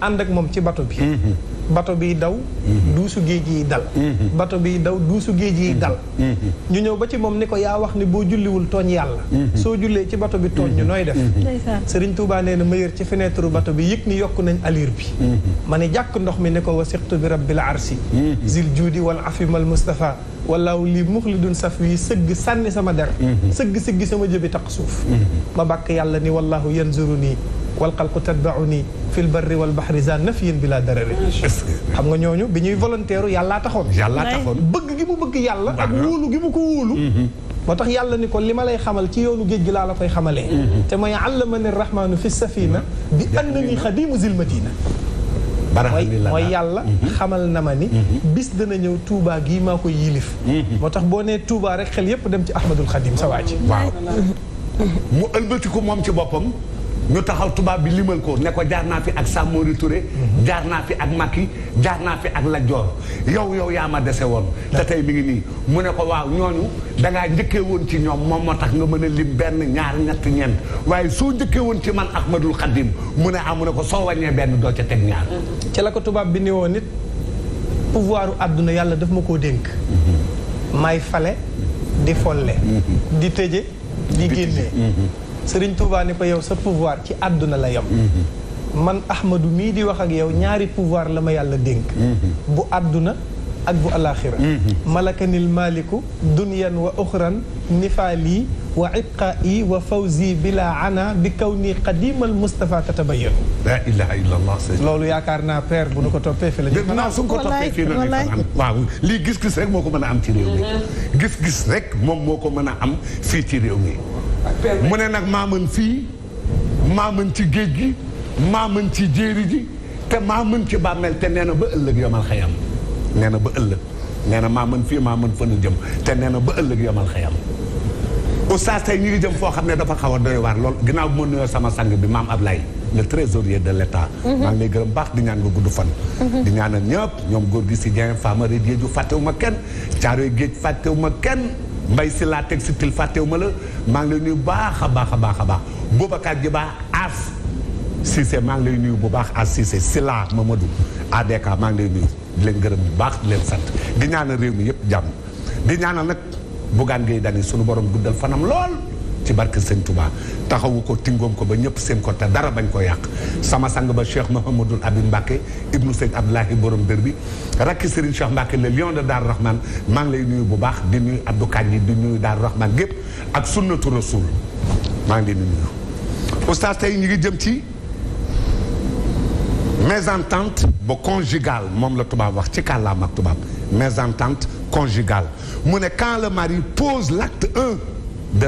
ànd ak moom ci bato bi mm-hmm. mm-hmm. mm-hmm. bato biy daw duusu géej yi dal bato biy daw duusu géej yi dal ñu ñëw ba ci moom ni ko yaa wax ni boo julliwul tooñ yàlla soo jullee ci bato bi tooñ ñu nooy def Serigne Touba nee ma mayër ci fenêtre bato bi yëg ni yokk nañ aliir bi ma ne jàkk ndox mi ni ko wasiqtu bi rabbil arsi zil juudi wal afimal Mustafa walaw li muxlidun saf wi sëgg sànni sama der mhm. sëgg sëggi sama jëbi taq suuf ma mhm. bàkk yàlla ni wallahu yanzuru nii wal xalqu tatbau nii fil barri wal bahri za nafiyin bila darari xam nga ñooñu bi ñuy volontaire yàllaa taxoon yàllaa taxoon bëgg gi bëgg yàlla ak wóolu gi mu ko wóolu mhm. moo tax yàlla ni ko li ma lay xamal ci yoonu géej gi laa la koy xamalee te mooy àllama ni rahmaanu fi safina bi anna ni xadimu zil madina mooy yàlla mhm. xamal na ma ni mhm. bis dana ñëw tuubaa gii maa ko yilif mhm. moo tax boo nee tuubaa rek xel yépp dem ci Ahmadul Xadim sa waa ji waaw mu moom ci boppam ñu taxaw tubaab bi limal ko ne ko jaar naa fi ak Samori ture jaar naa fi ak Macky jaar naa fi ak Lat Dior yow yow yaa ma dese woon. te tey mi ngi nii mu ne ko waaw ñooñu da ngaa njëkkee woon ci ñoom moom moo tax nga mën a lim benn ñaar ñett ñeent waaye soo njëkkee woon ci man Ahmadul Khadim mu ne amu ah, ne ko soo wàññee benn doo ca teg ñaar. ci la ko tubaab bi ni woo nit pouvoir àdduna yàlla daf ma koo dénk. Mm-hmm. may fale di folle. Mm-hmm. di tëje di génne. Mm-hmm. Serigne Touba ne ko yow sa pouvoir ci àdduna la yem. Mm-hmm. man Ahmadou mii di wax ak yow ñaari pouvoir la ma yàlla dénk. Mm-hmm. bu àdduna ak bu alaxira mm-hmm. malakanil maliku dunyan wa uxran nifaali wa ibqaa'i wa fawzi bila ana bi kaw nii qadimal Moustapha tatabayyanu. la ilaha illallah. loolu yaakaar naa père bu ko toppee la ñu. wallaay su ko toppee fii la ñu waaw lii gis-gis rek moo ko mën a am ci réew mi. gis-gis rek moom moo ko mën a am fii ci mi. mu ne nag maa fii maa mën ci géej gi maa mën ci jéeri ji te maa mën ci bàmmeel te nee na ba ëllëg yomal xayam nee na ba ëllëg nee na maa mën fii maa mën fënu jëm te nee na ba ëllëg yomal xayam oustaz tey ñu ngi jëm foo xam ne dafa xaw a doy lool ginnaaw bi ma nuyoo sama sang bi maam Ablaye le trésorier de l' état mhm. maa ngi lay gërëm baax di ñaan nga gudd fan mhm. di ñaanal ñëpp ñoom góor gi si Dieng Famara Diédhiou fàttewu ma kenn Caaroy Géej fàttewu ma kenn mbay si laa textile fàttewuma la maa ngi lay nuyu baax a baax a baax a baax Boubacar ji baax As Cissé maa ngi lay nuyu bu baax As Cissé Sila Mamadou ADK maa ngi lay nuyu di leen gërëm bu baax leen sant di ñaana réew mi yëpp jàmm di ñaanal nag Bougane Gueye Dany sunu borom guddal fanam lool. ci barke sëñ Touba taxawu ko tingoom ko ba ñëpp seen ko te dara bañ ko yàq sama sang ba Cheikh Mahamadul Abi Mbacke ibnu sëñ Abdoulahi borom dër bi rakki Serigne Cheikh Mbacke le lion de Daaru Rahman maa ngi lay nuyu bu baax di nuyu Abdou Kandji di nuyu Daaru Rahman gépp ak sunnatu rasul maa ngi leen di nuyu oustaz tey ñu ngi jëm ci mais mésentente ba conjugale moom la tubaab wax ci kàllaam ak tubaab mais en mésentente conjugale mu ne quand le mari pose l'acte un de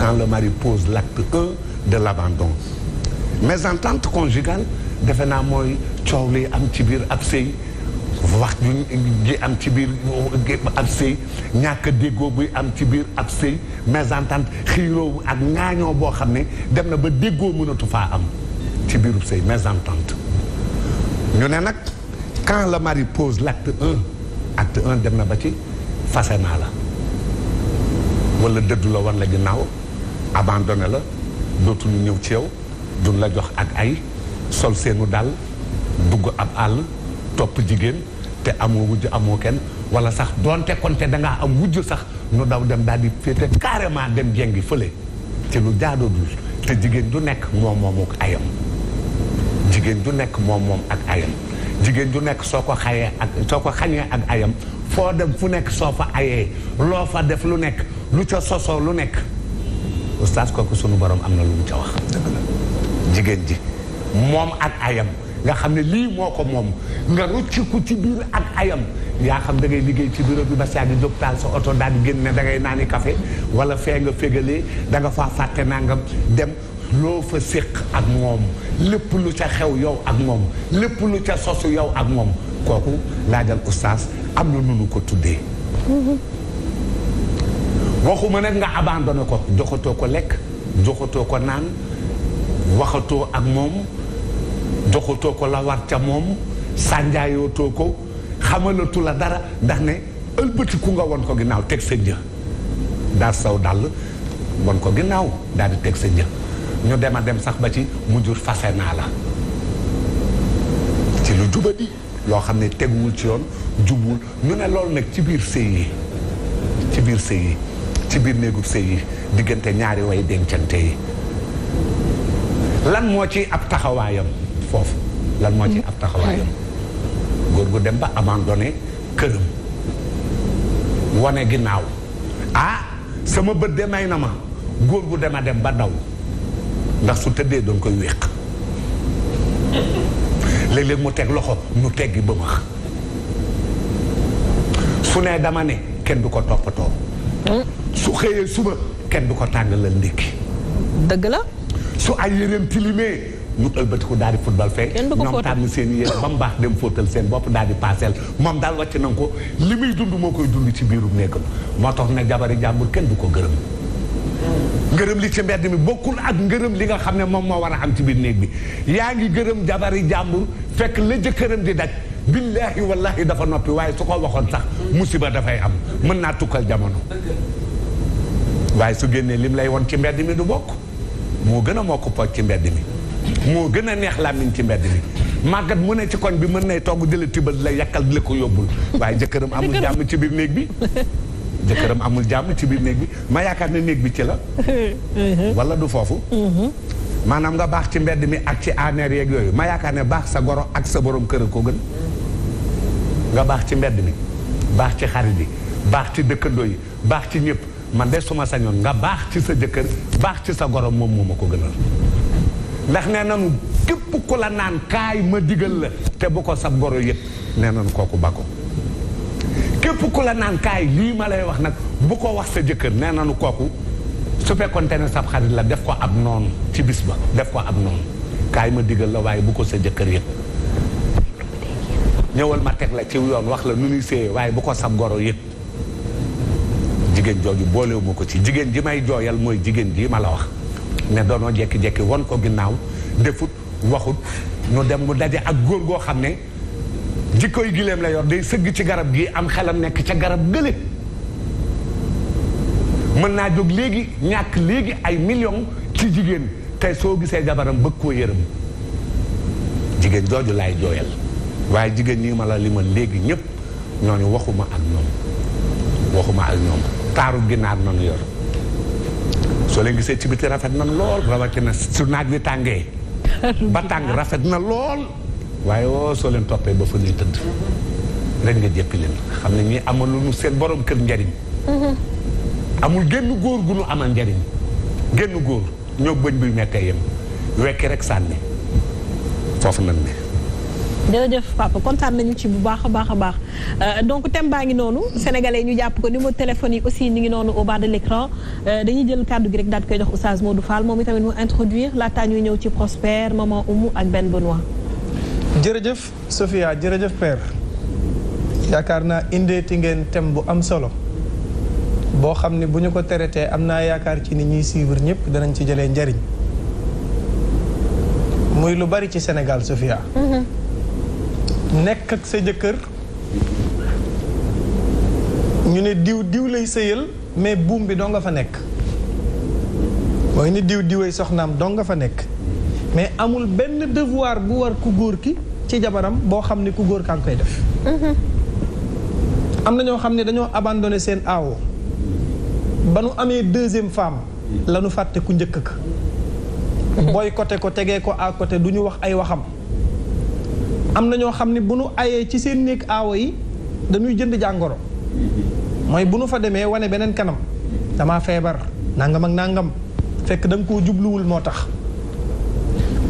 quand le mari pose l'acte 1 de l'abandon mésentente conjugale defe naa mooy coow li am ci biir ab sëy wax ji am ci biir ab sëy ñàkk a déggoo buy am ci biir ab sëy mésentente xiiroo ak ŋaañoo boo xam ne dem na ba déggoo mënatu faa am ci biirub sëy mésentente ñu ne nag quand le mari pose l'acte un acte un dem na ba ci fase naa la wala dëddu la war la ginnaaw abandonné la dootuñu ñëw ci yow duñ la jox ak ay sol seenu dal dugg ab àll topp jigéen te amoo wujj amoo kenn wala sax doonte konte dangaa am wujj sax nu daw dem daal di féete carrément dem jengi fële ci lu jaadoodul te jigéen ju nekk moom moomu jigéen ju nekk moom ak ayam jigéen ju nekk soo ko xayee ak soo ko xañee ak ayam foo dem fu nekk soo fa ayee loo fa def lu nekk lu ca sosoo lu nekk oustaz kooku sunu borom am na lu mu ca wax. jigéen ji moom ak ayam nga xam ne lii moo ko moom nga rocciku ci biir ak ayam yaa xam da ngay liggéey ci bureau bi ba saa di jóg sa oto daal di génn ne da ngay naani kafe wala fee nga fégalee da nga faa fàtte nangam dem. loo fa séq ak moom lépp lu ca xew yow ak moom lépp lu ca sosu yow ak moom kooku laajal oustaz am na nu nu ko tuddee mm-hmm. waxuma nag nga abandonné ko joxatoo ko lekk joxatoo ko naan waxatoo ak moom joxatoo ko la war ca moom sànjaayootoo ko xamalatu la dara ndax ne ëlbati ku nga won ko ginnaaw teg sa jë daa saw dàll won ko ginnaaw daal di teg sa jë ñu dem a dem sax ba ci mu jur fase naa la ci lu jubadi loo xam ne teguwul ci yoon jubul ñu ne loolu nag ci biir sëy yi ci biir sëy yi ci biir néegub sëy yi diggante ñaari way dencante yi lan moo ci ab taxawaayam foofu lan moo ci mm-hmm. ab taxawaayam góor gu dem ba abandonné këram wane ginnaaw ah sama bët de may na ma góor gu dem a dem ba daw ndax su tëddee doon koy wéq léeg-léeg mu teg loxo mu teggi ba max su nee dama ne kenn du ko toppatoo mm. su xëyee suba kenn du ko tàng lal ndékki. dëgg la. su ay yeneen tilimee ñu ëlbatiku daal di football fee. kenn du seen yéen ba mbaax baax dem fóotal seen bopp daal di paaseel moom daal wàcc nañ ko li muy dund moo koy dund ci biirum nekkam moo tax na jabari jàmbur kenn du ko gërëm. gërëm li ci mbedd mi bokkul ak ngërëm li nga xam ne moom moo war a am ci biir néeg bi yaa ngi gërëm jabari jàmbur fekk la jëkkëram di daj billaahi wallaahi dafa noppi waaye su ko waxoon sax musiba dafay am mën naa tukkal jamono waaye su génnee lim lay won ci mbedd mi du bokk moo gën a mokk pooj ci mbedd mi moo gën a neex làmmiñ ci mbedd mi màggat mu ne ci koñ bi mën nay togg di la tibal la yàkkal di la ko yóbbul waaye jëkkëram amul jàmm ci biir néeg bi jëkkëram amul jàmm ci biir néeg bi ma yaakaar ne néeg bi ci la wala du foofu mm-hmm. maanaam nga baax ci mbedd mi ak ci aneer yeeg yooyu ma yaakaar ne baax sa goro ak sa borom kër a ko gën nga baax ci mbedd mi baax ci xarit yi baax ci dëkkandoo yi baax ci ñëpp man de suma sañoon nga baax ci sa jëkkër baax ci sa goro moom moo ma ko gënal ndax nee nanu képp ko la naan kaay ma digal la te bu ko sab goro yëpp nee nanu kooku ba ko képp ku la naan kaay lii ma lay wax nag bu ko wax sa jëkkër nee nanu kooku su fekkoonte ne sab xarit la def ko ab noonu ci bis ba def ko ab noonu kaay ma digal la waaye bu ko sa jëkkër yëpp ñëwal ma teg la ci yoon wax la nu ñuy séyee waaye bu ko sab goro yëpp jigéen jooju boolewuma ko ci jigéen ji may jooyal mooy jigéen ji ma la wax ne doonoo jekki-jekki won ko ginnaaw defut waxut ñu dem mu daje ak góor goo xam ne jikkoy gileem la yor day sëgg ci garab gi am xelam nekk ca garab gële mën naa jóg léegi ñàkk léegi ay million ci jigéen te soo gisee jabaram bëgg koo yërëm jigéen jooju laay jooyal waaye jigéen ñi ma la limal léegi ñëpp ñooñu waxuma ak ñoom waxuma ak ñoom taaru ginaar nanu yor soo leen gisee ci biti rafet na lool rawatina su naaj wi tàngee ba tàng rafet na lool waaye woo soo leen toppee ba fa ñuy tëdd rek nga jéppi leen xam ne ñi amaluñu boroom kër njariñ mm-hmm. amul génn góor gu nu amal njariñ génn góor ñoo bëñ buy mettee yem wekki rek sànni foofu nan ne jërëjëf papa kontaan nañu ci bu baax a baax a baax euh, donc thème baa ngi noonu sénégalais ñu jàpp ko numéro téléphone yi aussi ñu ngi noonu au bas de l'écran euh, dañuy jël kàddu gi rek daal di koy jox Oustaz Modou Fall moom itamit mu introduire laataa ñuy ñëw ci Prospère maman Oumou ak Ben Benoît jërëjëf Sophia jërëjëf père yaakaar naa indeeti ngeen thème bu am solo boo xam ne bu ñu ko traité am naa yaakaar ci ni ñuy suivre ñëpp danañ ci jëlee njariñ muy lu bari ci Sénégal Sophia mm-hmm. nekk ak sa jëkkër ñu ne diw diw lay sëyal mais buum bi doo nga fa nekk mooy ni diw diwey soxnaam doo nga fa nekk mais amul benn devoir bu war ku góor ki ci jabaram boo xam ne ku góor kaa ngi koy def am na ñoo xam ne dañoo abandonné seen aawo ba nu amee deuxième femme la nu fàtte ku njëkk ka hmm. boycotté ko tegee ko à côté du ñu wax ay waxam am na ñoo xam ne bu nu ayee ci seen néeg aawo yi dañuy jënd jàngoro mooy bu nu fa demee wane beneen kanam dama feebar nangam ak nangam fekk da nga koo jubluwul moo tax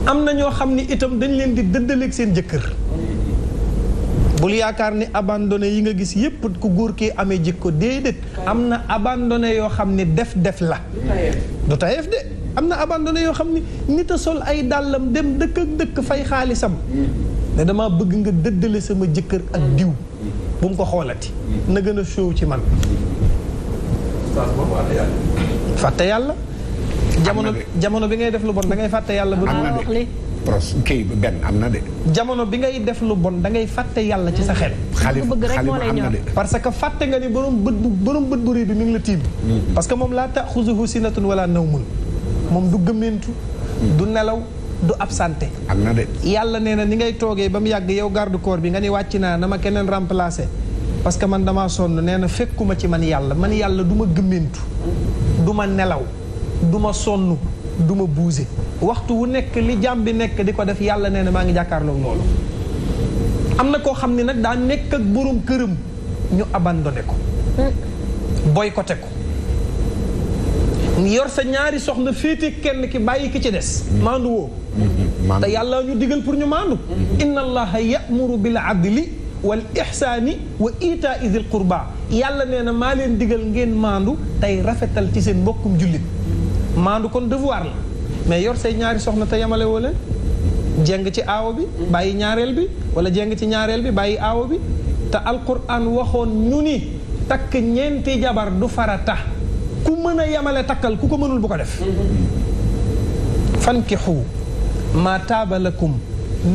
am na ñoo xam ne itam dañ leen di dëddaleeg seen jëkkër bul yaakaar ni abandonné yi nga gis yépp ku góor kee amee ko déedéet am na abandonné yoo xam ne def def la du tayeef de am na abandonné yoo xam ne nit a sol ay dàllam dem dëkk dëkk fay xaalisam ne damaa bëgg nga dëddale sama jëkkër ak diw bu mu ko xoolati na gën a show ci man fàtte yàlla jamono jamono bi ngay def lu bon da ngay fàtte yàlla ba pros kii benn am na de jamono bi ngay def lu bon da ngay fàtte yàlla ci sa xel xalima am na parce que fàtte nga ni borom bët bu borom bët bu rëy bi mi ngi la tiim hmm. parce que moom laa taxuzuhu sinatun wala nawmun moom du gëmmentu du nelaw du absenté. am na de. yàlla nee na ni ngay toogee ba mu yàgg yow garde corps bi nga ni wàcc naa na ma keneen remplacé parce que man damaa sonn nee na fekkuma ci man yàlla man yàlla duma ma gëmmentu du ma nelaw du ma sonn duma ma buuse waxtu wu nekk li jàmm bi nekk di ko def yàlla nee na maa ngi jàkkaarloog loolu. am na koo xam ne nag daa nekk ak borom këram ñu abandonné ko mm. boycotté ko. yor sa ñaari soxna féete kenn ki bàyyi ki ci des maandu woo te yàlla ñu digal pour ñu maandu inna allaha ya'muru bil adli wal ihsaani wa itaa idil qurba yàlla nee na maa leen digal ngeen maandu tey rafetal ci seen mbokkum jullit maandu kon devoir la mais yor say ñaari soxna te yemale woo leen jeng ci aawo bi bàyyi ñaareel bi wala jeng ci ñaareel bi bàyyi aawo bi te alquran waxoon ñu ni takk ñeenti jabar du farata ku mën a yemale takkal ku ko mënul bu ko def fankixu maa taaba lakum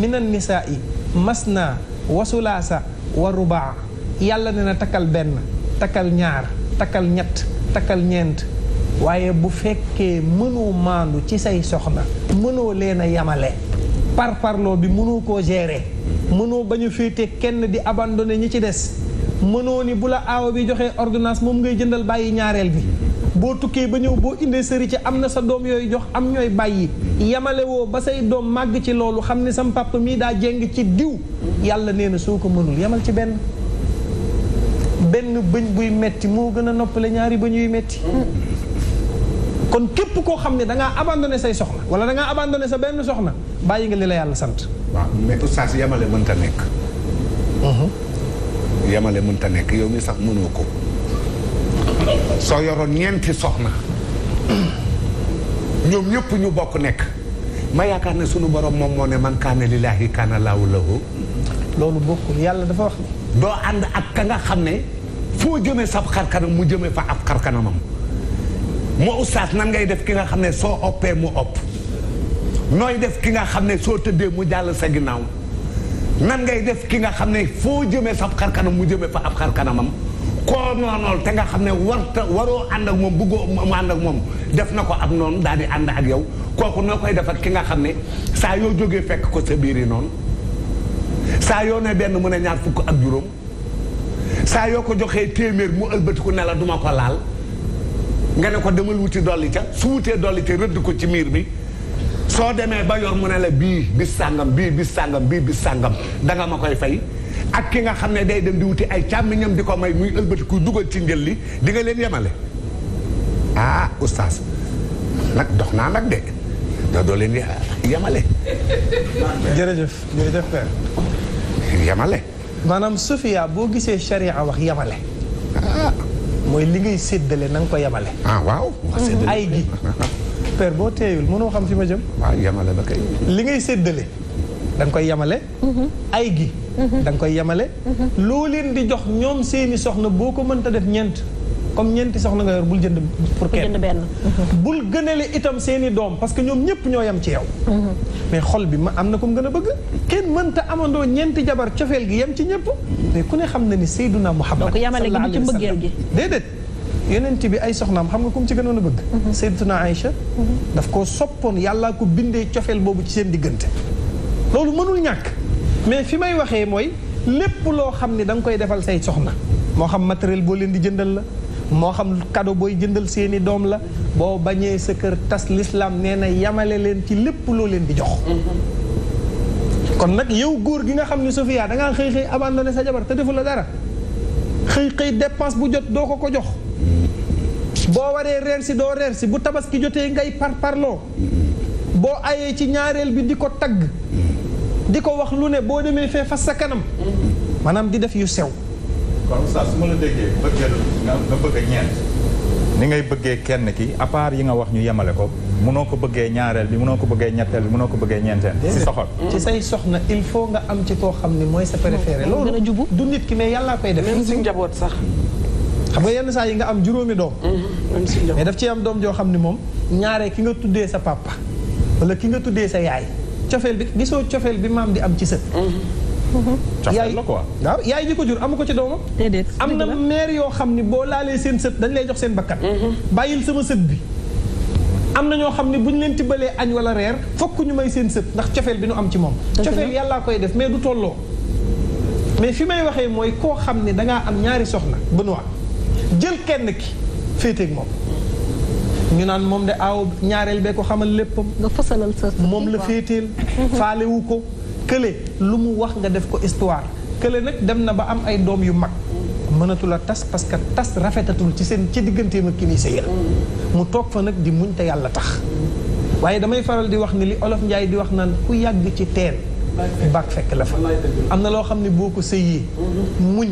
min an nisaa'i masna wa sulaasa wa rubaa yàlla ne na takkal benn takkal ñaar takkal ñett takkal ñeent waaye bu fekkee mënoo maandu ci say soxna mënoo leen a yamale par parloo bi mënoo ko gérer mënoo bañ a féete kenn di abandonné ñi ci des mënoo ni bu la aawa bi joxee ordonnance moom ngay jëndal bàyyi ñaareel bi boo tukkee ba ñëw boo indee sëri ci am na sa doom yooyu jox am ñooy bàyyi yamale woo ba say doom màgg ci loolu xam ne sam papa mii daa jéng ci diw yàlla nee na soo ko mënul yamal ci benn benn bëñ buy metti moo gën a noppale ñaari bëñ yuy metti kon képp koo xam ne da ngaa abandonné say soxna wala da ngaa abandonné sa benn soxna bàyyi nga li la yàlla sant waaw mais oustaz yamale mënta nekk mhm. yamale mënta nekk yow mi sax mënoo ko soo yoroon ñeenti soxna ñoom ñëpp ñu bokk nekk ma yaakaar ne sunu borom moom moo ne man kaana lillaahi kaana laahu lahu loolu bokkul yàlla dafa wax ne doo ànd ak ka nga xam ne foo jëmee sa xarkanam mu jëmee fa ab xarkanamam moo ustaas ngay def ki nga xam ne soo oppee mu opp nooy def ki nga xam ne soo tëddee mu jàll sa ginnaaw nan ngay def ki nga xam ne foo jëmee sab xarkanam mu jëmee fa ab xarkanamam koo noonool te nga xam ne warta waroo ànd ak moom bëggoo mu ànd ak moom def na ko am noonu daal di ànd ak yow kooku noo koy def ki nga xam ne saa yoo jógee fekk ko sa biir yi noonu saa yoo ne benn mu ne ñaar fukk ak juróom saa yoo ko joxee téeméer mu ëlbatiku ne la duma ko laal nga ne ko demal wuti dolli ca su wutee dolli ca rëdd ko ci miir bi soo demee ba yor mu ne la bii bis sàngam bii bis sàngam bii bis sàngam danga ma koy fay ak ki nga xam ne day dem di wuti ay càmmiñam di ko may muy ëlbati ku dugal ci njël li di nga leen yemale ah oustaz nag dox naa nag de doo doo leen yemale jërëjëf jërëjëf père yemale maanaam Sofia boo gisee charia wax yemale ah. mooy li ngay séddale na nga ko yamale ah waaw mm-hmm. ay gi père boo teeyul mënoo xam fi ma jëm yamale yemale ba kay li ngay séddale da nga koy yemale mhm. ay gi mhm. da koy yemale mhm. loo leen di jox ñoom seeni soxna boo ko mënta def ñeent comme ñeenti soxna nga yor bul jënd pour kenn bul gënale itam seeni doom parce que ñoom ñëpp ñoo yem ci yow mais xol bi ma am na ko mu gën a bëgg kenn mënta amandoo ñeenti jabar cofeel gi yem ci ñëpp mais ku ne xam na ni Seyduna Muhammad donc yemale gi ci mbëggeel gi déedéet yonent bi ay soxnaam xam nga ku ci gënoon a bëgg Seydatuna Aïcha daf koo soppoon yàllaa ko bindee cofeel boobu ci seen diggante loolu mënul ñàkk mais fi may waxee mooy lépp loo xam ni danga koy defal say soxna moo xam matériel boo leen di jëndal la moo xam cadeau booy jëndal seeni doom la boo bañee sa kër tas lislaam nee na yamale leen ci lépp loo leen di jox mm-hmm. kon nag yow góor gi nga xam ne Sofia dangaa xëy xëy abandonné sa jabar te defu la dara xëy xëy dépense bu jot doo ko ko jox boo waree reer si doo reer si bu tabaski jotee ngay par parloo boo ayee ci ñaareel bi di ko tagg di ko wax lu ne boo demee fee fas sa kanam maanaam di def yu sew kon saa su ma la nga bëgg ñeent ni ngay bëggee kenn ki à yi nga wax ñu yemale ko munoo ko bëggee ñaareel bi munoo ko bëggee ñetteel bi munoo ko bëggee ñeenteel si soxal ci say soxna il faut nga am ci koo xam ne mooy sa préféré loolu du nit ki may yàllaa koy def même si njaboot sax xam nga yenn saa yi nga am juróomi doom mhm. mais daf ci am doom joo xam ne moom ñaaree ki nga tuddee sa papa wala ki nga tuddee sa yaay cofeel bi gisoo cofeel bi maam di am ci sët mm-hmm. cofeel la quoi waaw yaay ji ko jur amu ko ci doomam am na meer yoo xam ni boo laalee seen sët dañ lay jox seen bakkat mm-hmm. bàyyil sama sët bi am na ñoo xam ne bu ñu leen tibbalee añ wala reer fokk ñu may seen sët ndax cofeel bi nu am ci moom cofeel yàllaa koy def mais du tolloo mais fi may waxee mooy koo xam ne dangaa am ñaari soxna Benoît jël kenn ki féeteeg moom ñu naan moom de aaw ñaareel bee ko xamal léppam nga fësalal sa moom la féeteel faalewu ko kële lu mu wax nga def ko histoire kële nag dem na ba am ay doom yu mag mënatul a tas parce que tas rafetatul ci seen ci digganteem ak ki muy sëyal mu toog fa nag di muñ te yàlla tax waaye damay faral di wax ni li olof njaay di wax naan ku yàgg ci teen bak fekk la fa am na loo xam ne boo ko sëyee muñ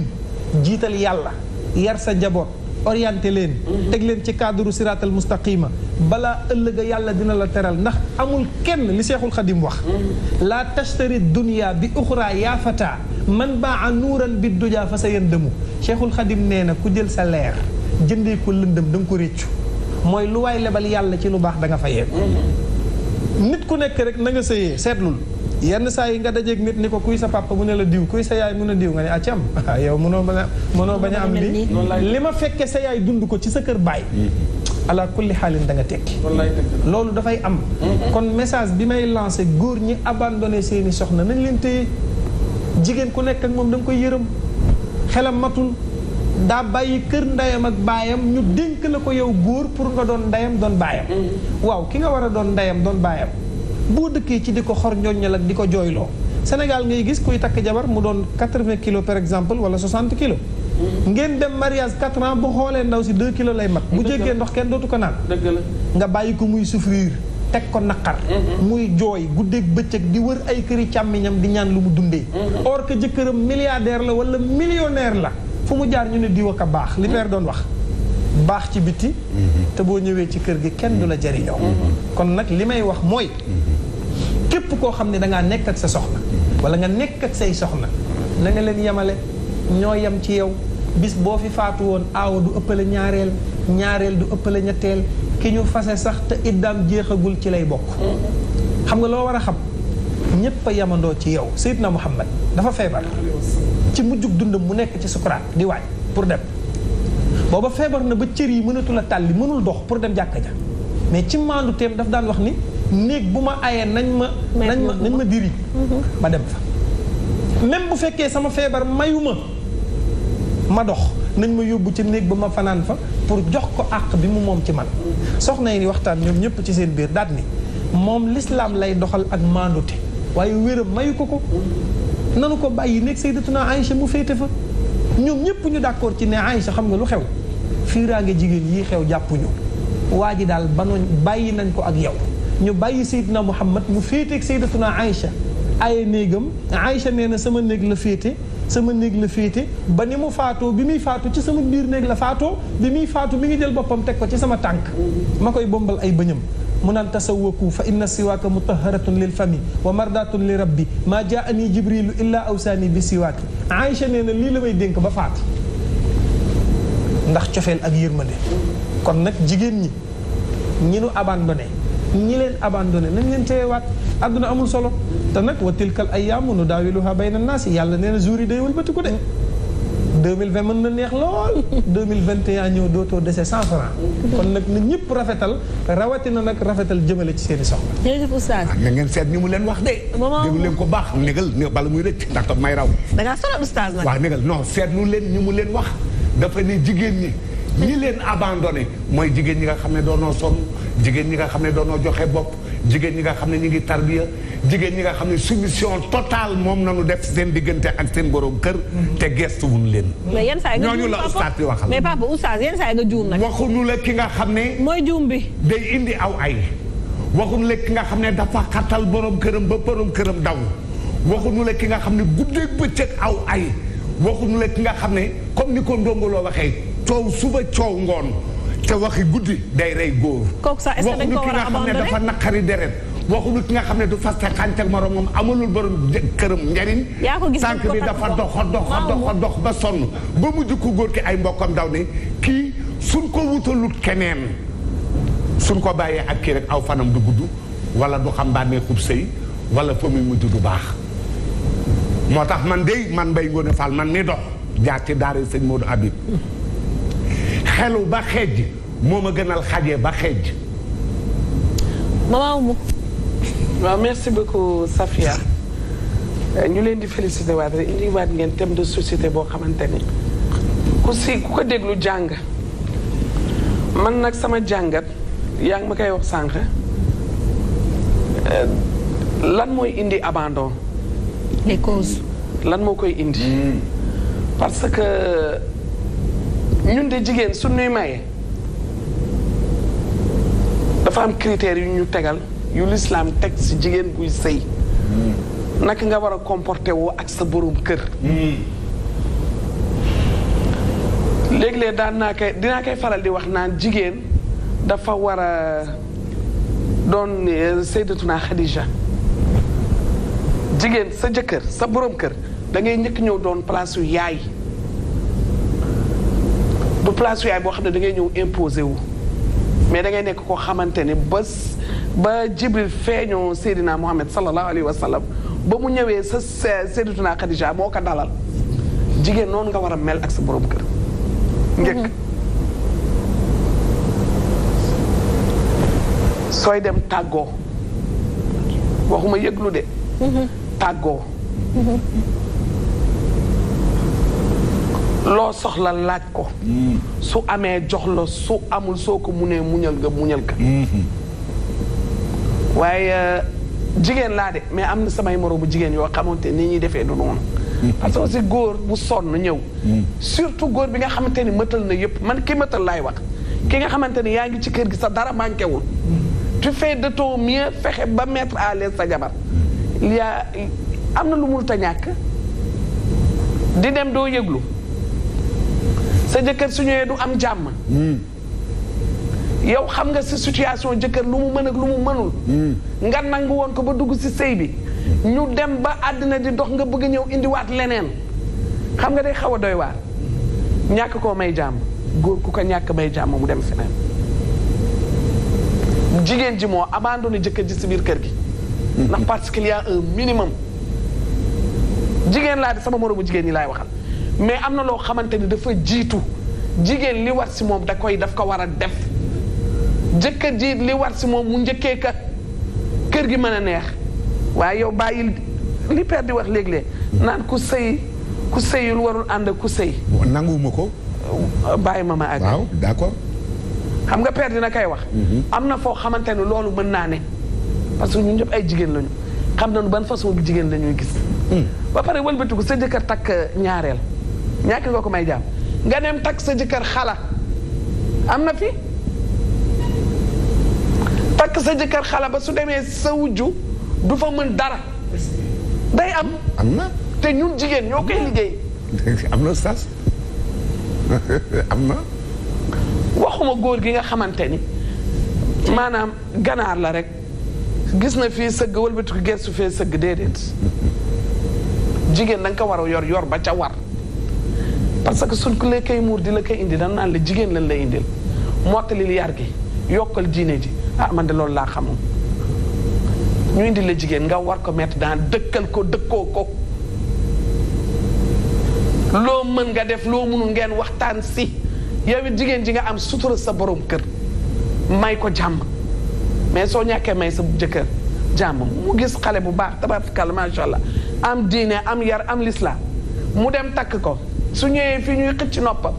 jiital yàlla yar sa njaboot orienté leen mhm. teg leen ci cadre siraatal mustaqima balaa ëllëg a yàlla dina la teral ndax amul kenn li seexul xadim wax mhm. laa tashtari dunia bi uxra yaa fata man baa a nuuran bi dujaa fa sa yëndëmu seexul xadim nee na ku jël sa leer jëndee ko lëndëm da nga ko réccu mooy lu waay lebal yàlla ci lu baax da nga fa yeeku mhm. nit ku nekk rek na nga sëyee seetlul yenn saa yi nga dajeeg nit ni ko kuy sa papa mu ne la diw kuy sa yaay mun a diw nga ne acam ah, yow mënoo bañ a mënoo bañ a am li li ma fekke sa yaay dund ko ci sa kër baay mm-hmm. ala kulli xaalin da nga tekki loolu dafay am mm-hmm. kon message bi may lancé góor ñi abandonné seeni soxna nañ leen téye jigéen ku nekk ak moom da nga koy yërëm xelam matul daa bàyyi kër ndeyam ak baayam ñu dénk la ko yow góor pour nga doon ndeyam doon baayam mm-hmm. waaw ki nga war a doon ndeyam doon baayam boo dëkkee ci di ko xor ñoññal ak di ko jooyloo Sénégal ngay gis kuy takk jabar mu doon 80 kilos par exemple wala 60 kilos. Mm-hmm. ngeen dem mariage 4 ans bu xoolee ndaw si 2 kilos lay mat. bu jéggee ndox kenn dootu ko naan. dëgg la nga bàyyi ko muy souffrir teg ko naqar. Mm-hmm. muy jooy guddeeg bëccëg di wër ay këri càmmiñam di ñaan lu mu dundee. Mm-hmm. or que jëkkëram milliardaire la wala millionnaire la fu mu jaar ñu ne diwa ka baax. li père doon wax. baax ci biti mhm. te boo ñëwee ci kër gi kenn du la jariñoo mhm. Mhm. kon nag li may wax mooy képp koo xam ne dangaa nekk ak sa soxna wala nga nekk ak say soxna na leen yemale ñoo yem ci yow bis boo fi faatu woon aawa du ëppale ñaareel ñaareel du ëppale ñetteel ki ñu fase sax te it daam jéexagul ci lay bokk xam nga loo war a xam ñépp a yamandoo ci yow Seydina Muhammad dafa feebar ci mujjug dundam mu nekk ci sukuraat di waaj pour dem booba feebar na ba cër yi mënatul a tàlli mënul dox pour dem jàkka ja mais ci maandu teem daf daan wax ni néeg bu ma ayee nañ ma nañ ma nañ ma diri mhm. ma dem fa même bu fekkee sama feebar mayu ma ma dox nañ ma yóbbu ci néeg ba ma fanaan fa pour jox ko àq bi mu moom ci man soxna yi ni waxtaan ñoom ñëpp ci seen biir daat ni moom lislaam lay doxal ak maandute waaye wéram mayu ko ko nanu ko bàyyi nekk naa Aïcha mu féete fa ñoom ñëpp ñu d'accord ci ne Aïcha xam nga lu xew fiiraange jigéen yi xew jàppuñu waa ji daal banoon bàyyi nañ ko ak yow ñu bàyyi Seydina Muhammad mu féete ak naa Aïcha ay néegam Aïcha nee na sama néeg la féete sama néeg la féete ba ni mu faatoo bi muy faatu ci sama biir néeg la faatoo bi muy faatu mi ngi jël boppam teg ko ci sama tànk ma koy bombal ay bëñam mu naan tasawwaku fa inna siwaaka mutaharatun lil fami wa mardatun li rabbi maa jaani jibrilu aw awsaani bi siwaaki Aïcha nee na lii la may dénk ba faatu ndax cofeel ak yërmande kon nag jigéen ñi ñi nu abandonné ñi leen abandonné nañ leen teewaat àdduna amul solo te nag wa tilkal ayyaamu nudaawiluhaa bayna naasi yàlla nee na jour yi day wëlbatiku de 2020 mën na neex lool 2021 ñëw dootoo dese 100 kon nag na ñëpp rafetal rawatina nag rafetal jëmale ci seen i soxla. jërëjëf oustaz. Ah, ngeen seet ñu mu leen wax de. déglu leen ko baax négal bala muy rëcc ndax tam may raw. da ngaa sonal oustaz nag. waaw négal non seetlu leen ñu mu leen wax. dafa ne jigéen ñi ñi leen abandonné mooy jigéen ñi nga xam ne doonoo sonn jigéen ñi nga xam ne doonoo joxe bopp jigéen ñi nga xam ne ñu ngi tarbiya jigéen ñi nga xam ne soumission total moom nañu def seen diggante ak seen boroom kër te gestu wuñ leen ñooñu la ustaas bi waxal mais papa ustaas yenn saa yi nga juum nag waxuñu lekk ki nga xam ne mooy juum bi day indi aw ay waxuñu lekk ki nga xam ne dafa xatal boroom këram ba borom këram daw waxuñu la ki nga xam ne guddeeg bëccëg aw ay waxuñu la ki nga xam ne comme ni ko ndongoloo waxee coow suba coow ngoon te waxi guddi day rey góor. kooku sax dañ ko war a abandonné waxuñu ki nga xam ne naqari deret. waxuñu ki nga xam ne du fas te xàncal moromam amalul borom këram njariñ. yaa ko gis tànk bi dafa dox dox dox dox ba sonn ba mujj ku góor ki ay mbokkam daw ne kii suñ ko wutalut keneen suñ ko bàyyee ak kii rek aw fanam du gudd wala du xam bànnee xub sëy wala fa muy mujj du baax. moo tax man dey man bay Mbaye Ngoné fal man mi dox jaar ci daara sëñ Modou Habib xelu ba xejj moo ma gënal xaje ba xejj maman waaw merci beaucoup Safia euh, ñu leen di félicité waat rek indi waat ngeen thème de société boo xamante ni ku si ku ko déglu jàng man nag sama jàngat yaa ngi ma koy wax sànq euh, lan mooy indi abandon les lan moo koy indi. Hmm. parce que ñun de jigéen suñuy maye dafa am critère yu ñu tegal yu lislaam teg ci jigéen buy sëy hmm. naka nga war a comporté woo ak sa borom kër. Hmm. léeg-léeg daan naa koy dinaa koy faral di wax naan jigéen dafa war a doon euh, Seydatuna Xadija. jigéen sa jëkkër sa borom kër dangay ngay njëkk ñëw doon place yu yaay du place yu yaay boo xam ne da ngay ñëw imposé wu mais da ngay nekk koo xamante ne ba ba feeñoo feeñoo Seydina Muhammad sallallahu alayhi wa sallam ba mu ñëwee sa Seydatuna Khadija moo ko dalal jigéen noonu nga war a mel ak sa borom kër njëkk mm-hmm. sooy dem tàggoo waxuma yëglu de mm-hmm. tàggoo loo soxla laaj ko su amee jox la su amul soo ko munee muñal nga muñal ka waaye euh, jigéen laa de mais am na samay moroomu jigéen yoo xamante ni ñuy defee du noonu parce que aussi góor bu sonn ñëw surtout góor bi nga xamante ni mëtal na yëpp man ki mëtal laay wax ki nga xamante ni yaa ngi ci kër gi sa dara manqué wul tu fais de ton mieux fexe ba mettre à l'aise sa jabar yaa am na lu mënut a ñàkk di dem doo yëglu sa jëkkër su ñëwee du am jàmm hmm. yow xam nga si situation jëkkër lu mu mën lu mu mënul hmm. nga nangu woon ko ba dugg si sëy bi hmm. ñu dem ba àddina di dox nga bëgg ñëw indiwaat leneen xam nga day xaw a doy waar ñàkk koo may jàmm góor ku ko ñàkk may jàmm mu dem feneen jigéen ji moo abandonné jëkkër ji si biir kër gi ndax parce qu'il y a minimum jigéen laa di sama moromu jigéen ñi laay waxal mais am na loo xamante ni dafa jiitu jigéen li war si moom da koy daf ko war a def jëkkër ji li war si moom mu njëkkee ka kër gi mën a neex waaye yow bàyyil li père di wax léeg-léeg naan ku sëy ku sëyul warul ànd ak ku sëy nanguwuma ko bàyyi ma ma àgg xam nga père dina koy wax mm-hmm. am na foo xamante ni loolu mën naa ne parce que ñu ñëpp ay jigéen lañu xam nu ban façon bu jigéen la ñuy gis. Hmm. ba pare wëlbatiku sa jëkkër takk euh, ñaareel ñàkk nga ko may jaam nga dem takk sa jëkkër xalaa am na fi takk sa jëkkër xala ba su demee sa wujju du fa mën dara. day am. am te ñun jigéen ñoo koy liggéey. am na sas am na. waxuma góor gi nga xamante ni maanaam ganaar la rek. gis na fi sëgg wëlbatiku ger su fee sëgg déedéet jigéen da nga ko war a yor yor ba ca war parce que suñ ku lay koy muur di la koy indi dan naan la jigéen lañ lay indil mottalil gi yokkal diine ji ah loolu laa xamoon ñu indi la jigéen nga war ko mettre daan dëkkal ko dëkkoo ko loo mën nga def loo mënul ngeen waxtaan si yow jigéen ji nga am sutura sa boroom kër may ko jàmm mais soo ñàkkee may sa jëkkër jàmm mu gis xale bu baax tabaarkalla macha allah am diine am yar am lislaam mu dem takk ko su ñëwee fii ñuy xëcc noppa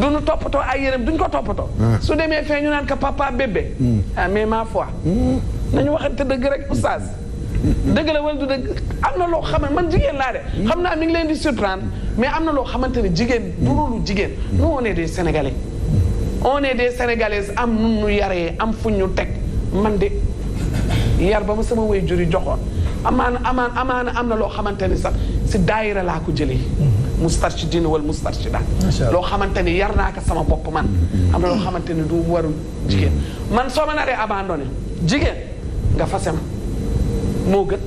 du nu toppatoo ay yërëm duñ ko toppatoo. Ah. su demee fee ñu naan ko papa bébé. Hmm. ah mais ma foi. Hmm. nañu waxante dëgg rek oustaz. dëgg la wala du dëgg am na loo xamante man jigéen laa de. Hmm. xam naa mi ngi leen di surprendre mais am na loo xamante ne jigéen. du loolu jigéen. nous on est des sénégalais. on est des sénégalaises am nu ñu am fu ñu teg. man de yar ba ma sama way juri joxoon amaana amaana am na loo xamante ni sax si daayira laa ko jëlee mustarshidina wal mustarshida loo xamante ni yar naa ko sama bopp man am na loo xamante ni du warul jigéen man soo ma naree abandonné jigéen nga fase ma moo gën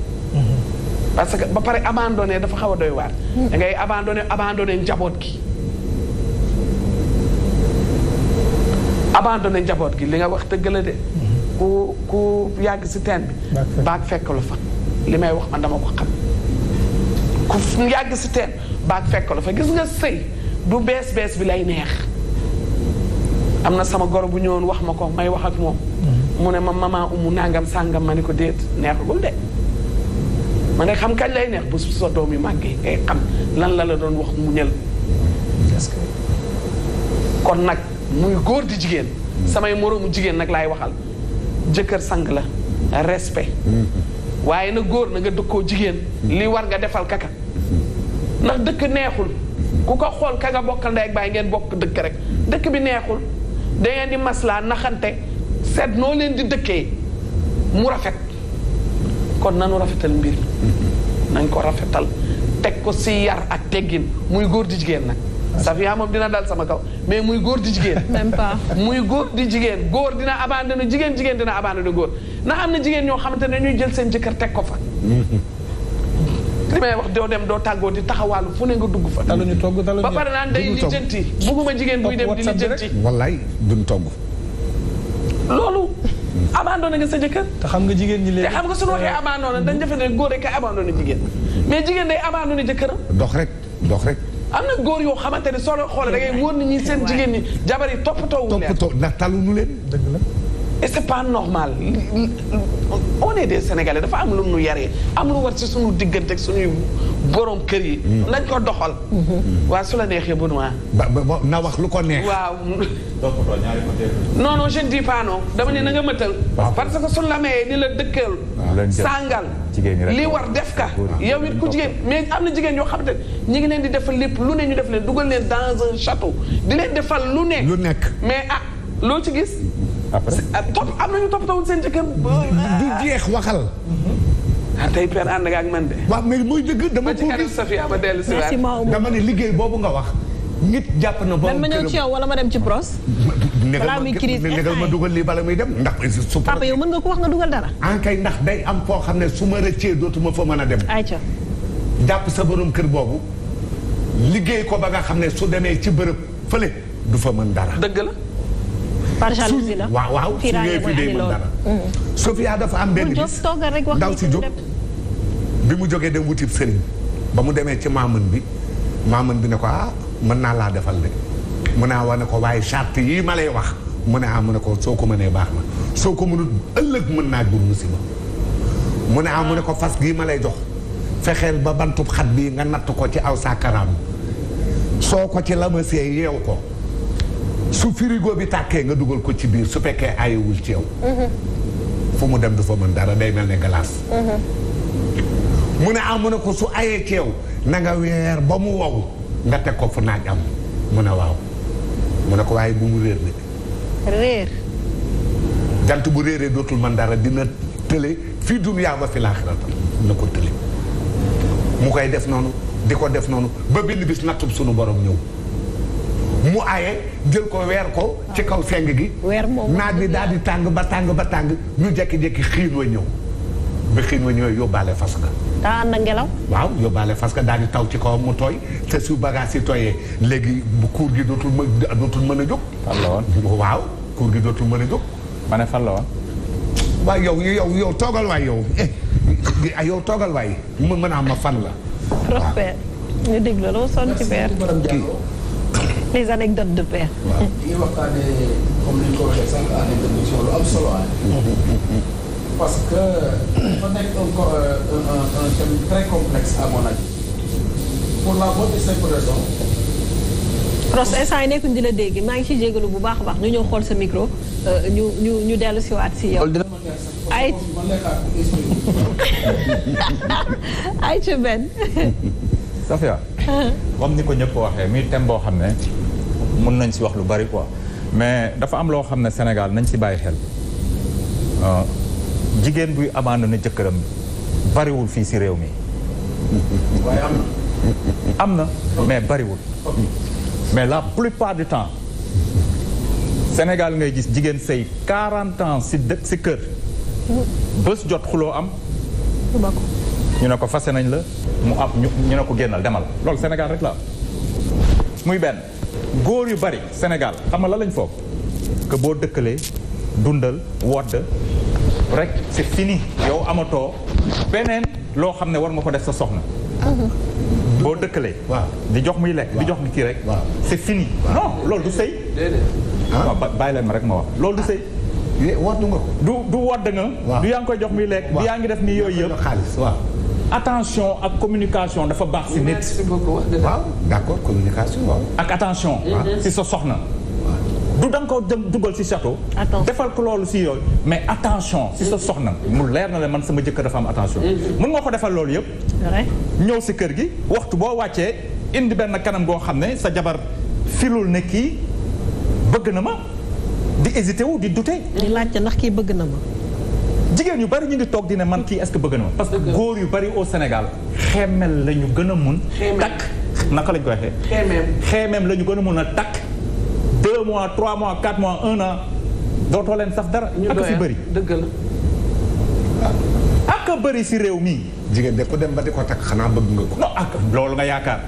parce que ba pare abandonné dafa xaw a doy waar da ngay abandonné abandonné njaboot gi abandonné njaboot gi li nga wax dëgg de ku ku yàgg si teen bi baag fekk la fa li may wax man dama ko xam ku yàgg si teen baag fekk la fa gis nga sëy du bees bees bi lay neex am na sama goro bu ñëwoon wax ma ko may wax ak moom mm-hmm. mu ne ma maman umu nàngam sàngam ma ni ko déet neexagul de ma ne xam kañ lay neex bu sa doom yi màggee ngay xam lan la la doon wax mu ñël kon nag muy góor di jigéen mm-hmm. samay moroomu jigéen nag laay waxal jëkkër sang la respe waaye na góor na nga dëkkoo jigéen li war nga defal kaka ndax dëkk neexul ku ko xool ka nga bokkal ndey ak baay ngeen bokk dëkk rek dëkk bi neexul da di maslaa naxante seet noo leen di dëkkee mu rafet kon nanu rafetal mbir nañ ko rafetal teg ko si yar ak teggin muy góor di jigéen nag Safia moom dina dal sama kaw mais muy góor di jigéen. même muy góor di jigéen góor dina abandonné jigéen jigéen dina abandonné góor na am na jigéen ñoo xamante ne ñuy jël seen jëkkër teg ko fa. li may doo dem doo tàggoo di taxawaalu fu ne nga dugg fa. ñu togg taluñu ba pare naan day lijjanti bugguma jigéen buy dem di lijjanti. wallaay duñ togg. loolu. abandonné nga sa jëkkër. te xam nga jigéen ñi léegi te xam nga suñu waxee euh, abandonné dañ defe ne góor rek a abandonné jigéen mais jigéen day abandonné jëkkëram. dox rek dox rek. am na góor yoo xamante ne soo xoolee da ngay wóor ni ñi seen jigéen ñi jabar yi toppatoo wu leen toppatoo ndax taluñu leen dëgg la et c'est pas normal on est des sénégalais dafa am lu nu yaree am lu war ci suñu diggante ak suñuy borom kër yi. Hmm. nañ ko doxal. Hmm. waaw su la neexee bu noir. ba na wax lu ko neex. waaw. non non je ne dis pas non dama ne na nga hmm. mëtal. Ah. parce que suñu la mayee ni la dëkkal. Ah. sangal. li war def ka yow it ku jigéen mais am na jigéen yoo xam ne ñi ngi leen di defal lépp lu ne ñu def leen dugal leen dans un château di leen defal lu ne lu nekk mais ah loo ci gis après ah, topp am nañu toppatawul seen jëkkër du ah. jeex waxal mm-hmm. ah tey père ànd nga ak man de waaw mais mooy dëgg dama ko gis Safia ba dellu si dama ne liggéey boobu nga wax nit jàpp na borom ma ñëw ci yow wala ma dem ci bros. balaa muy crise negal ma dugal lii bala muy dem ndax. su papa yow mën nga ko wax nga dugal dara. en ah, kay ndax day am foo xam ne su ma rëccee dootuma fa mën a dem. ayca jàpp sa borom kër boobu liggéey ko ba nga xam ne su demee ci bërëb fële du fa mën dara. dëgg la. par jalousie la waaw waaw su ñëwee fii day mën dara. Mm. Sofia dafa am benn bis ndaw si jóg bi mu jogee dem wutib sëriñ ba mu demee ci maamun bi maamun bi ne ko ah. mën naa laa defal de mun naa wane ko waaye chart yii ma lay wax mu ne ah mu ne ko soo ko mënee baax na soo ko mënut ëllëg mën naa jur musiba mu ne ah mu ne ko fas gii ma lay jox fexeel ba bantub xat bii nga natt ko ci aw saakaraam soo ko ci lamasee yeew ko su firigo bi tàkkee nga dugal ko ci biir su fekkee ayewul ci yow mm-hmm. fu mu dem du mën dara day mel ne glace mm-hmm. mu ne ah ne ko su ayee ci nanga weer ba mu wow nga teg ko fu naaj am mu ne waaw mu ne ko waaye bu mu réer de. réer. jant bu réeree dootul man dara dina tële fii duniyaa ba fi laaxiratam na ko tële mu koy def noonu di ko def noonu ba benn bis nattub sunu borom ñëw mu aaye jël ko weer ko ci kaw seng gi weer naaj bi daal di tàng ba tàng ba tàng ñu jekki-jekki xiin wa ñëw ba xiin wa ñëwee yóbbaale fas nga daa ànd ak ngelaw. waaw yóbbaale parce que daal di taw ci kawam mu tooy te su bagage yi tooyee léegi bu kuur gi dootul mën dootul mën a jóg. fan la woon waaw kuur gi dootul mën a jóg. ma yow fan waaw yow yow yow toogal waay yow eh, eh yow toogal waay mu mën a am fan la. Prospère ñu déglu loolu sonn waaw parce que dafa nekk yi nekkuñ di la dégg maa ngi ciy jégalu bu baax a baax ñu ñëw xool sa micro euh, ñu ñu dellu si waat si yow. ay ci benn. Safia. comme ni ko ñëpp waxee muy thème boo xam ne mun nañ si wax lu bari quoi mais dafa am loo xam ne Sénégal nañ si bàyyi xel. Euh, jigéen buy abandonné jëkkëram bariwul fii si réew mi. am na. mais bariwul. mais la plupart du temps Sénégal ngay gis jigéen sëy 40 ans si dëkk si kër. bés jot xuloo am. ñu ne ko fase nañ la mu am ñu ne ko génnal demal loolu Sénégal rek la muy benn góor yu bari Sénégal xam la lañ foog que boo dëkkalee dundal wodd rek c' fini yow amatoo beneen loo xam ne war nga ko def sa soxna. Uh-huh. boo dëkkalee. di jox muy lekk di jox muy kii rek. c' est fini. non loolu du sëy. waaw bàyyi leen ma rek ma wax loolu du sëy. nga ko. du du wadd nga. du yaa ngi koy jox muy lekk. du yaa ngi def nii yooyu yëpp. xaalis waaw. attention ak communication dafa baax si nit. waaw d' accord communication waaw. ak attention. si sa soxna. du da ko dem dugal si château. defal ko loolu si yooyu mais attention si sa soxna mu leer na la man sama jëkkër dafa am attention. Mm-hmm. mën nga ko defal loolu yëpp. ñëw si kër gi waxtu boo wàccee indi benn kanam goo xam ne sa jabar filul ne kii bëgg na ma di hésité wu di douté. di laajte ndax kii bëgg na ma. jigéen yu bari ñu ngi toog di ne man kii est-ce que bëgg na ma. parce que góor yu bari au Sénégal xeemel la ñu gën a mun. takk naka lañ koy waxee. xeemeem xeemeem la ñu gën a mun a takk. deux mois trois mois quatre mois un na dootoo leen saf dara. ñu ak si bëri dëgg bëri si réew mi. jigéen de ku dem ba di ko takk xanaa bëgg nga ko. non ak loolu nga yaakaar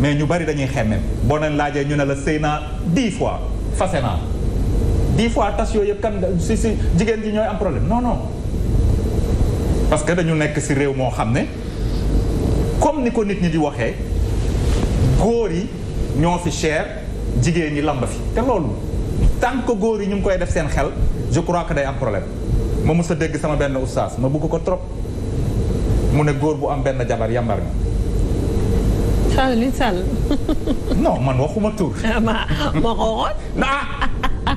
mais ñu bari dañuy xemmem boo leen laajee ñu ne la sëy naa dix fois fase naa dix fois tas yooyu kan si si jigéen ji ñooy am problème non non. parce que dañu nekk si réew moo xam ne comme ni ko nit ñi di waxee góor yi ñoo fi cher. jigéen ñi lamba fi te loolu tant que góor yi ñu ngi koy def seen xel je crois que day am problème ma mos dégg sama benn oustaz ma bugg ko trop mu ne góor bu am benn jabar yambar nga Sall li Sall non man waxuma tur. ma ma ko waxoon. Ah,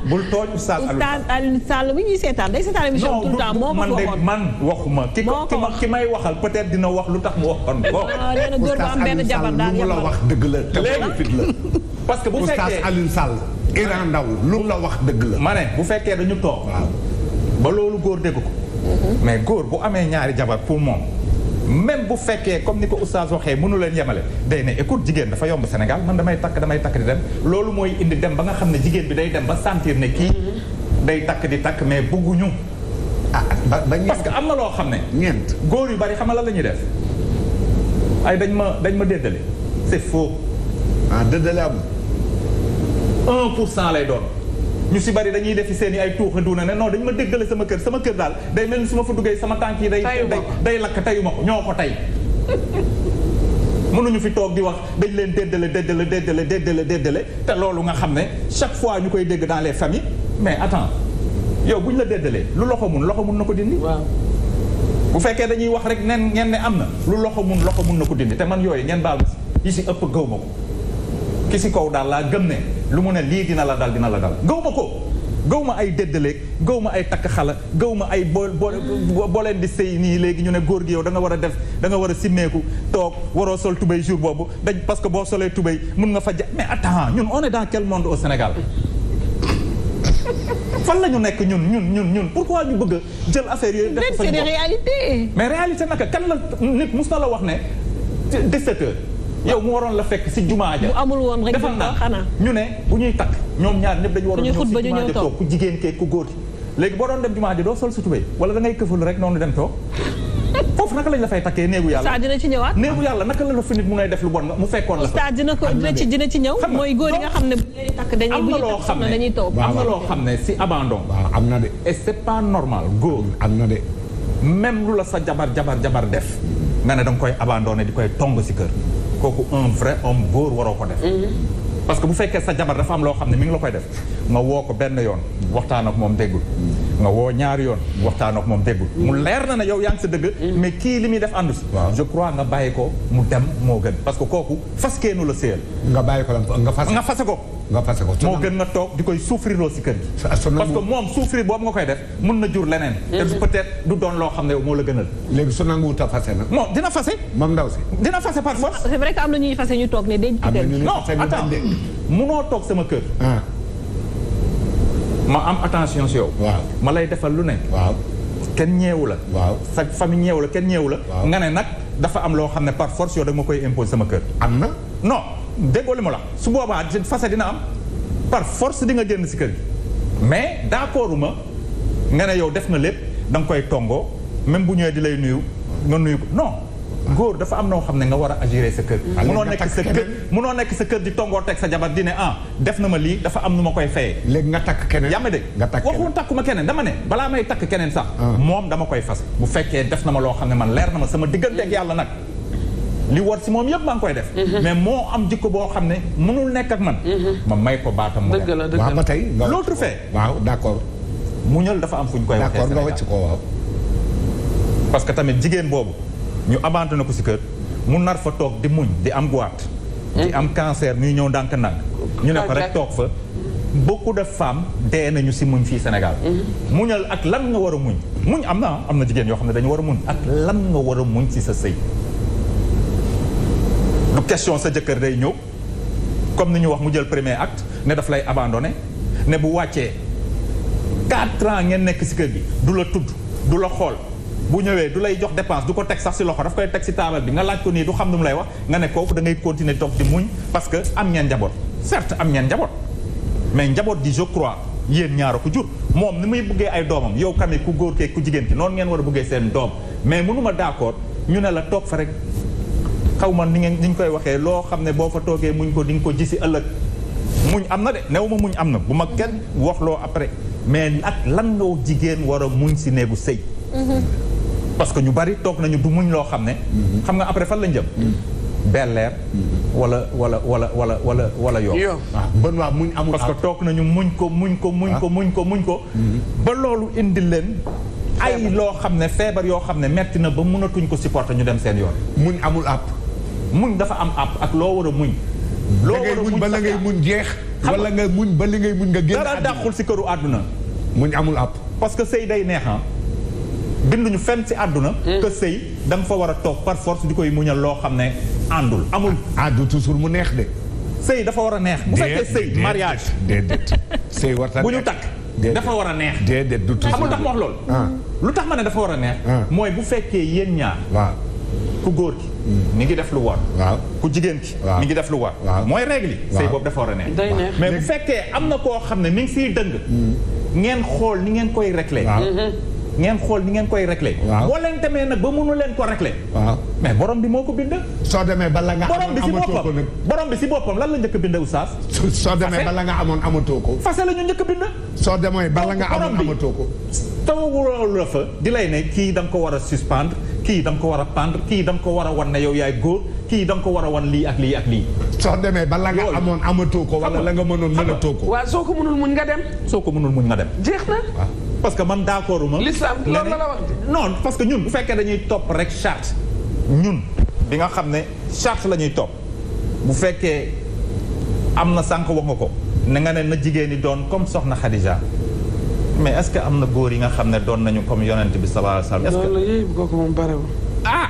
bul tooñ Oustaz Alioune Sall bu ñuy seetaan day seetaan émission tout le man de man waxuma ki ki may waxal peut-être dina wax lu tax mu waxoon ko nee na góor ba am benn jabar daal mu la wax dëgg la te la parce que bu fekkee Oustaz Alioune Sall Ndaw lu la wax dëgg la ma bu fekkee dañu toog ba loolu góor dégg ko mhm. mais góor bu amee ñaari jabar pour moom même bu fekkee comme ni ko oustaz waxee mënu leen yemale day ne écoute jigéen dafa yomb Sénégal man damay takk damay takk di dem loolu mooy indi dem ba nga xam ne jigéen bi day dem ba sentir ne kii day takk di takk mais bëgguñu ah, ah parce que am na loo xam ne ñeent góor yu bari xam la ñuy def ay dañ ma dañ ma déddale c'est faux ah déddale amul un pour cent lay doon ñu si bari dañuy defi seen i ay tuuxa duuna ne non dañ ma déggale sama kër sama kër daal day mel ni su ma fa duggee sama tànk yi day day lakk teyu ma ko ñoo ko tey mënuñu fi toog di wax dañ leen déddale déddale déddale déddale déddale te loolu nga xam ne chaque fois ñu koy dégg dans les familles mais attends yow bu ñu la déddalee lu loxo mun loxo mun na ko dindi bu fekkee dañuy wax rek nen ngeen ne am na lu loxo mun loxo mun na ko dindi te man yooyu ngeen baal ma si yi si ëpp gëw ma si kaw daal laa gëm lu mu ne lii dina la dal dina la dal gaw ma ko gaw ma ay déddaleeg gaw ma ay takk xala gaw ma ay boo boo leen di sëy nii léegi ñu ne góor gi yow da war a def danga war a simmeeku toog waroo sol tubéy jour boobu dañ parce que boo solee tubéy mun nga fa ja mais attends ñun on est dans monde au Sénégal fan la ñu nekk ñun ñun ñun ñun pourquoi ñu bëgg a jël affaire yooyu def c'est des réalités mais réalité naka kan la nit mus na la wax ne 17 yow mu waroon la fekk si jumaa ja. bu amul woon rek defal naa ñu ne bu ñuy takk ñoom ñaar ñëpp dañu waroon ñëw si jumaa ja toog ku ku góor ki léegi boo doon dem jumaa ja wala da ngay këfalu rek noonu dem toog lañ la fay takkee néegu yàlla saa ci ñëwaat néegu yàlla naka la la fi nit mu ngay def lu bon nga mu fekkoon la saa dina ko dina ci xam ne bu ñuy takk dañuy am na loo xam ne dañuy toog am na loo xam ne si abandon am na de et c'est pas góor am na même lu la sa jabar jabar jabar def nga ne danga koy abandonné di koy tong si kër kooku un vrai homme góor waroo ko def mm-hmm. parce que bu fekkee sa jabar dafa am loo xam ne mi ngi la koy def nga woo ko benn yoon waxtaan moom déggul nga woo ñaari yoon waxtaan ak moom déggul mu leer na ne yow yaa ngi mais kii li muy def àndu si nga bàyyi ko mu moo gën parce que kooku faskeenu la séyal nga bàyyi ko nga fas nga fase ko nga fase ko moo nga toog di koy souffrir loo si kër parce que moom souffrir boobu nga koy def mun na jur leneen te mhm. peut du doon loo xam ne yow moo la gënal léegi su nanguwut a fase nag moom ndaw si dina fase par force c'est am na ñuy fase ñu toog ne denc non munoo toog sama kër. Ah. ma am attention si yow. waaw ma lay defal lu ne. waaw kenn ñeewu la. waaw sa famille ñeewu la kenn ñeewu la. nga ne nag dafa am loo xam ne par force yow da nga ma koy imposer sama kër. am na no déggoo li ma la su boobaa fase dina am par force di nga génn si kër gi. mais d'accord ma nga ne yow def nga lépp danga koy tongoo même bu ñëwee di lay nuyu nga nuyu ko non. góor dafa am noo xam ne nga war a agiré sa kër munoo nekk sa kër munoo nekk sa kër di tongoo teg sa jabar di ne ah def na ma lii dafa am nu ma koy fayee léegi nga takk keneen yaa ma dégg waxoon takku ma keneen dama ne balaa may takk keneen sax ah. moom dama koy fas bu fekkee def na ma loo xam ne man leer na ma sama digganteeg yàlla nag li war si moom yëpp maa ngi koy def mhm. mais moo am jikko boo xam ne mënul nekk ak man mhm. ma may ko baatam mu dëgg la dëgg la waaw ba tey l'autre fait waaw d'accord muñal dafa am fu ñu koy waxee d'accord nga wàcc que tamit jigéen boobu ñu abandonné ko si kër mu nar fa toog di muñ di am goiat di am cancer ñuy ñëw ndànk ndànk ñu ne ko rek toog fa beaucoup def femmes dee nañu si muñ fii Sénégal mhm. muñal ak lan nga war a muñ muñ am na am na jigéen yoo xam ne dañu war a muñ ak lan nga war a muñ si sa sëy du question sa jëkkër day ñëw comme nu ñu wax mu jël premier acte ne daf lay abandonné ne bu wàccee quatre ngeen nekk si kër gi du la tudd du la xool bu ñëwee du lay jox dépense du ko teg sax si loxo daf koy teg si taabal bi nga laaj ko nii du xam nu mu lay wax nga ne kooku da ngay continuer toog di muñ parce que am ngeen njaboot certes am ngeen njaboot mais njaboot gi je crois yéen ñaar ko moom ni muy bëggee ay doomam yow kami ku góor kee ku jigéen ki noonu ngeen a bëggee seen doom mais mënuma d'accord ñu ne la toog fa rek xaw ma ni ngeen ni ñu koy waxee loo xam ne boo fa toogee muñ ko ni nga ko si ëllëg muñ am na de new ma muñ am na bu ma kenn wax loo après mais ak lan nga jigéen war a muñ si néegu sëy mm-hmm. parce que ñu bari toog nañu du muñ loo xam ne. Mhm. xam nga après fan lañ jëm. Mhm. belleer mhm. wala wala wala wala wala wala yow. bon waa muñ amul toog nañu muñ ko muñ ko muñ ko ah. muñ ko muñ ko. ba loolu indi leen. ay loo xam ne feebar yoo xam ne metti na ba mënatuñ ko supporter ñu dem seen yoon. muñ amul àpp. muñ dafa am àpp ak loo war a muñ. loo ba la ngay muñ jeex. wala nga muñ ba li ngay muñ nga génn. dara dàqul si këru àdduna. muñ amul àpp. parce que sëy day neex ah. binduñu fenn si àdduna. Hmm. que sëy da nga fa war a toog par force di koy muñal loo xam ne àndul amul. àndu ah, toujours mu neex de. sëy dafa war a neex. bu fekkee sëy mariage déedéet sëy war ta bu ñu takk. dafa war a neex. déedéet du toujours amul tax ma wax loolu. Ah. lu tax ma ne dafa war a neex. Ah. mooy bu fekkee yéen ñaar. waaw ku góor ki. Hmm. mi ngi def lu war. waaw ku jigéen ki. mi ngi def lu war. mooy règle yi. sëy boobu dafa war a neex. mais bu fekkee am na koo xam ne ni ngi siy dëng. Hmm. ngeen xool ni ngeen koy réglé. ngeen xool ni ngeen koy réglé. waaw boo leen na nag mu mënu leen ko réglé. waaw mais borom bi moo ko bind. soo demee ba la nga amoon amatoo ko borom bi si lan la njëkk a bind soo demee ba la nga amoon amatoo ko. fase la ñu njëkk a bind. soo demee ba la nga amoon amatoo ko. tawuloo la fa di lay ne kii da ko war a suspendre kii da ko war a pendre kii da ko war a wan yow yaay góor kii da nga wan lii ak lii ak lii. soo demee ba la nga amoon amatoo ko. wala la nga mënoon mënatoo ko. waaw soo ko mënul muñ nga dem. soo ko mënul muñ nga dem. jeex na. parce que man d'accord uma l'islam loolu la la wax non parce que ñun bu fekkee dañuy topp rek charte ñun bi nga xam ne charte la ñuy topp bu fekkee am na sànq wax ko na nga ne na jigéen ñi doon comme soxna Khadija mais est que am na góor yi nga xam ne doon nañu comme yonent bi sallallahu alayhi wa sallam est-ce que moom barewul ah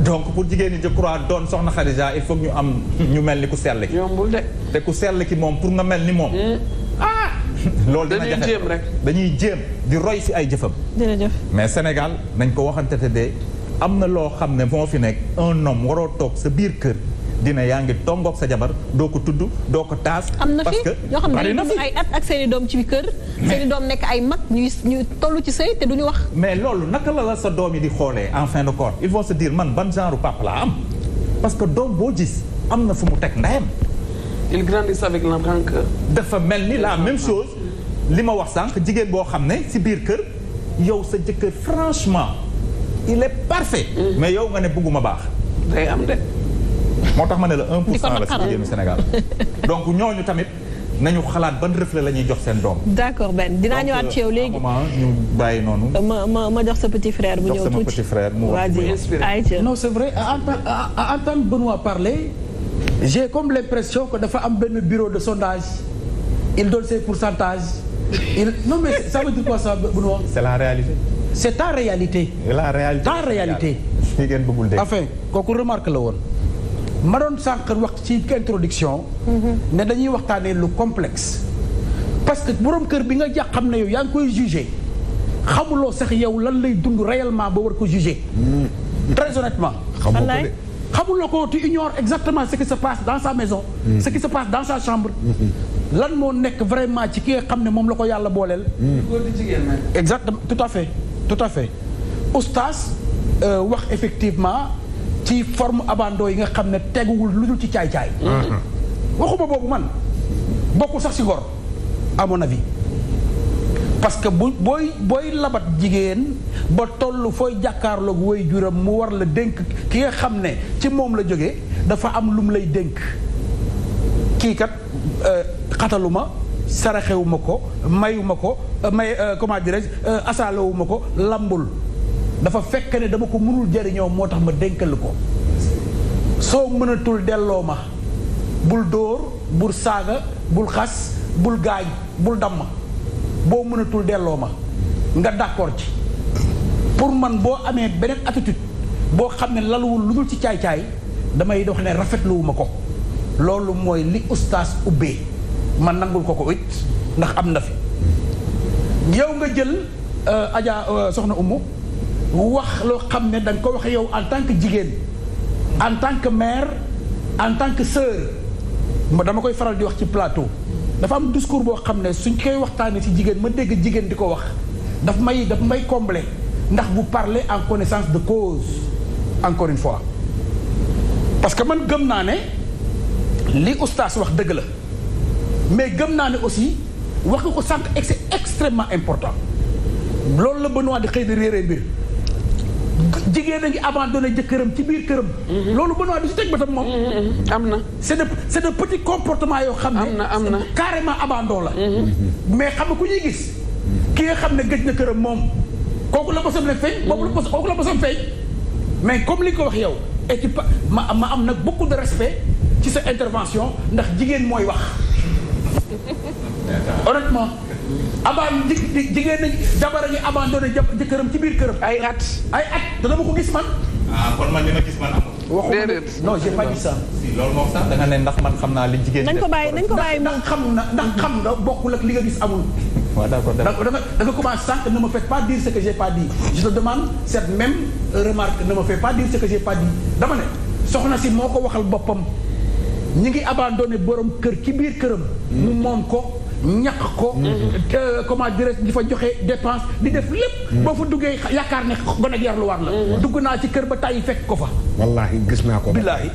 donc pour jigéen ñi je crois doon soxna Khadija il faut ñu am ñu mel ni ku sell ki yombul de te ku sell ki moom pour nga mel ni moom eh. loolu dina jafe dañuy rek dañuy jéem di roy si ay jëfam. mais Sénégal nañ ko waxante te de am na loo xam ne moo fi nekk un nom waroo toog sa biir kër. dina yaa ngi tongoog sa jabar doo ko tudd doo ko taas. am na fi ñoo xam ne ay at ak seen doom ci kër. seen i doom nekk ay mag ñuy ñuy toll ci sëy te du ñu wax. mais loolu naka la la sa doom yi di xoolee en fin de compte il vont se dire man ban genre papa laa am parce que doom boo gis am na fu mu teg ndayam ils grandissent avec la rancœur. dafa mel ni la même chose li ma wax sànq jigéen boo xam ne si biir kër yow sa jëkkër franchement il est parfait. Mm. mais yow nga ne bëgguma baax. day am moo tax ma ne la 1 pour cent la si jigéenu Sénégal donc ñooñu tamit. nañu xalaat ba reflet la ñuy jox seen doom. d'accord Ben dinaa ñëwaat euh, ci yow léegi ñu bàyyi noonu. Euh, ma ma ma jox sa petit frère bu ñëw tuuti jox sama petit frère mu. vrai à entendre Benoît parler. j'ai comme l'impression ko dafa am benn bureau de sondage il donne ses pourcentages il non mais ça veut dire quoi ça bu la réalité. c'est ta réalité. la réalité ta réalité. fii ngeen bëggul dégg. kooku remarque la woon. ma doon sànq wax ci introduction. Mhm. ne dañuy waxtaanee lu complexe. parce que borom kër bi nga jàpp xam ne yow yaa ngi koy jugé xamuloo sax yow lan lay dund réellement ba war ko jugé. Mhm. très honnêtement. xamoo ko xamuloo ko tu ignores exactement ce qui se passe dans sa maison. Mm. ce qui se passe dans sa chambre. Mm-hmm. lan moo nekk vraiment ci ki nga xam ne moom la ko yàlla booleel. Mm. exactement tout à fait tout à fait oustaz euh, wax effectivement ci forme abandon yi nga xam ne teguwul lu dul ci caay-caay. Mm-hmm. waxuma boobu man bokkul sax si ngor à mon avis. parce que bu booy booy labat jigéen ba toll fooy jàkkaarloog woy juram mu war la dénk ki nga xam ne ci moom la jóge dafa am lum lay dénk kii kat euh, xataluma saraxewuma ko mayuma ko euh, may euh, comment dirais asaalewuma ko lambul dafa fekk ne dama ko mënul jariñoo moo tax ma dénkal ko soo mënatul delloo ma bul dóor bul saaga bul xas bul gaañ bul damm boo mënatul delloo ma nga d'accord ci pour man boo amee beneen attitude boo xam ne laluwul lu dul ci caay-caay damay dox ne rafetluwuma ko loolu mooy li ustaas ubbee ma nangul ko ko it ndax am na fi yow nga jël euh, Adja euh, soxna Umu wax loo xam ne danga ko wax yow en tant que jigéen en tant que mère en tant que sœur dama koy faral di wax ci plateau dafa am discours boo xam ne suñ koy waxtaanee ci jigéen ma dégg jigéen di ko wax dafa may daf may combler ndax bu parler en connaissance de cause encore une fois parce que man gëm naa ne li oustaz wax dëgg la mais gëm naa ne aussi wax nga ko sànq et c'est extrêmement important loolu la Benoît di xëy na réer mbir jigéen a ngi abandonné jëkkëram ci biir këram. Mm-hmm. loolu ba noor du si teg bëtam moom. Mm-hmm. am na c' est de c' est de petit comportement yoo xam ne. am na am na carrément abandon la. Mm-hmm. mais xam nga ku ñuy gis. ki nga xam ne gëj na këram moom. kooku la bosam la feeñ. boobu la bos kooku la bosam feeñ. mais comme li ko wax yow. et ci pa ma am nag beaucoup de respect ci sa intervention ndax jigéen mooy wax. honnêtement. abaan ji jigéen nañ jabar a ngi abandonné jëkkëram ci biir këram. ay at ay at te dama ko gis man. ah kon man li ma gis man amul. déedéet non j'ai pas dit ça. si loolu moom sax da nga ne ndax man xam naa li jigéen. nañ ko bàyyi nañ ko bàyyi ndax xam na ndax xam nga bokkul ak li nga gis amul. waaw d'accord da nga da nga commencé sànq ne me faites pas dire ce que j'ai pas dit. je te demande cette même remarque ne me faites pas dire ce que j'ai pas dit dama ne soxna si moo ko waxal boppam ñi ngi abandonné borom kër ci biir këram. mu moom ko. ñàkk ko. Mm-hmm. Euh, comment dirais di fa joxe dépense di def lépp. Mm-hmm. boo fa duggee yaakaar ne gone yar lu war la. Mm-hmm. dugg naa ci kër ba tàyyi fekk ko fa. wallaahi gis naa ko. billaahi.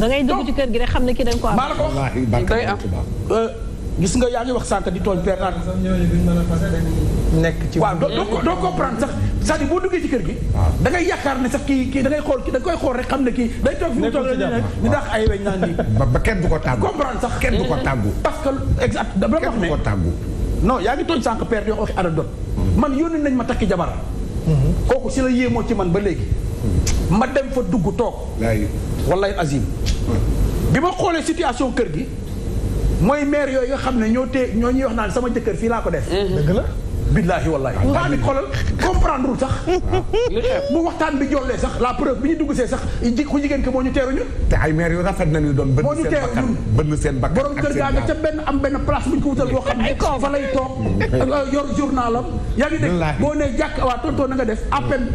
da ngay dugg ci gi rek xam ne ki dañ ko am. wallaahi day am. gis nga yaa ngi wax sànq di tooñ père naan. nekk ci waaw doo doo comprendre sax c'est-à-dire boo duggee ci kër gi. Ah. da ngay yaakaar ne sax kii kii da ngay xool da koy xool rek xam ne kii. day toog fi mu toog ñu daax ba kenn du ko tàggu comprendre sax. kenn du ko tàggu. parce que exact dama wax ne kenn du ko tàggu. non yaa ngi tooñ sànq père di wax waxi anecdote. man yónni nañ ma takki jabar. Mhm. kooku si la yéemoo ci man ba léegi. Mhm. ma dem fa dugg toog. wallahi azim bi ma xoolee situation kër gi mooy maire yooy nga xam ne ñoo te ñoo ñuy wax naan sama jëkkër fii laa ko def. Mhm. dëgg la. billaahi wallaahi. paa bi xoolal comprendre wul sax. bu waxtaan bi jollee sax la preuve bi ñu dugg see sax ji ku jigéen ke moo ñu teeru ñun. te ay maire yu nañu doon. bënn seen bakkan benn am benn place bu ñu ko wutal boo xam ne fa lay toog. boo nee jàkk waa tonton na nga def. à peine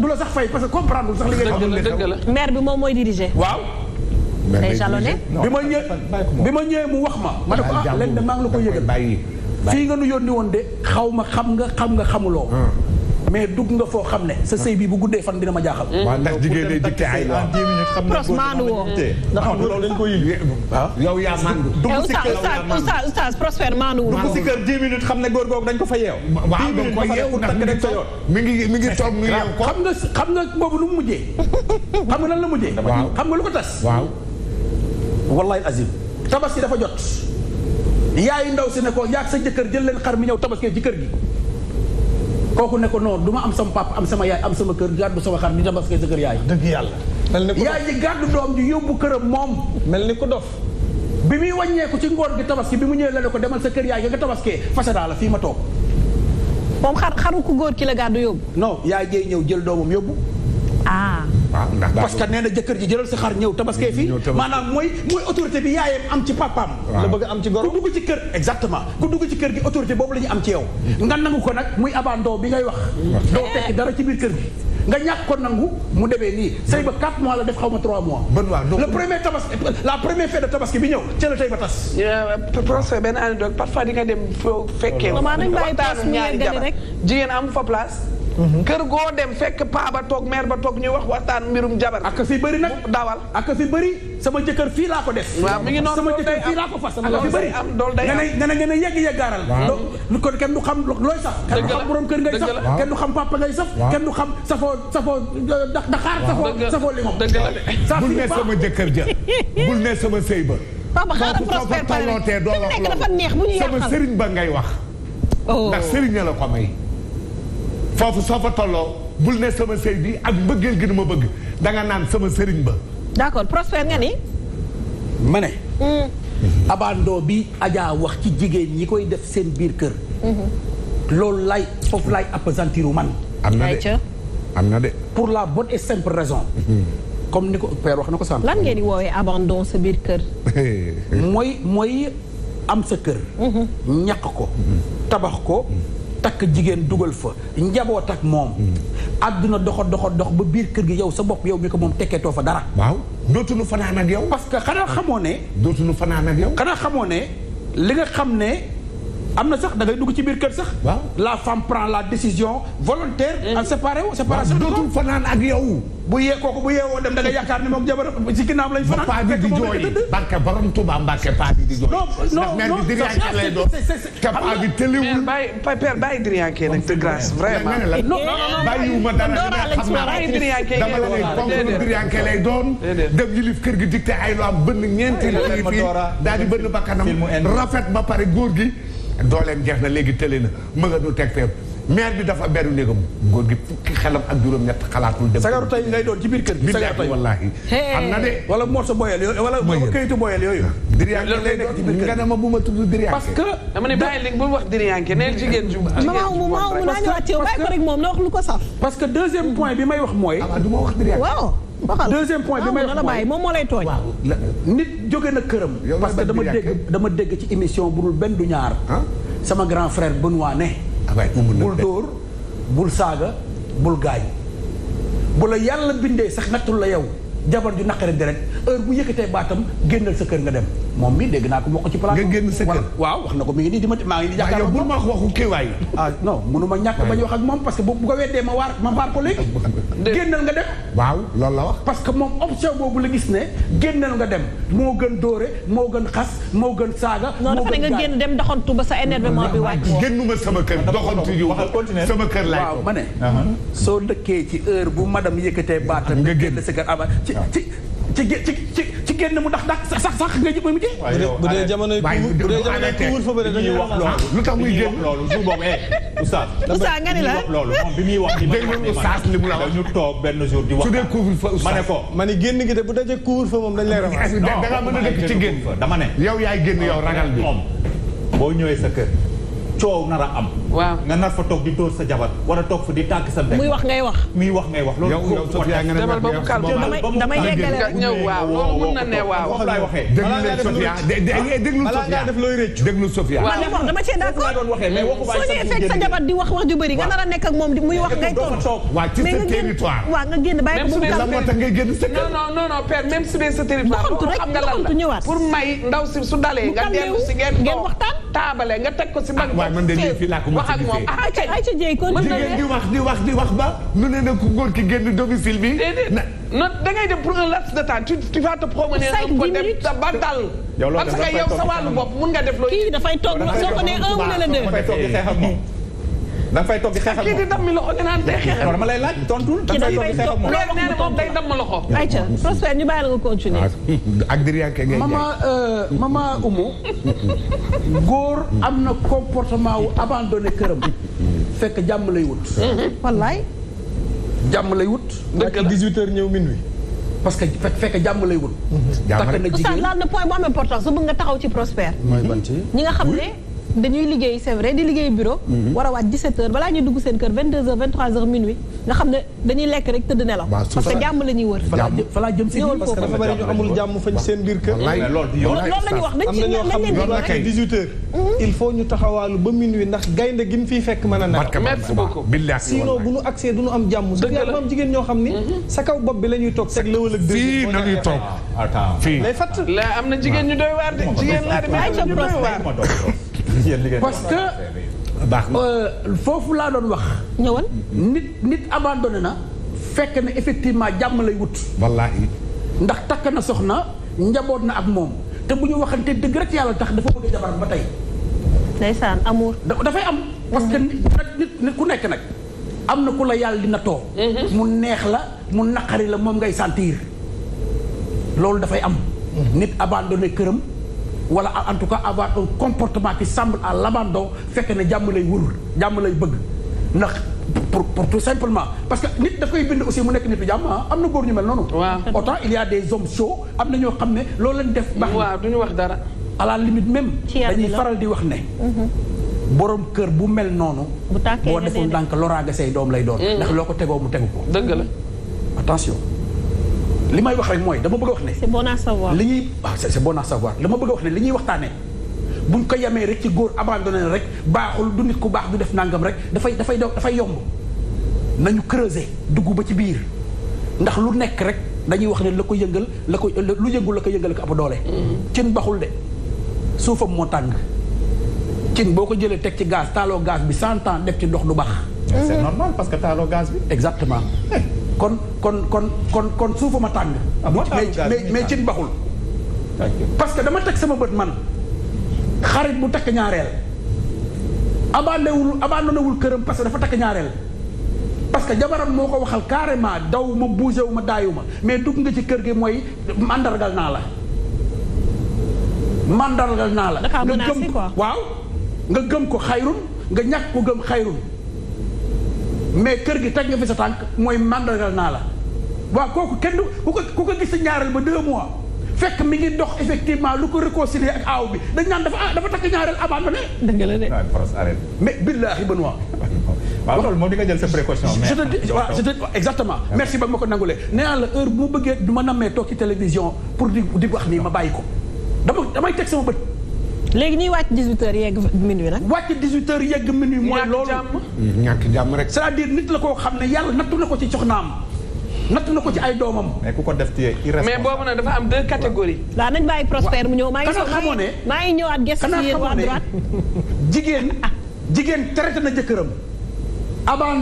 du la sax fay parce que sax li maire bi moom mooy diriger. waaw. day jalonné bi ma ñëw ma ñëwee mu wax ma. ma ne ko ah, leen de maa ngi la ko yëgal. fii nga nu yónni woon de xaw ma xam nga xam nga xamuloo. Hmm. dugg nga foo xam ne sa sëy bi bu guddee fan dina ma jaaxal. Hmm. waaw ndax jigéen ay waaw. pros maanu woo. ndax loolu dañ koy yëg. Ah? yow yaa eh, maandu. dugg si kër oustaz oustaz Prospère maanu woo. dugg si kër 10 xam ne góor googu ko fa yeew. waaw dañ ko yeew ndax mi ngi mi ngi toog mi ngi yeew ko. xam nga xam nga boobu lu mu mujjee. xam nga lan la mujjee. xam nga lu ko tas. wallahi azim tabaski dafa jot yaayu ndaw si ne ko sa jëkkër jël leen xar mi ñëw tabaskee ci kër gi kooku ne ko non du ma am sama papa am sama yaay am sama kër gàddu sama xar di tabaskee sa kër yaay dëgg yàlla yaay ji gàddu doom ji yóbbu këram moom mel ni ko dof bi muy wàññeeku ci ngoon gi tabaski bi mu ñëwee la ko demal sa kër yaay ga nga tabaskee fasadaa la fii ma toog moom xar xaru ku góor ki la gàddu yóbbu non yaay jey ñëw jël doomam yóbbu ah ndax parce que nee na jëkkër ji jëlal si xar ñëw tabaskee fii maanaam mooy mooy autorité bi yaayam am ci papaam la bëgg am ci goro ku ci kër exactement ku dugg ci gi autorité boobu la ñu am ci yow nga nangu ko nag muy abandon bi ngay wax doo tekki dara ci biir kër gi nga ñàkk ko nangu mu demee nii sëy ba 4 mois la def xaw ma 3 mois le premier tabaski la première fête de tabaski bi ñëw ca la tey ba tas euh, procès benn anecdote parfois di nga dem foo fekkee waxtaan ñaari jabar jigéen am fa place Mhm. kër goo dem fekk paa ba toog meer ba toog ñuy wax waxtaan mbirum jabar. ak fi bëri nag dawal ak fi bëri sama jëkkër fii laa ko def. waaw mi sama laa ko fas. ak fi bëri nga ne nga ne nga ne yegg yeggaaral. lu kon kenn du xam looy sax. xam borom kër ngay sax kenn du xam papa ngay sama jëkkër ja bul ne sama sëy ba. papa ba nekk dafa neex bu ñu ngay wax. Oh. ndax sëriñ la ko may foofu soo fa tolloo bul ne sama sëy bi ak mbëggeel gi nu ma bëgg danga naan sama sëriñ ba. d'accord Prospère nga ni. ma ne. Hmm. abandon bi ajaa wax ci jigéen ñi koy def seen biir kër. Hmm. loolu lay foofu lay appesantiru man. am na de am na de. pour la bonne et simple raison. Hmm. comme ni ko père wax na ko sànq. lan ngeen di woowee abandon sa biir kër. mooy mooy am sa kër. ñàkk ko tabax ko. takk jigéen dugal fa njaboot ak moom. Hmm. àdduna doxa doxa dox ba biir kër gi yow sa bopp yow mi ko moom tekkeetoo fa dara. waaw dootuñu fanaan ak yow. parce que xanaa xamoo ne. dootuñu fanaan ak yow. xanaa xamoo ne li nga xam ne. am na sax da ngay dugg ci biir kër sax. waaw la femme prend la décision volontaire. en séparé wu séparation de dootul fanaan ak yow. bu yee kooku bu yeewoo dem da nga yaakaar ni moom jabar ci ginnaaw lañ fanaan. paa bi di jooy barke borom Tuubaa Mbàkke paa bi di jooy. non non non c' est ça paa bi tëlewul. père bàyyi diriyanke nag de grâce vraiment. non non non bàyyiwuma dara xam naa dama la lay tontu diriyanke lay doon. dem yilif kër gi dicté ay loo am bënn ñeenti la fi daal di bënn bakkanam rafet ba pare góor gi dooleem jeex na léegi tële na mën nga nu teg feeb mair bi dafa beru néegam góor gi fukki xelam ak juróom-ñett xalaatul dem sagaru tay lay doon ci biir kër gi sagaru tay wallaahi am na boyal yooyu wala kayitu boyal yooyu ah. bu ma tudd diriyanke parce que dama ne bàyyi li bul wax ko rek parce que deuxième point bi may wax mooy ah, du ma wax diriyanke waaw moom moo lay tooñ nit jóge na këram parce que dama dégg dama dégg ci émission bu dul benn du ñaar ah? sama grand frère Benoît ne Ah bul dóor bul saaga bul gaañ bu la yàlla bindee sax nattul la yow jabar ju naqari deret heure bu yëkkatee baatam génnal sa kër nga dem moom mi dégg naa ko wax ko ci plateau. nga génn sa kër waaw wax na ko mi ngi nii di ma maa ngi nii. waaw yow ma wax waxu kéwaay. ah non mënu ma ñàkk bañ wax ak moom parce que bu ko weddee ma waar ma waar ko léegi. génnal nga dem. waaw loolu la wax. parce que moom dem moo gën dóore moo gën xas moo gën saaga. moo gën non dafa ne nga génn dem doxantu ba sa énervement bi wàcc. génnuma sama kër doxantu yu sama kër laay waaw ma ne. soo dëkkee ci heure bu madame yëkkatee baatam nga génn sa kër ama ah, ci génn mu ndax ndax sax sax nga jëm mujjee. bu dee jamono yi bu dee jamono yi wul fa wax loolu lu tax muy génn loolu su boobu eh, loolu moom bi wax ñu toog benn jour di wax su dee couvre fa ma ne ko gi de bu dajee moom dañ lay ramal da nga mën a dëkk ci génn dama ne yow yaay génn moom boo ñëwee sa kër coow nar a am. waaw nga nar fa toog di dóor sa jabar wala toog fa di tàkk sa muy wax ngay wax. muy wax ngay wax loolu. yow yow Sofia nga ne ma ba mu calme damay damay yeggale rek ñëw waaw loolu mun na ne waaw. foofu laay waxee. balaa ngaa def Sofia ah, déglu Sofia def looy rëcc. déglu Sofia man li wax dama cee d'accord soo ñëwee fekk sa jabar di wax wax ju bëri nga nar a nekk ak moom di muy wax ngay toog. waaw ci sa territoire. waaw nga génn bàyyi ko ba mu calme moo tax ngay génn sa kër. non non non père même su dee sa territoire. doxantu rek doxantu ñëwaat pour may ndaw si su dalee nga dellu si ngeen toog taabale nga teg ko si mag waaye man de lii fii laa ko mos a gisee jigéen ah, di wax di wax di wax ba nu ne na ku góor ki génn domicile bi. non da ngay dem pour un laps de temps tu tu vas te promener. cinq dix minutes sa ba dal. yow parce que yow sa wàllu bopp mun nga def loolu. kii dafay toog soo ko nee un mu ne la deux. da nga fay toog di xeex ak moom kii di damm loxo nee naa day lay laaj tontul da nga fay moom. loolu nee na moom day damm loxo. ayca Prospère ñu bàyyi la nga continuer. Ah, ak diriyànke ngay jaay maman euh, maman Umu. góor am na comportement wu abandonné këram. fekk jàmm lay wut. Mhm. wallaay. jàmm lay wut. dëgg la 18h ñëw minuit. parce que fekk jàmm lay wut. jàmm rek takk na jigéen laal na point bu am importance bu nga taxaw ci Prospère. mooy ban ci ñi nga xam ne. dañuy liggéey c'est vrai di liggéey bureau. Mhm. war a waat 17h balaa ñuy dugg seen kër 22h 23h minuit nga xam ne dañuy lekk rek tëdd nelaw. parce que jàmm la ñuy wër. fa laa jëm si parce que dafa bari ñu amul jàmm fañ seen biir kër. wallaay loolu la ñu wax dañ ci dañ leen di wax 18h. Mhm. il faut ñu taxawaalu ba minuit ndax gaynde gi mu fiy fekk mën a nelaw. merci beaucoup sinon bu nu accès du nu am jàmm. dëgg la am jigéen ñoo xam ni mhm. sa kaw bopp bi la ñuy toog teg lawal ak fii na ñuy toog fii lay fatt la am na jigéen ñu doy waar de jigéen laa de parce que euh, foofu laa doon wax. ñëwal nit nit abandonné na. fekk na effectivement jàmm lay wut. wallaahi. ndax takk na soxna njaboot na ak moom te bu ñu waxante dëgg rek yàlla tax dafa bëgg jabaram ba tey. ndeysaan amour. dafay am parce que nit nit ku nekk nag. am na ku la yàlla dina too mhm. mu neex la mu naqari la moom ngay sentir. loolu dafay am. Mhm. nit abandonné këram. wala en tout cas avoir un comportement qui semble à l'abandon fekk ne jàmm lay wër jàmm lay bëgg ndax pour pour tout simplement parce que nit dafay bind aussi mu nekk nitu jàmm ah am na góor ñu mel noonu. waaw autant il y a des hommes am na ñoo xam ne loolu lañ def. baax waaw du ñu wax dara. à la limite même. dañuy faral di wax ne. Mhm. boroom kër bu mel noonu. bu tàkkee boo deful ndànk loraange say doom lay doon. Mm. ndax loo ko tegoo mu tegu ko. dëgg la attention. li may wax rek mooy dama bëgg a wax ne. c'est bon à savoir li ñuy ah c'est bon à savoir dama bëgg a wax ne li ñuy waxtaanee ko yamee rek ci góor abandonné rek baaxul du nit ku baax du def nangam rek dafay dafay dafay yomb nañu creuser dugg ba ci biir ndax lu nekk rek dañuy wax ne la ko yëngal la ko lu yëngul la ko yëngal ko ab doole. cin baxul de soo suufam moo tàng. cin boo ko jëlee teg ci gaz taaloo gaz bi cent ans def ci ndox du baax. c'est normal parce que taaloo gaz bi. exactement. kon kon kon kon kon suufu ma tàng. Ah, mais mais cin baxul. parce que dama teg sama bët man xarit mu takk ñaareel. abandonné wul abandonné wul këram parce que dafa takk ñaareel. parce que jabaram moo ko waxal carrément daw ma bougé wu ma daayu ma mais dugg nga ci kër gi mooy mandargal naa la. màndargal naa la. nga gëm waaw nga gëm ko xayrun nga ñàkk ko gëm xayrun. mais kër gi teg nga fi sa tànk mooy màndargal naa la waa kooku kenn du ku ko ku ko gis ñaareel ba deux mois fekk mi ngi dox effectivement lu ko réconcilier ak aaw bi dañ naan dafa ah dafa takk ñaareel abandonné. dëgg la de. Ah, mais billaahi Benoît. waaw loolu moom di nga jël sa précaution. mais je te exactement. Ah. merci ba ma ko nangulee nee naa la heure bu ma bëggee du ma nammee toog ci télévision pour di di wax nii ma bàyyi ko damay teg sama bët. léegi ñuy wàcc 18h yegg minuit nag. wàcc 18h yegg minuit mooy loolu ñàkk jàmm rek. c'est-à-dire nit la koo xam ne yàlla nattu na ko ci naam nattu na ko ci ay doomam. ku ko def ci mais boobu nag dafa am deux catégories. waaw nañ bàyyi prospère mu ñëw maa ngi. xamoo ne maa ngi ñëwaat gëstu si yéen waa droite jigéen jigéen traité na jëkkëram.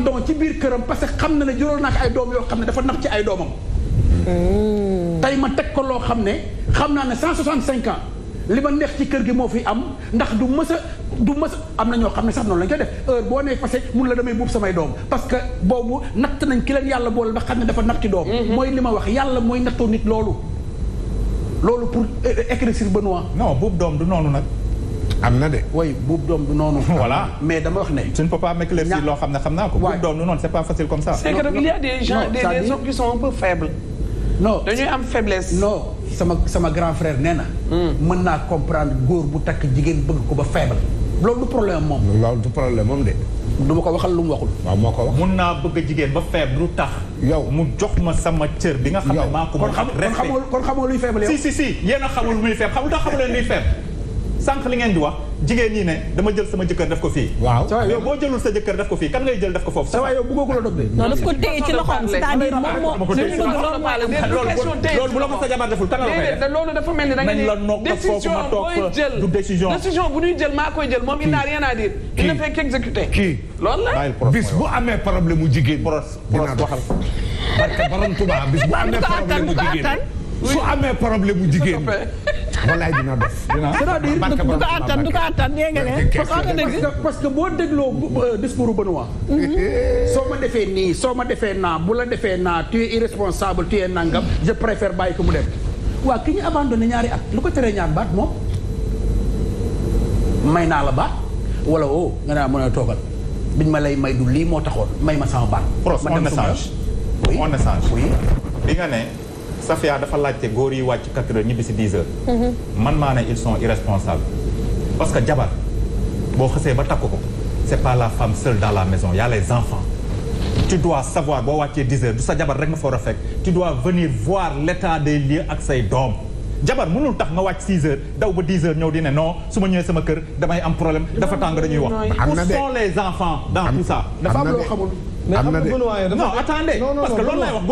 doom ci biir këram parce que xam na ne juróom naa ay doom yoo xam ne dafa nax ci ay doomam. Hmm. tey ma teg ko loo xam ne xam naa ne 165 ans. li ma neex ci kër gi moo fi am ndax du mës a du mës am na ñoo xam ne sax noonu la ñu def heure boo nee fase mun la damay buub samay doom parce que boobu natt nañ ki leen yàlla boole ba xam ne dafa natti doom mm-hmm. mooy li ma wax yàlla mooy nattoo nit loolu loolu pour éclaircir Benoît non buub doom du noonu nag am na de oui buub doom du noonu. voilà mais dama wax ne. tu ne peux pas m'éclaircir loo xam ne xam naa ko. buub doom du noonu c'est pas facile comme ça. c'est que il y a des gens sama sama grand frère nee na. Hmm. mën naa comprendre góor bu takk jigéen bëgg ko ba faible. loolu du problème moom. loolu du problème moom de. du ma ko waxal lu mu waxul. waaw moo ko wax mun naa bëgg jigéen ba faible lu tax. yow mu jox ma sama cër bi nga xam ne maa ko. kon xam kon xamul luy faible yow. si si si yéen a xamul luy faible xamul tax xamu leen luy faible. sànq li ngeen di wax jigéen ñi ne dama jël sama jëkkër def ko fii waaw yow boo jëlul sa jëkkër def ko fii kan ngay jël def ko foofu yow bëggoo ko la dog de non daf ko téye ci loxoom c'est-à-dire moom moo ah, loolu bu la ko sa jabar deful kan la koy loolu dafa mel ni da nga ne décision booy jël du décision décision bu ñuy jël maa koy jël moom il n'a rien à dire il ne fait qu'exécuter kii loolu la bis bu amee problème mu jigéen boros boros waxal barke borom tuba bis bu amee problème mu jigéen su amee problème mu jigéen walaay dina def c'est-à-dire du ko attan du ko attan parce que boo dégloo euh, discours Benoît mm-hmm. soo ma defee nii soo ma defee naa bu la defee naa tu es irresponsable tu es nangam je préfère bàyyi ko mu dem waa ki ñu abandonné ñaari at lu ko teree ñaan baat moom may naa la baat wala oo nga naa ah, mën a toogal biñ ma lay may du lii moo taxoon may ma sama baat ma dem message on échange nga ne Safia dafa laajte góor yi wàcc 4 heures ñibbi si 10 heures. Mhm. man maa ne ils sont irresponsables parce que jabar boo xasee ba takk ko c'est pas la femme seule dans la maison y a les enfants. tu dois savoir boo wàccee 10 heures du sa jabar rek nga fa war a fekk tu dois venir voir l'état des lieux ak say doom. jabar mënul tax nga wàcc 6 heures daw ba 10 heures ñëw di ne no su ma ñëwee sama kër damay am problème dafa tàng dañuy wax. am na où sont les dans tout ça. am na de non attendez parce que loolu lay wax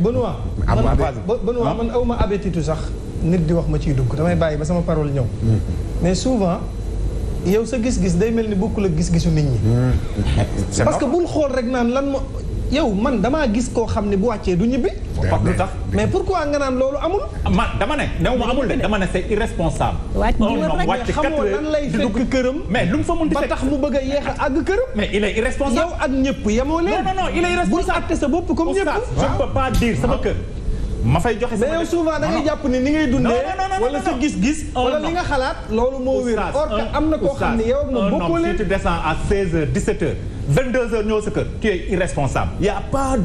góor boobu man awma habitude sax nit di wax ma ciy dugg damay bàyyi ba sama parole ñëw mm-hmm. mais souvent yow sa gis-gis day mel ni bokkul ak gis-gisu nit ñi mm-hmm. parce que bul xool rek naan lan mo yow man damaa gis koo xam ne bu wàccee du ñibbi. mais pourquoi nga naan loolu amul. ma dama ne néew ma amul de dama ne c'est irresponsable. wàcc xamoo lan lay fekk këram. mais lu mu fa munti fekk ba tax mu bëgg a yéex a àgg mais il est irresponsable yow ak ñëpp yemoo leen. non non non il est irresponsable bul sa bopp comme ñëpp. je ne peux pas dire sama ah. kër. ma fay joxe sama mais yow souvent da jàpp ni ni ngay dundee. wala sa gis-gis. wala li nga xalaat loolu moo a or que am na koo xam ne yow moom bokkoo leen. si tu descends à 16h 17h 22h ñëw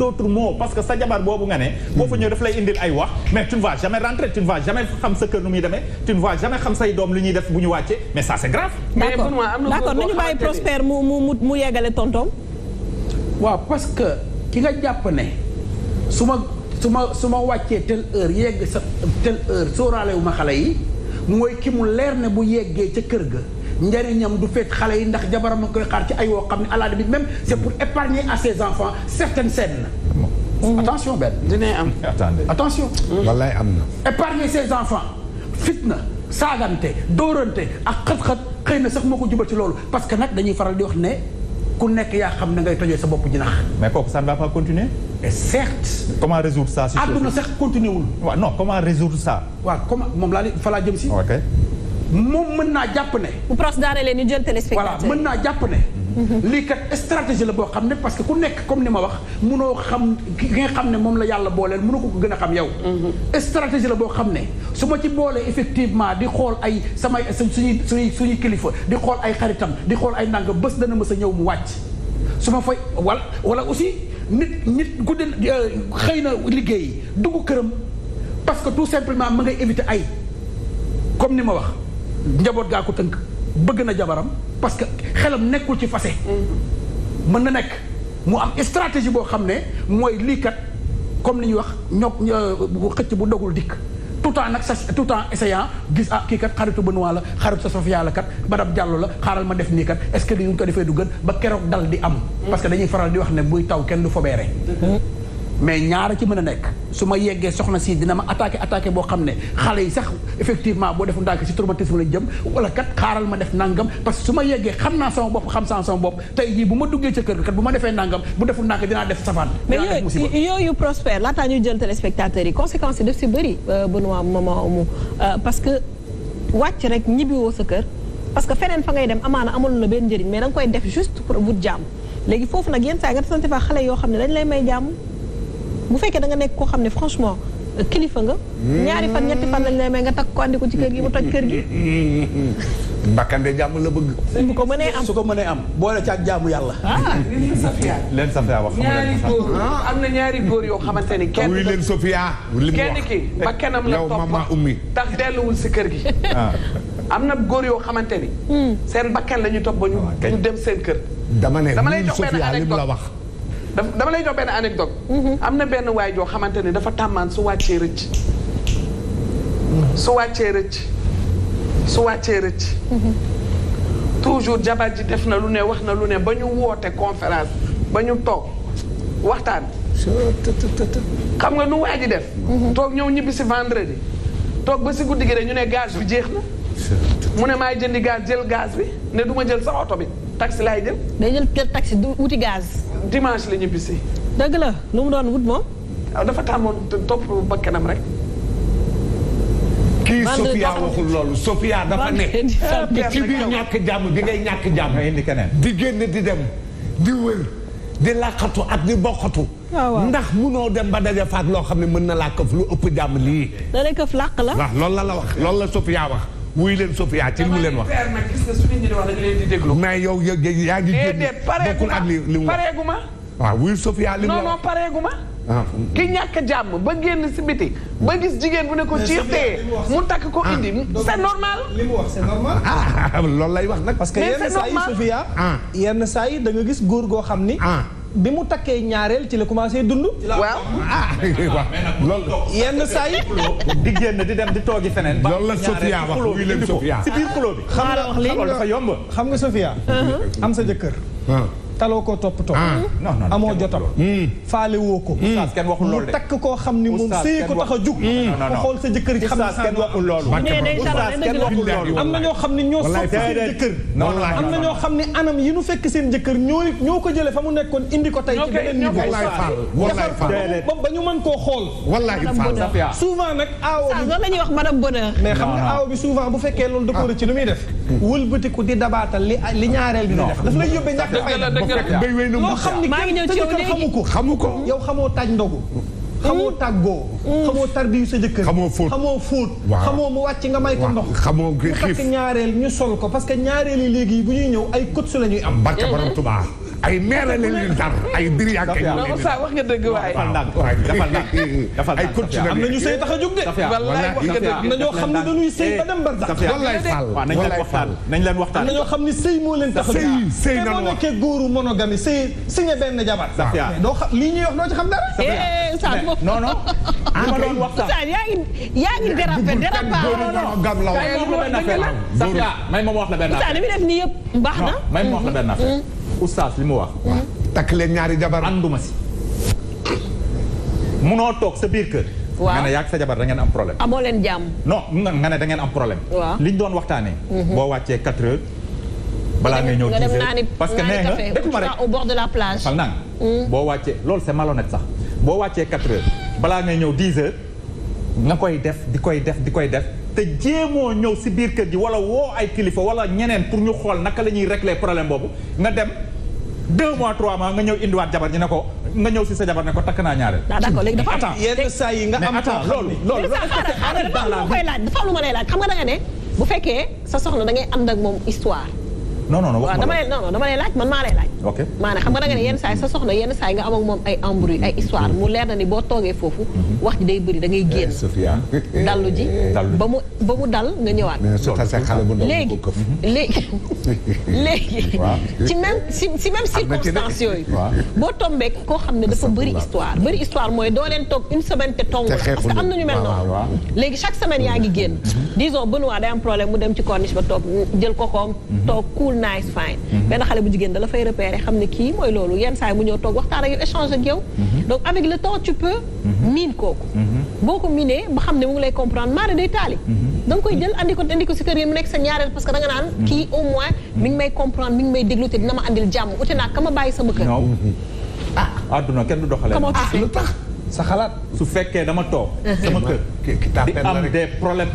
autre mot parce que sa jabar boobu nga ne. boo fa ñëw daf lay indil ay wax mais tu ne vas jamais rentrer tu ne jamais xam sa kër nu muy demee tu ne jamais xam say doom lu ñuy def bu ñu wàccee mais ça c' est grave. d' accord bàyyi Prospère mu mu mu yeggale tontom. waaw parce que ki nga jàpp ne su ma su ma wàccee telle heure yegg sa telle heure sóoraale wu xale yi mooy ki mu leer ne bu yeggee ca kër ga njariñam du feet xale yi ndax jabaram a koy xaar ci ay woo xam ne à la limite même c'est pour épargner à ses enfants certaines scènes. Mm. attention benn. dinañ am attention. Mm. wallaay am na. épargner ses enfants fitna saagante doorante ak xët-xët xëy na sax moo ko jubal ci loolu parce que nag dañuy faral di wax ne ku nekk yaa xam ne ngay tojee sa bopp jinax mais kooku ça ne va et certes. comment résoudre ça. àdduna sax continué wul. waaw non comment résoudre ça. waaw comment moom laa fa laa jëm si. ok moom mën naa jàpp ne. bu proche daanee ñu jël téléspectateur voilà mën naa jàpp ne. Mhm. lii kat stratégie la boo xam ne parce que ku nekk comme ni ma wax munoo xam ki nga xam ne moom la yàlla booleel mënu ko ko gën a xam yow. Mhm. stratégie la boo xam ne su ma ci boolee effectivement di xool ay samay suñuy suñuy suñuy kilifa di xool ay xaritam di xool ay ndànk bës dana mës a ñëw mu wàcc su ma fay wala aussi. nit nit guddi euh, xëy na liggéey dugg këram parce que tout simplement ma ngay éviter ay comme ni ma wax njaboot gaa ko tënk bëgg na jabaram parce que xelam nekkul ci fase mm-hmm. mën na nekk mu am stratégie boo xam ne mooy lii kat comme ni ñuy wax ñoog euh, xëcc bu dogul dikk tout temps nag sa tout temps essayant gis ah kii kat xaritu Benoît la xaritu sa Sofia la kat Badab Diallo la xaaral ma def nii kat est-ce que dañu ko defee du gën ba keroog dal di am parce que dañuy faral di wax ne buy taw kenn du fobeere mais ñaar a ci mën a nekk su ma yeggee soxna si dina ma attaqué attaqué boo xam ne xale yi sax effectivement boo defu ndànk si traumatisme lañ jëm wala kat xaaral ma def nangam parce que su ma yeggee xam naa sama bopp xam saa sama bopp tey jii bu ma duggee ca kër ga kat bu ma defee nangam bu defu ndànk dinaa def safaan mais yooyu prospère laataa ñu jël téléspectateurs yi def si bëri euh, Benoît maman euh, parce que wàcc rek ñibbiwoo sa kër parce que feneen fa ngay dem amaana amul la benn njëriñ mais da koy def juste pour wut jàmm léegi foofu nag yenn saa nga yoo xam ne dañ lay may jàmm bu fekkee da nga nekk koo xam ne franchement euh, kilifa nga. Mm. ñaari fan ñetti fan lañ lay may nga takk ko andi ko ci kër gi mu toj kër gi. Mbakande jàmm la bëgg. bu ko mënee am su ko mënee am boole ci ak jaamu yàlla. ah leen wax ñaari góor ah, am na ñaari góor yoo xamante ni kenn. wuy leen Safia. kenn ki ba la topp yow mama ummi. tax delluwul si kër gi. Ah. am na góor yoo xamante ni. Hmm. seen bakkan la ñu topp ba ñu. Ah, dem seen kër. dama ne dama lay jox benn anecdote la wax. dama lay jox benn anecdote mhm. am na benn waay joo xamante ni dafa tàmmaan su wàccee rëcc su wàccee rëcc su wàccee rëcc mhm. toujours jabar ji def na lu ne wax na lu ne ba ñu woote conférence ba ñu toog waxtaan xam nga nu waa ji def mhm. toog ñëw ñibbi si vendredi toog ba si guddi gi de ñu ne gaz bi jeex na mu ne maay jëndi gaz jël gaz bi ne du ma jël sa oto bi taxi laay jël. day jël taxi du wuti gaz. dimanche la ñibbisi. dëgg la lu mu doon wut moom. waaw dafa tàmmoon topp bakkanam rek. kii Sophia waxul loolu Sophia dafa nekk ci biir ñàkk jàmm bi ngay ñàkk jàmm. indi keneen di génn di dem di wër di làqatu ak di bokkatu. Ah, ndax munoo dem ba daje faak loo xam ne mën na laa këf lu ëpp jàmm lii. da lay këf làq la. waaw loolu la la wax loolu la Sophia wax. wuy leen Sofia ci li leen wax. mais yow yaa ngi eh, génn bokkul ak li li mu wax Sofia li mu wax non non pareegu ma. Ah, ki ñàkk jàmm ba génn si biti ba gis jigéen bu ne ko mu takk ko ah. indi c'est normal. li wax c'est normal. Ah, ah loolu lay wax nag. parce que yenn yenn saa da nga gis góor goo xam ni. bi mu takkee ñaareel ci la commencé dund. waaw ah loolu. yenn saa yi. di génn di dem di toogi feneen. loolu la Sofia wax muy leen si biir xuloo bi. xam nga dafa yomb. xam nga Sofia. Uh-huh. am sa jëkkër. Uh-huh. taloo koo toppatoo. non non amoo jotam. faale woo ko. oustaz kenn waxul loolu de. mu takk koo xam ni moom sëy ko tax a jug. ko xool sa jëkkër yi xam ne kenn waxul loolu. oustaz kenn waxul loolu. am na ñoo xam ne ñoo sopp seen jëkkër. am na ñoo xam ne anam yi nu fekk seen jëkkër ñoo ñoo ko jëlee fa mu nekkoon indi ko tey ci beneen niveau. wallaay faal wallaay faal ba ñu mën koo xool. wallaay faal souvent nag aawo bi loolu la ñuy wax madame bonheur. mais xam nga aawo bi souvent bu fekkee loolu dëkkoor ci lu muy def. wëlbatiku di dabaatal li ñaareel bi def daf lay yóbbee ñàkk fay xamu ko xamu ko yow xamoo taaj ndogu hmm. xamoo tàggoo hmm. xamoo tarbiyu sa jëkkër xamoo fóot xamoo fóot xamoo mu wàcc nga may ko ndox xamoo xiif ñaareel ñu sol ko parce que ñaareel yi léegi bu ñuy ñëw ay kot su la ñuy am barka borom Tuubaa ay meela leen di dar ay diri ak ay. wax nga dëgg waaye. dafa ay coach am na ñu sëy tax a jóg de. wallaay wax nga dëgg am na ñoo xam ne dañuy sëy ba dem barsax. wallaay Fall nañ leen waxtaan nañ leen waxtaan. am na ñoo xam ne sëy moo leen tax a jóg. sëy sëy na loo nekkee góoru monogami sëy signé benn jabar. doo xam lii ñuy wax doo ci xam dara. Eh, Saal moom non non. ma doon waxtaan Saal yaa ngi yaa ngi dérapé dérapé non non. may ma wax la benn affaire. Saal li muy def nii yëpp baax na. may ma wax la benn affaire. oustaz li mu wax. Mhm. takk leen ñaari jabar ànduma si. munoo toog sa biir kër. waaw nga ne yaa sa jabar da ngeen am problème. amoo leen jàmm. non nga ne da ngeen am problème. waaw liñ doon waxtaanee. Mhm. boo wàccee 4 heures. balaa ngay ñëw 10 heures parce que nee nga déglu ma rek au bord mhm. boo wàccee loolu c'est malhonnête sax boo wàccee 4 balaa ngay ñëw 10 heures nga koy def di koy def di koy def. te jéemoo ñëw si biir kër gi wala woo ay kilifa wala ñeneen pour ñu xool naka la ñuy régler problème boobu nga dem. deux mois trois mois nga ñëw indiwaat jabar ñu ne ko nga ñëw si sa jabar ne ko takk naa ñaareel. Ah, d'accord léegi dafa am yenn saa nga am. loolu loolu dafa am lu ma koy laaj dafa lu ma lay laaj xam nga da nga ne bu fekkee sa soxna da ngay ànd ak moom histoire non non waaw dama lay non non dama lay laaj man maa lay laaj. ok maanaam xam nga da nga ne yenn saa yi sa soxna yenn saa yi nga am ak moom ay embrouille ay histoire mm-hmm. mu leer na ni boo toogee foofu. Mm-hmm. wax ji day bëri da ngay eh, génn. Eh, dallu ji ba mu ba mu dal nga ñëwaat. léegi léegi léegi ci même si si même circonstance yooyu. boo tombee koo xam ne dafa bëri histoire bëri histoire mooy doo leen toog une semaine te tongu la parce que am na ñu mel noonu. léegi chaque semaine yaa ngi génn. Mm-hmm. disons Benoît day am problème mu dem ci corniche ba toog jël ko koom toog kuul nice fine mhm. benn xale bu jigéen da la fay repérer xam ne kii mooy loolu yenn saa yi mu ñëw toog waxtaan ak yow échange ak yow mhm. donc avec le temps tu peux mhm. miin kooku boo ko miinee ba xam ne mu ngi lay comprendre maari day taali da koy jël andi ko andi ko si kër yi mu nekk sa ñaareel parce que da nga naan kii au moins mi may comprendre mi may déglu te dina ma andil jàmm ute naa ka ma bàyyi sama kër ah adduna kenn du doxalee ah lu tax sa xalaat su fekkee dama toog uh-huh. sa kër di am des problèmes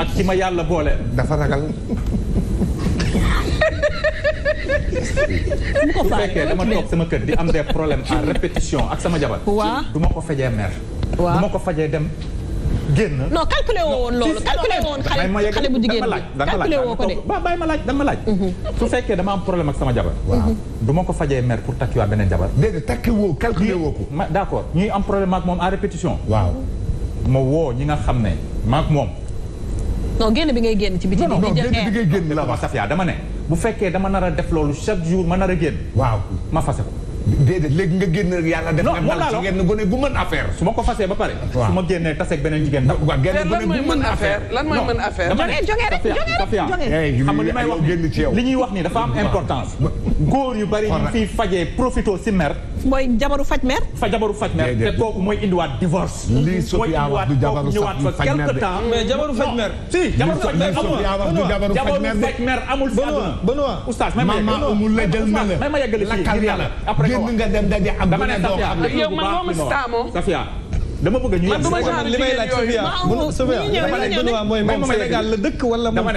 ak ki ma yàlla boole dafa ragal bu ko fekkee dama toog sama kër di am des problèmes à répétition ak sama jabar. waaw du ma ko fajee mer. waaw ko fajee dem. génn non calculé woo woon loolu calculé woo woon xale bu jigéen bi calculé woo ko de ba bàyyi ma laaj dama laaj mhm. su fekkee dama am problème ak sama jabar mhm. du ma ko fajee mer pour takkiwaat beneen jabar déedéet takki woo calculé woo d' accord ñuy am problème ak moom à répétition waaw ma woo ñi nga xam ne maak moom non génn bi ngay génn ci bi non génn bi ngay génn la wax saf yaa dama ne bu fekkee dama nar a def loolu chaque jour ma nar a génn. waaw ma fase ko. déedéet léegi nga génn ak yàlla def nga dal ci genn gone gu mën affaire su ma ko fasee ba pare su ma génnee taseeg beneen jigéen waaw genn gone gu mën affaire lan mooy mën affaire eh, eh, xam nga li may wax li ñuy wax ni dafa am importance góor yu bari ñu fiy fajee profito si mer mooy jabaru faj mer fa jabaru faj mer te kooku mooy indiwaat divorce lii Sophia wax du jabaru fa quelque temps mais jabaru faj mer si jabaru faj mer amul jabaru faj mer amul fi aduna oustaz may ma yeggali fii après génn nga dem daje ak. dama ne Safia yow man moom star moom Safia. dama bëgg ñu li may laaj Safia bu Safia dama ne Benoît mooy moom Sénégal la dëkk wala moom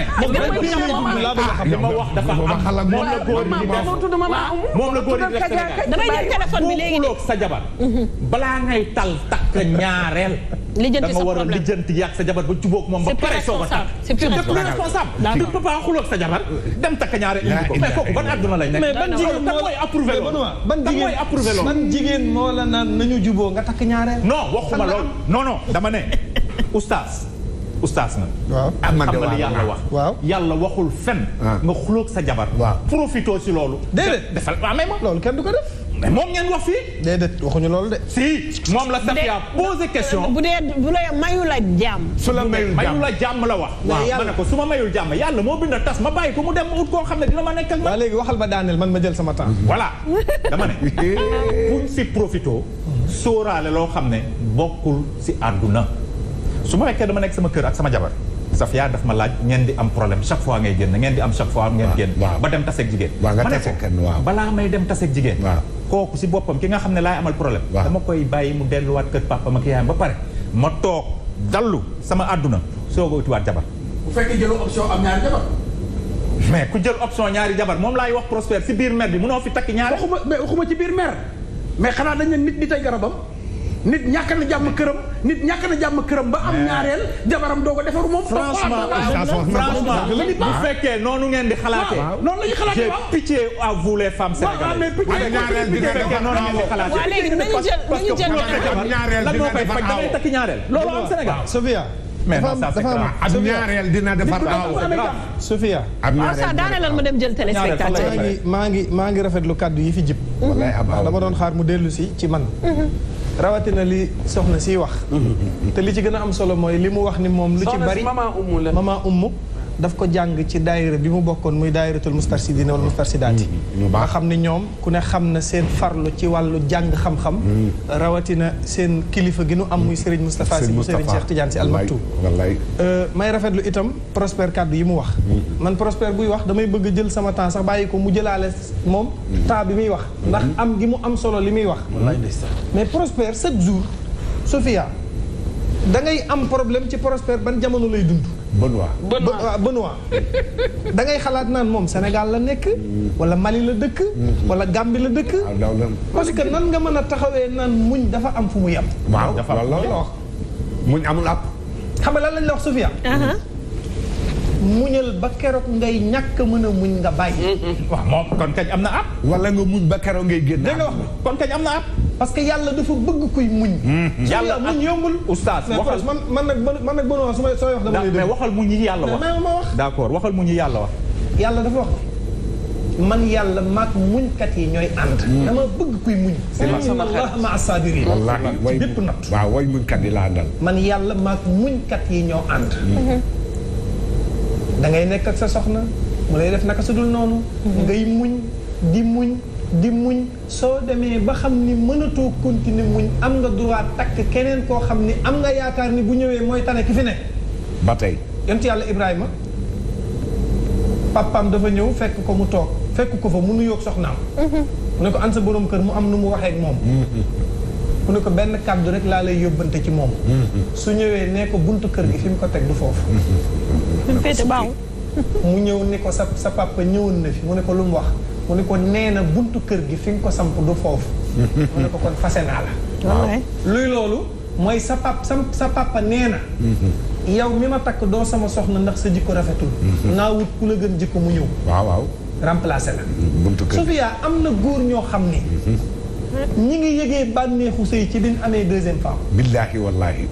la bëgg xam dama wax dafa am moom la góor yi di def moom la góor yi di def Sénégal damay jël téléphone bi léegi sa jabar balaa ngay tal takk ñaareel lijjanti sa problème da nga war a lijjanti yàgg sa jabar ba jubóog moom ba pare soog a takk. c'est plus responsable tu peux pas xulóog sa jabar dem takk ñaare indi ko mais kooku ban àdduna lay nekk. mais ban jigéen moo mooy approuvé loolu ban jigéen approuvé loolu ban jigéen moo la naan nañu jubóo nga takk ñaareel. non waxuma loolu non non dama ne oustaz. oustaz na. waaw am na li yàlla wax. waaw yàlla waxul fen ah. nga xulóog sa jabar. waaw profitoo si loolu. déedéet defal waaw may ma loolu kenn du ko def. mais moom ngeen wax fii. déedéet waxuñu loolu de. si moom la sax yaa posé question. bu dee bu la mayu la jàmm. su la mayul jàmm la wax. waaw ma ne ko su ma mayul jàmm yàlla moo bind tas ma bàyyi ko mu dem ma ut koo xam ne dina ma nekk ak ma. waaw léegi waxal ba daaneel man sama temps. voilà dama si profito. sóoraale loo xam ne bokkul si àdduna. su ma fekkee dama nekk sama kër ak sama jabar. Safia daf ma laaj ngeen di am problème chaque fois ngay génn ngeen di am chaque fois ngeen génn. ba dem taseeg jigéen. ma ne balaa may dem taseeg jigéen. kooku si boppam ki nga xam ne laay amal problème dama koy bàyyi mu delluwaat kër papa ma ki yaayam ba pare ma toog dallu sama àdduna soog a utiwaat jabar bu fekkee jëloo option am ñaari jabar mais ku jël option ñaari jabar moom laay wax prospère si biir mer bi munoo fi takk ñaari waxuma ci biir mer mais xanaa dañ ne nit di tey garabam nit ñàkk na jàmm këram nit ñàkk na jàmm këram ba am ñaareel jabaram doo ko defaru moom. franchement bu fekkee noonu ngeen di xalaatee. noonu la ñuy xalaatee waaw j'ai pitié à vous les femmes sénégalaises. waaw mais ñaareel dina defar daaw Sofia am ñaareel ma dem jël téléspectateur maa ngi maa ngi rafetlu kàddu yi fi jib. dama doon xaar mu dellu si ci man mhm. rawatina li soxna siy wax. Mm-hmm. te li ci gën a am solo mooy li mu wax ni moom. lu ci bari soxna si maman ummu la maman ummu. daf ko jàng ci daayira bi mu bokkoon muy daayiratul mustarsidina wal mustarsidaati mm-hmm. nga xam ne ñoom ku ne xam na seen farlu ci wàllu jàng xam-xam mm-hmm. rawatina seen kilifa gi nu am muy Serigne Moustapha si mu Serigne Cheikh Tidiane si almaktu euh, may rafetlu itam Prospère kàddu yi mu wax mm-hmm. man Prospère buy wax damay bëgg jël sama temps sax bàyyi ko mu jëlaale moom temps bi muy wax ndax am gi mu am solo li muy wax mais Prospère chaque jour Sophia da ngay am problème ci Prospère ban jamono lay dund Benoît Benoît ah, Benoît da ngay xalaat naan moom senegal la nekk. wala Mali la dëkk. wala gàmbi la dëkk. Ah, parce que nan nga mën a taxawee naan muñ dafa am fu mu yem. waaw loolu la wax muñ amul àpp. xam nga lan lañ la wax Sofia. Uh-huh. muñal ba keroog ngay ñàkk mën a muñ nga bàyyi. Mm-hmm. waaw moom kon kañ am na àpp. wala nga muñ ba keroog ngay génn. dégg nga wax am na àpp. parce que yàlla dafa bëgg kuy muñ. Hmm. yàlla muñ yombul. oustaz waxal man man nag man nag bëri wax su ma sooy wax dama lay mais waxal muñ yi yàlla wax mais ma wax. d'accord waxal muñ yi yàlla wax. yàlla dafa wax. man yàlla maak muñkat yi ñooy ànd. Hmm. dama bëgg kuy muñ. sama xel ma asaabiriin. wallaahi bépp natt. waaw way muñkat yi la àndal. man yàlla maak muñkat yi ñoo ànd. Hmm. Mhm. da ngay nekk ak sa soxna mu lay def naka su dul noonu. Mhm. ngay muñ di muñ. di muñ soo demee ba xam ni mënatoo continuer muñ am nga droit takk keneen koo xam ni am na yaakaar ni bu ñëwee mooy tane ki fi nekk. ba tey. yonent yàlla Ibrahima papaam dafa ñëw fekk ko mu toog fekk ko fa mu nuyoog soxnaam. Mhm. mu ne ko an sa borom kër mu am nu mu waxee ak moom. Mhm. mu ne ko benn kàddu rek laa lay yóbbante ci moom. Mhm. su ñëwee nee ko buntu kër gi fi mu ko teg du foofu. mu ñëw ni ko sa sa papa ñëwoon na fi mu ne ko lu mu wax. mu ni ko nee na buntu kër gi fi nga ko samp du foofu mu ne ko kon fase naa la luy loolu mooy sa pap sa sa papa nee mm-hmm. yow mi ma takk doo sama soxna ndax sa jikko rafetul mm-hmm. naa wut ku la gën jikko mu ñëw waaw waaw remplacé la mm-hmm. buntu kër Sofia am na góor ñoo xam ni ñi ngi yëgee bànneexu sëy ci biñ amee deuxième femme billaahi wallaahi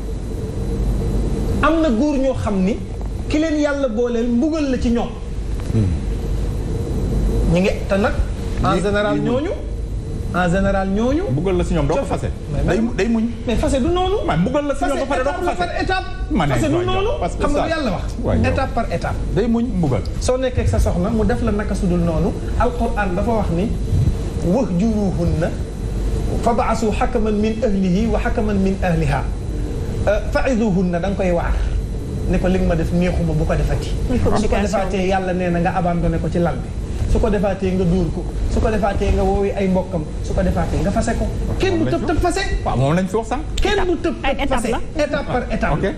am na góor ñoo xam ni ki leen yàlla booleel mbugal la ci ñoom ñu ngi te nag. en général ñooñu. en général ñooñu. mbugal la si ñoom doo ko fase. day muñ. mais fase du noonu. man mbugal la si ñoom ba pare doo ko fase fase étape par étape. fase du noonu xam nga yàlla wax. étape par étape. day muñ mbugal. soo nekkee ak sa soxna mu def la naka su dul noonu alquran dafa wax ni wax juruhunna fa baasu xakaman min ahlihi wa xakaman min ahliha euh, faiduhunna da nga koy waar ne ko li ma def neexuma bu ko defati. su ko defaatee yàlla nee na nga ne ko ci lal bi. su ko defaatee nga dóor ko su ko defaatee nga woowee ay mbokkam su ko defaatee nga fase ko kenn du tëb tëb fase waaw moom lañ fi wax sax kenn du tëb tëb fase étape par étape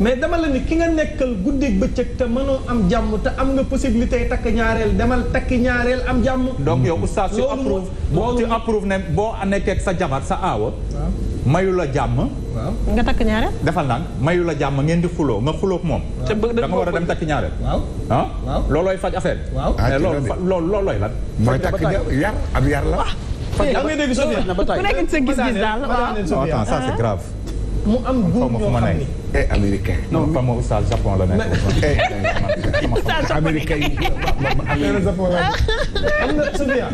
mais dama la ni ki nga nekkal guddeeg bëccëg te mënoo am jàmm te am nga possibilité takk ñaareel demal takk ñaareel am jàmm donc yow oustaz tu approuve boo tu approuve ne boo nekkee sa jabar sa aawa mayu la jàmm. nga takk ñaareel. defal naan mayu la jàmm ngeen di xuloo nga xuloo moom. te da war a dem takk ñaareel. waaw ah. loolooy faj affaire bi. waaw mais lool ah, loolooy lan. mooy takk yar ab la. da ah, eh, ngay dégg Sophia ba tey ku nekk sa gis-gis daal waaw. attends ça c'est grave. mu am góor ñoo xam eh, américain. non pas ma oustaz japon la nekk. oustaz eh, japon américain yi. am na Sophia.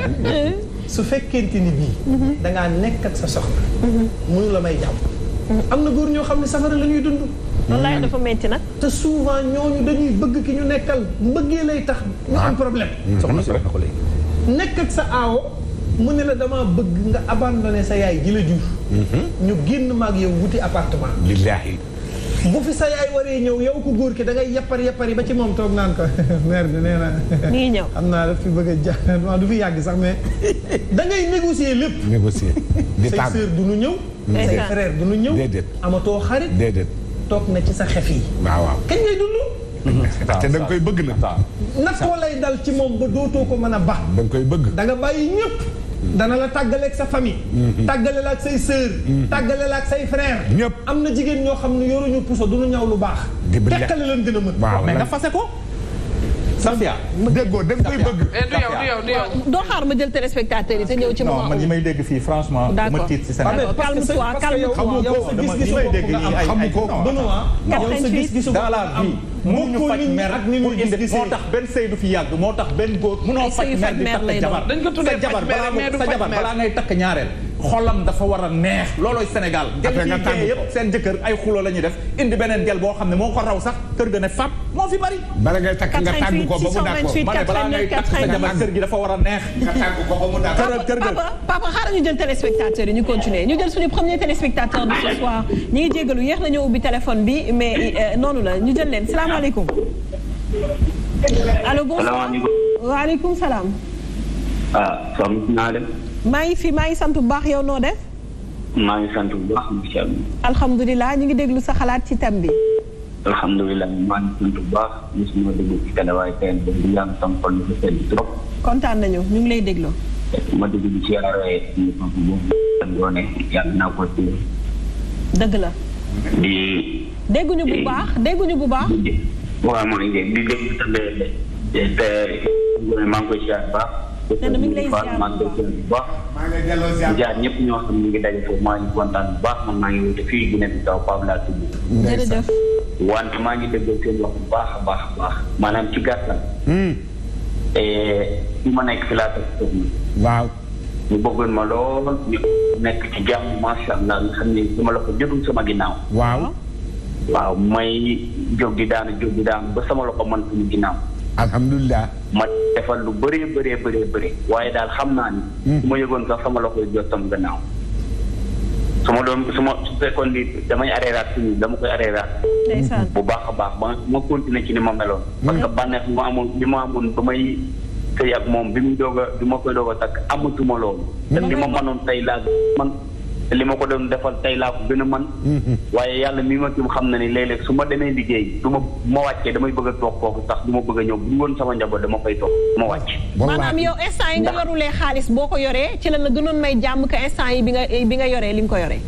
su fekkente ni bii. Mhm. da ngaa nekk ak sa soxna. mënu mhm. la may jàmm. Mhm. am na góor ñoo xam ne safara la ñuy dund. wallaay dafa metti nag. te souvent ñooñu dañuy bëgg ki ñu nekkal mbëggee lay tax. ñu am ah. problème. Mm, si ko léegi. nekk ak sa aawo mu ne la damaa bëgg nga abandonné sa yaay ji la jur. ñu génn maag yow wuti appartement. lillaahi. bu fi sa yaay waree ñëw yow ku góor ki da ngay yappar yappar yi ba ci moom toog naan ko maire bi nee na. nii ñëw xam naa daf fi bëgg a ma du fi yàgg sax mais da ngay négocier lépp. négocier di tànn say sœur du nu ñëw. Mm. say frère du nu ñëw. déedéet amatoo xarit. déedéet toog na ci sa xef yi. waaw waaw kañ ngay dund. ndaxte da nga koy bëgg na. nag ko lay dal ci moom ba dootoo ko mën a baax. da nga koy bëgg da nga bàyyi dana la tàggale sa famille mm-hmm. tàggale laaj ak say sœur mm-hmm. tàggale la say frère ñëpp am na jigéen ñoo xam ne yoruñu puso duñu ñaw lu baax tekkale leen gën a mën mais nga fase ko Safia déggoo da nga koy bëgg. Eh, doo xaar ma jël téléspectateur yi te ñëw ci moment. non man li may dégg fii franchement. d' accord calme-toi calme-toi yow sa gis-gis may dégg nii ay ay yow sa gis-gisu dans la vie. moo ñu faj mer ak ni ñuy gis moo tax benn sëy du fi yàgg moo tax benn góor. munoo faj mer di takk jabar sa jabar balaa ngay takk ñaareel xolam dafa war a neex loolooy Sénégal gel yi géey yëpp seen jëkkër ay xulo la ñuy def indi beneen gel boo xam ne moo ko raw sax kër ga ne fab moo fi bari bala ngay takk nga tàgg ko ba mu d'accord ma ne balaa ngay takk sa jabar kër gi dafa war a neex nga tàgg ko ba mu d'accord kër ga papa xaaral ñu jël téléspectateur yi ñu continuer ñu jël suñu premier téléspectateur bi ce soir ñu ngi jégalu yéex nañu ubbi téléphone bi mais euh, noonu la ñu jël leen salaamaaleykum allo bonsoir waaleykum salaam ah soxna naa leen maa ngi fi maa ngi sant bu baax yow noo def. maa ngi sant bu baax incha ñu ngi déglu sa xalaat ci thème bi. alhamdulilah maa ngi sant bu baax ñu ngi déglu ci kanawaay tey jii kontaan nañu ñu ngi lay déglu. ma déglu dëgg la. dégguñu bu baax dégguñu bu baax. nee na mi ngi lay ziar baax ñëpp ñoo xam ngi daje foofu maa ngi kontaan bu baax man maa ngi wute fii Guinée Bissau laa tudd. jërëjëf. maa ngi déglu seen wax bu baax a baax a baax maanaam ci gàttal. Hmm. E, fi ma nekk fi laa toog waaw. ñu bëggoon ma lool nekk ci jàmm macha allah nga xam ne sama loxo jotul sama ginnaaw. waaw. waaw may jóg di daanu jóg daanu ba sama loxo man suñu ginnaaw. alhamdulilah. ma defal lu bëree bëree bëree bëri. waaye daal xam naa ni. Hmm. su ma yëgoon sax sama loxo jot sama gannaaw. su ma doon su ma su fekkoon ni damay arreeraat dama koy arreeraat. ndeysaan bu baax a baax ba ma continuer ci ni ma meloon. Hmm. parce que bànneex bi ma bi ma amoon ba may sëy ak moom bi mu doog a bi ma koy doog a takk amatuma loolu. Hmm. te li ma mënoon tey laa man. li ma ko doon defal tey laa ko gën a mën waaye yàlla mii ma ci xam na ni léeg su ma demee liggéey du ma ma wàccee damay bëgg a toog foofu sax du ma bëgg a ñëw bu woon sama njaboot dama fay toog ma wàcc maanaam yow instant yi nga yorulee xaalis boo ko yoree ci la la gënoon may jàmm que instant yi bi nga bi nga yoree li nga ko yoree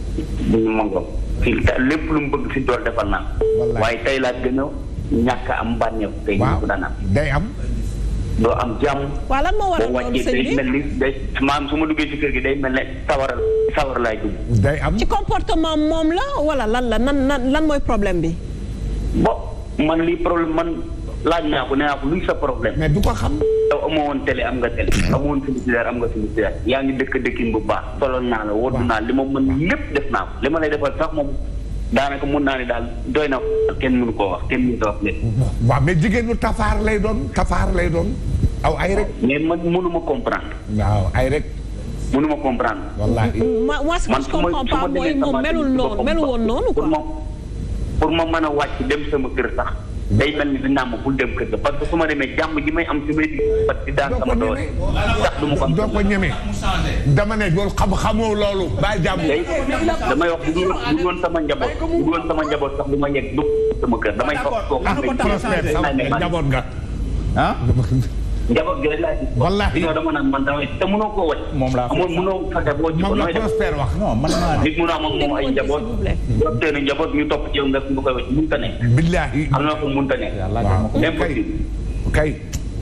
mango fi lépp lu mu bëgg fi dool defal naa waaye tey laa gën ñàkk am bànneeku tey ko daan day am doo am jàmm. waaw lan moo waral loolu sëñ bi boo wàccee day mel ni su ma duggee ci kër gi day mel ne sawar sawar laay dugg. day am ci comportement moom la wala lan la nan nan lan mooy problème bi. bon man lii problème man laaj naa ko nee naa ko luy sa problème. mais du ko xam. yow amoo woon télé am nga télé. Hmm. amoo am nga publicitaire. yaa ngi dëkk dëkkin bu baax. solol naa la woddu naa li ma mën lépp def naa ko li ma lay defal sax moom. daanaka mun naa ne daal doy na kenn mënu koo wax kenn mënu koo wax lépp. waaw mais jigéen ñu tafaar lay doon tafaar lay doon. aw ay rek mais man mënuma comprendre. waaw ay rek. mënuma comprendre. wallaahi man su ma su ma demee sama kër woon noonu quoi. pour ma pour ma mën a wàcc dem sama kër sax. day mel ni dinaa ma bul dem kër ga parce que su ma demee jàmm ji may am su may di parce daan sama doole ndax du ma ko am doo ko ñeme dama ne loolu xam-xamoo loolu baa jàmm damay wax bu du doon sama njaboot bu doon sama njaboot sax du ma yegg sama kër damay toog toog ah, njaboot nga ah? njaboot gi rek laa gis. wallaahi li dama naan man damay te mënoo koo wàcc. moom laa ko mënoo fexe boo ci ko nooy def wax non man maa nit mënoo am ak moom ay njaboot. doon teel a njaboot ñu topp ci yow nga koy wàcc mënut a nekk. billaahi am na ko mënut a nekk. impossible kay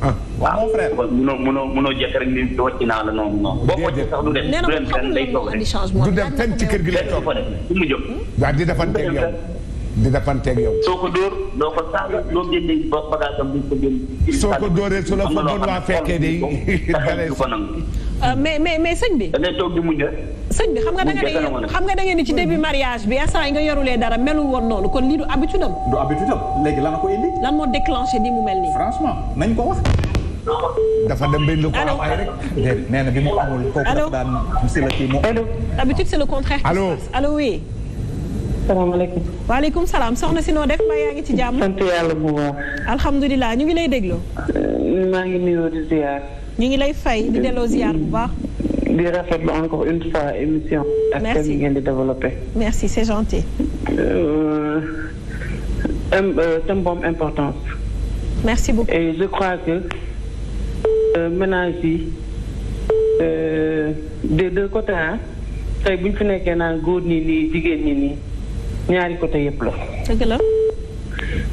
ah, waaw mon frère mënoo mënoo mënoo jekk rek ni wàcc naa la noonu noonu. boo wàcc sax du dem du dem fenn day toog rek. du dem fenn ci kër gi lay toog. du mu jóg. waaw di defante ak yow di dafanteeg yow. soo ko dóor doo ko saaga ko génne. soo su la fa doon waa fekkee de. Euh, mais mais mais bi. da ngay toog di muñ sëñ bi xam nga da ngeen ni ci début mariage bi instant yi nga yorulee dara melul woon noonu kon lii du habitude am. du habitude am léegi lan ko indi. lan moo déclenché ni mu mel nii. ko wax. dafa dem benn ko am ay rek. na bi mu amul kooku daan si la kii mu. habitude c'est le contraire. allo allo oui. salaamaaleykum. waaleykum salaam soxna si noo def mbaa yaa ngi ci jàmm. yàlla bu baax. alhamdulilah ñu ngi lay déglu. Euh, maa ngi nuyoo di ziar. ñu ngi lay fay di delloo ziar bu baax. di rafetlu encore une fois émission. merci ak thème yi ngeen di développé. merci c'est gentil. Euh, euh, thème bu am merci beaucoup et je crois que ménage yi des deux côtés ah bu ñu fi nekkee naan góor ñi nii jigéen ñi nii. ñaari côté yëpp la. dëgg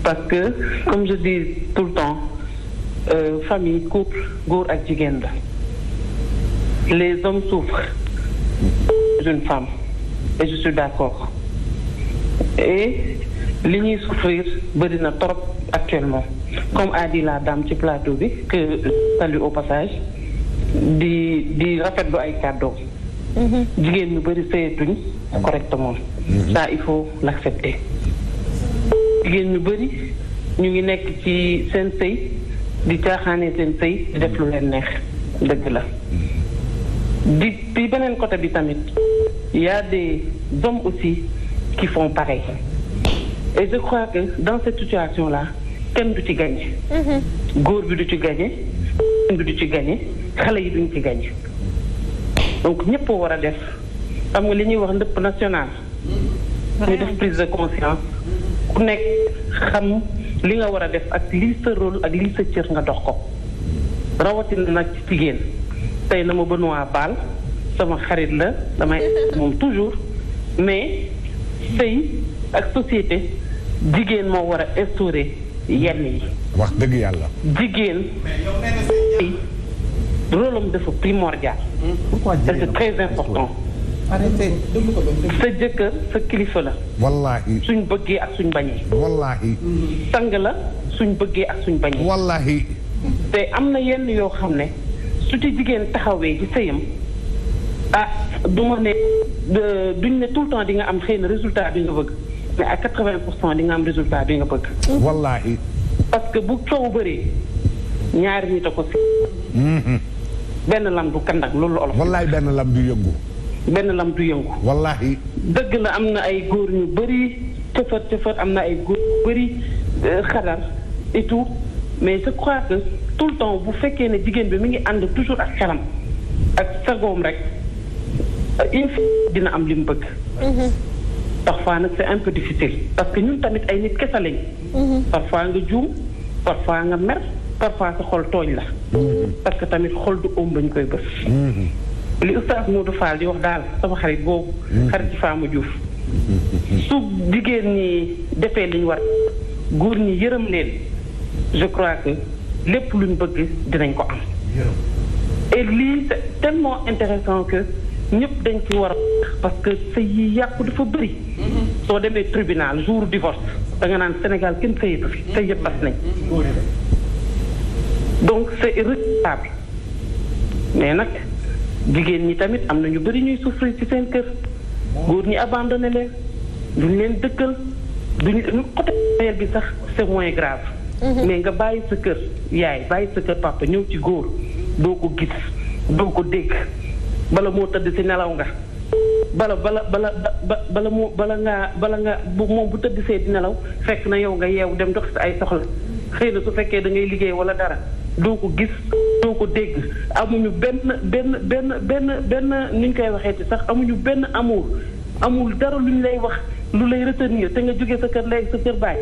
parce que comme je dis tout le temps euh, famille couple góor ak jigéen la les hommes souffrent une femme et je suis d'accord et li ñuy souffrir bëri na trop actuellement comme a dit la dame ci plateau bi que salut au passage di di rafetlu ay kàddoom. Mm-hmm. jigéen ñu bëri seetuñ mm-hmm. correctement. Mhm. ça il faut l'accepter jigéen ñu bëri ñu ngi nekk ci seen sëy di caaxaane seen sëy di def lu leen neex dëgg la mhm. di beneen côté bi tamit y de des hommes aussi qui font pareil et je crois que dans cette situation là kenn du ci gagné. Mhm. góor bi du ci gagné kenn du ci gagné xale yi duñ ci gagné donc ñëpp war a def xam nga li ñuy wax ndëpp national ñu def prise de conscience ku nekk xam li nga war a def ak lii sa rôle ak lii sa cër nga dox ko rawatina nag ci jigéen tey na ma Benoît baal sama xarit la damay moom toujours mais sëy ak société jigéen moo war a instauré yenn yi wax dëgg yàlla jigéen rôlam dafa primordial c'est très important arrêté dëgg sa jëkkër sa kilifa la. wallaahi suñ bëggee ak suñ bañee. wallaahi. sang la suñ bëggee ak suñ bañ bañee. wallaahi. te am na yenn yoo xam ne su ci jigéen taxawee ci sëyam ah du ma ne duñ ne tout temps di nga am xëy na résultat bi nga bëgg mais à quatre pour cent di nga am résultat bi nga bëgg. wallaahi. parce que bu coow bëree ñaari nit a ko si. Mhm. benn lam du kandak loolu la olof. wallaay benn lam du yëngu. benn lam du yëngu. wallaahi. dëgg la am na ay góor ñu bëri cëfër cëfër am na ay góor ñu bëri euh, xadar et mais je crois que tout le temps bu fekkee ne jigéen bi mi ngi ànd toujours ak xelam ak sagoom rek euh, dina am li mu bëgg. Mhm. parfois nag c'est un peu difficile parce que ñun tamit ay nit kese lañ. Mhm. parfois nga juum parfois nga mer parfois sa xol tooñ la. Mhm. parce que tamit xol du ëmb ñu koy bës. li oustaz Modou Fall di wax daal sama xarit boobu. Hmm. xarit Fama Diouf. su jigéen ni defee li ñu war góor ñi yërëm leen je crois que lépp luñ bëgg dinañ ko am. et lii c'est tellement intéressant que ñëpp dañ ci war a parce que sa yi yàqu dafa bëri. Hmm. soo demee tribunal jour divorce da nga naan Sénégal kenn sëyatu fi sëy yëpp tas nañ. Hmm. donc c'est irrécupérable mais nag. jigéen ñi tamit am na ñu bëri ñuy souffrir ci seen kër góor ñi abandonné leen duñ leen dëkkal duñ côté mère bi sax c'est moins grave mhm. mais nga bàyyi sa kër yaay bàyyi sa kër papa ñëw ci góor doo ko gis doo ko dégg bala moo tëdd si nelaw nga bala bala bala bala moo bala ngaa bala nga bu moom bu tëdd see di nelaw fekk na yow nga yeewu dem dox si ay soxla xëy na su fekkee da ngay liggéey wala dara doo ko gis doo ko dégg amuñu benn benn benn benn benn ni ñu koy waxee ci sax amuñu benn amour amul dara lu ñu lay wax lu lay retenir te nga jógee sa kër léegi sa kër baay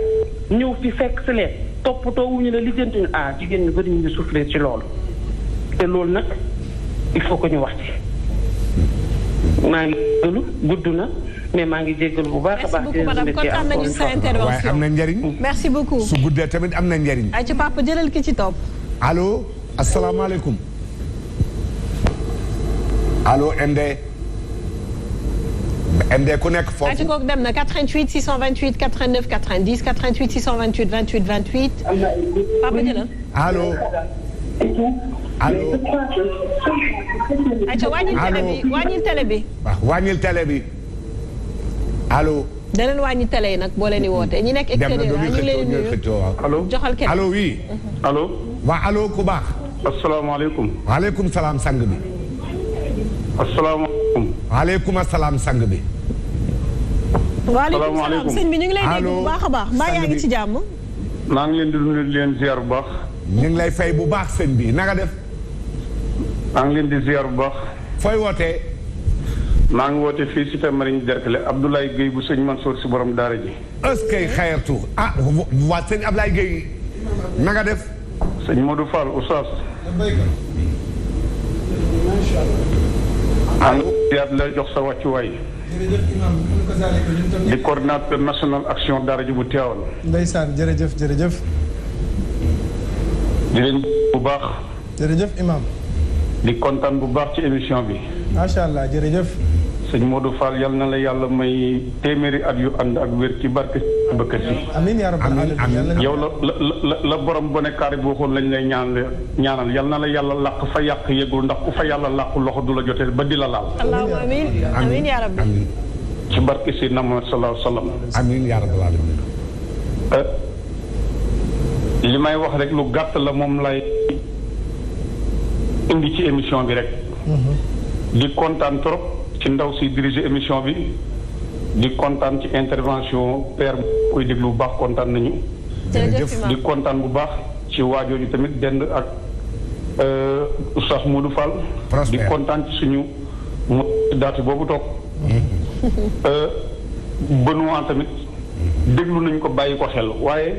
ñëw fi fekk si leen toppatoo wuñu la lijjanti ñu ah jigéen ñu bëri ñu ngi souffrir ci loolu te loolu nag il faut que ñu wax ci maa ngi jégalu gudd na mais maa ngi jégalu bu baax a baax. merci beaucoup madame kontaan nañu sa intervention waaye am na njariñ. merci beaucoup su guddee tamit am na njariñ. ay ci papa jëlal ki ci topp. allo asalaamaaleykum allo MD. MD ku nekk foofu. ati kooku dem na 88 628 89 90 88 628 28 28. Papa jëlal. allo. allo. ati wàññil télé bi wàññil télé bi. waaw wàññil télé bi allo. daneen wàññi télé yi nag boo leen di wootee ñi nekk extérieur ñu ngi leen di nuyu. allo joxal kenn allo oui. allo. waa allo ku baax. asalaamaaleykum. waaleykum salaam sang bi. asalaamaaleykum. waaleykum salaam sang bi. waaleykum salaam sëñ bi ñu ngi lay dégg bu baax baax. mbaa ngi ci jàmm. naa leen di nuyu di leen ziar bu baax. ñu ngi lay fay bu baax sëñ bi na nga def. naa ngi leen di ziar bu baax. fooy wootee. maa ngi woote fii Cité Marine Derklé Abdoulaye Guèye bu sëñ Mansour si borom daara ji. est-ce que xayartu ah waa sëñ Abdoulaye Guèye def. sëñ Modou Fall Oustaz. am yaat la jox sa wàccuwaay. di coordinateur national action daara ji bu teewal. ndeysaan jërëjëf jërëjëf. di leen bu baax. jërëjëf imam di kontaan bu baax ci émission bi. macha allah jërëjëf. sëñ Modou Fall yal na la yàlla may téeméeri at yu ànd ak wér ci barke bëkkat yi amiin yow la la la borom bone kaari bu waxoon lañ lay ñaan ñaanal yal na la yàlla làq fa yàq yëgul ndax ku fa yàlla làq loxo du la jotee ba di la laal allahumma amiin amiin yaa rabbi ci barke si na Muhammad sallallahu alayhi wa sallam amiin euh, li may wax rek lu gàtt la moom lay indi ci émission bi rek mm-hmm. di kontaan trop ci ndaw si diriger émission bi di kontaan ci intervention père koy déglu bu baax kontaan nañu. di kontaan bu baax ci waajooju tamit dend ak euh, Oustaz Modou Fall. di kontaan suñu mo daati boobu toog. Mm-hmm. Euh, Benoît tamit déglu nañ ko bàyyi ko xel waaye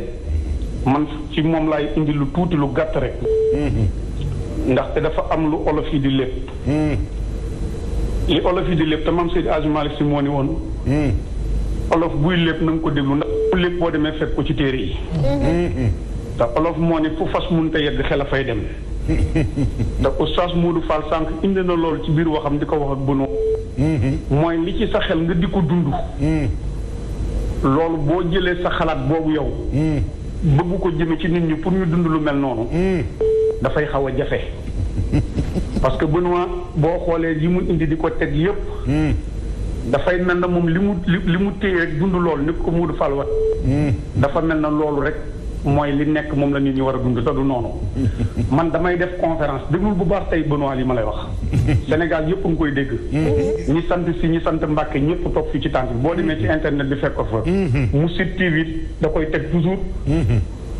man ci moom laay indi lu tuuti lu gàtt rek. Mm-hmm. ndaxte dafa am lu olof yi di lépp. Mm-hmm. li olof yi di lépp te maam Seydi si Malick Sy moo ni woon. Hmm. olof buy lépp na nga ko déglu ndax bu lépp boo demee fekk ko ci téere yi. Hmm. te olof moo ni fu fas mënut a yegg xel a fay dem. Hmm. te oustaz Modou Fall sànq indi na lool ci biir waxam di ko wax ak bënoo. mooy li ci sa xel nga di ko dund. loolu boo jëlee sa xalaat boobu yow. bëgg ko jëme ci nit ñi pour ñu dund lu mel noonu. dafay xaw a jafe. parce que Benoît boo xoolee li mu indi di ko teg yëpp. Hmm. dafay mel na moom li mu li mu téye rek dund loolu ni ko Moodu Fall wax. Hmm. dafa mel na loolu rek mooy li nekk moom la nit ñi war a dund te du noonu. man damay def conférence déglul bu baax tey Benoît li ma lay wax. Sénégal yëpp nga koy dégg. Hmm. ñi sant si ñi sant Mbàkke ñëpp toog fii ci tànk boo demee ci internet bi fekk ko fa. mu sit TV da koy teg toujours.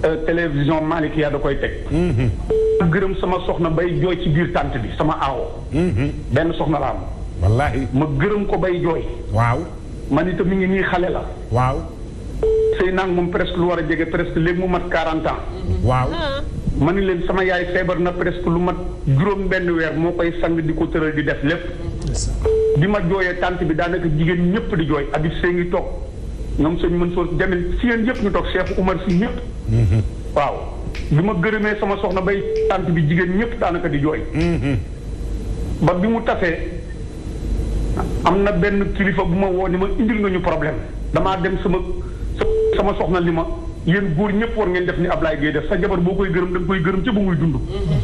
Euh, télévision Malick yaa da koy teg. Mm-hmm. gërëm sama soxna bay jooy ci biir tànt bi sama aawo. Mm-hmm. benn soxna la am. wallaahi ma gërëm ko bay jooy. waaw man itam mi ngi nii xale la. waaw. sëy naag moom presque lu war a jege presque léegi mu mat 40 ans. Mm-hmm. waaw. ma ni leen sama yaay feebar na presque lu mat juróom benn weer moo koy sang di ko tëral di def lépp. bi ma jooyee tànt bi daanaka jigéen ñëpp di jooy Habib Seye ngi toog ñoom sëñ mën soo demee si yéen yëpp ñu toog Cheikh Oumar ñëpp. waaw bi ma gërëmee sama soxna bay tànt bi jigéen ñëpp daanaka di jooy. ba bi mu tasee am na benn kilifa bu ma woo ni ma indil nga ñu problème damaa dem sama sama soxna li ma yéen góor ñëpp war ngeen def ni Ablaye Gueye def sa jabar boo koy gërëm da koy gërëm ci bu muy dund.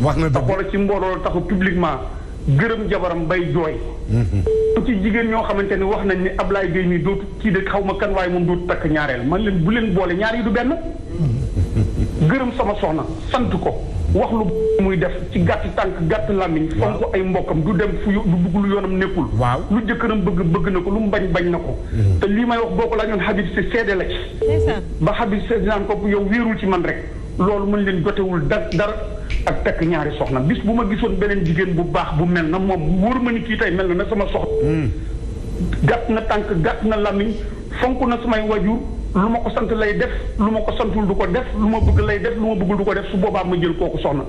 wax na dëgg te ci mbooloo taxu publiquement gërëm jabaram bay jooy. Mm-hmm. ci jigéen ñoo xamante ni wax nañ ni Ablaye Gueye mi dootu kii de xaw ma kan waaye moom dootu takk ñaareel man leen bu leen boole ñaar yi du benn. Mm-hmm. gërëm sama soxna sant ko wax lu muy def ci gàtt tànk gàtt làmmiñ fonk ay mbokkam du dem fu yoonam nekkul waaw lu jëkkëram bëgg bëgg na ko lu mu bañ bañ na ko mm-hmm. te lii may wax boo ko laajoon Habib si seede la ci ba Habib si naan ko yow wéerul ci man rek loolu mën leen jotewul dara ak takk ñaari soxna bis bu ma gisoon beneen jigéen bu baax bu mel na moom wóor ma ni kii tey mel na na sama soxna. Hmm. gàtt na tànk gàtt na làmmiñ fonk na samay wajur lu ma ko sant lay def lu ma ko santul du ko def lu ma bëgg lay def lu ma bëggul du ko def su boobaa ma jël kooku soxna.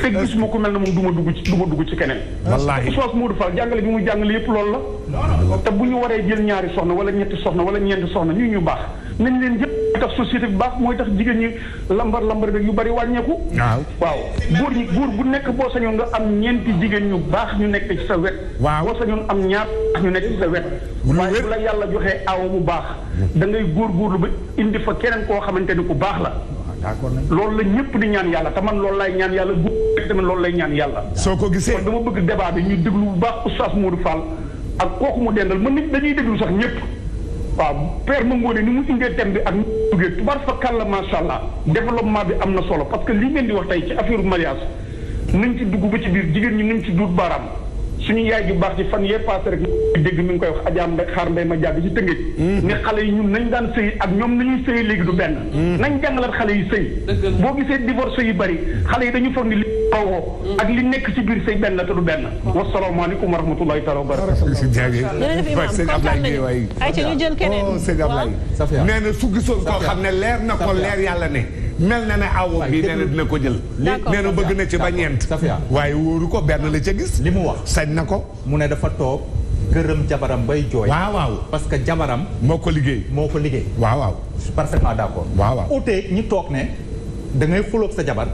fekk gis ma ko mel na moom du ma dugg ci du ma dugg ci keneen. wallaahi soos Modou Fall jàngale bi mu jàngale yëpp loolu la. te bu ñu waree jël ñaari soxna wala ñetti soxna wala ñeenti soxna ñu ñu baax. nañ leen jëpp mooy tax société bu baax mooy tax jigéen ñi lambar lambar beeg yu bari wàññeeku. waaw waaw góor ñi góor bu nekk boo sañoon nga am ñeenti jigéen ñu baax ñu nekk ci sa wet. waaw boo sañoon am ñaar ñu nekk ci sa wet. waaye la yàlla joxe awo mu baax. da ngay góorlu ba indi fa keneen koo xamante ni ku baax la. Ah, d'accord loolu la ñëpp di ñaan yàlla te man loolu laay ñaan yàlla góor tamit loolu lay ñaan yàlla. soo ko gisee kon dama bëgg débat bi ñu déglu bu baax oustaz Modou Fall ak kooku mu dendal man nit dañuy déglu sax ñëpp waaw père ma ngoone ni mu indee thème bi ak ñu duggee tubaar fa kàlla macha allah développement bi am na solo parce que li ngeen di wax tey ci affaire mariage nañ ci dugg ba ci biir jigéen ñi nañ ci duut baaraam suñu yaay ju baax ci fan yee paase rek dégg mi ngi koy wax ajaam rek xaar mbay ma jàgg ci tëngéej hmm. ne xale yi ñun nañ daan sëy ak ñoom nañuy sëy léegi du benn hmm. nañ jàngalaat xale yi sëy boo gisee divorce yu bari xale yi dañu foog ni xawoo mm. ak li nekk ci biir sëy benn te du benn wasalaamaaleykum wa rahmatulahi taala wa barakatu sëñ Ablaye Gueye waaye ñu oh, na su gisoon koo xam ne leer na ko leer yàlla ne mel na ne awo bi nee dina ko jël nee bëgg na ci ba ñeent waaye wóoru ko benn la ca gis li mu wax sañ na ko mu ne dafa toog gërëm jabaram bay jooy waaw waaw parce que jabaram moo ko liggéey moo ko liggéey waaw waaw parfaitement d'accord waaw waaw ute ñu toog ne da ngay xuloog sa jabar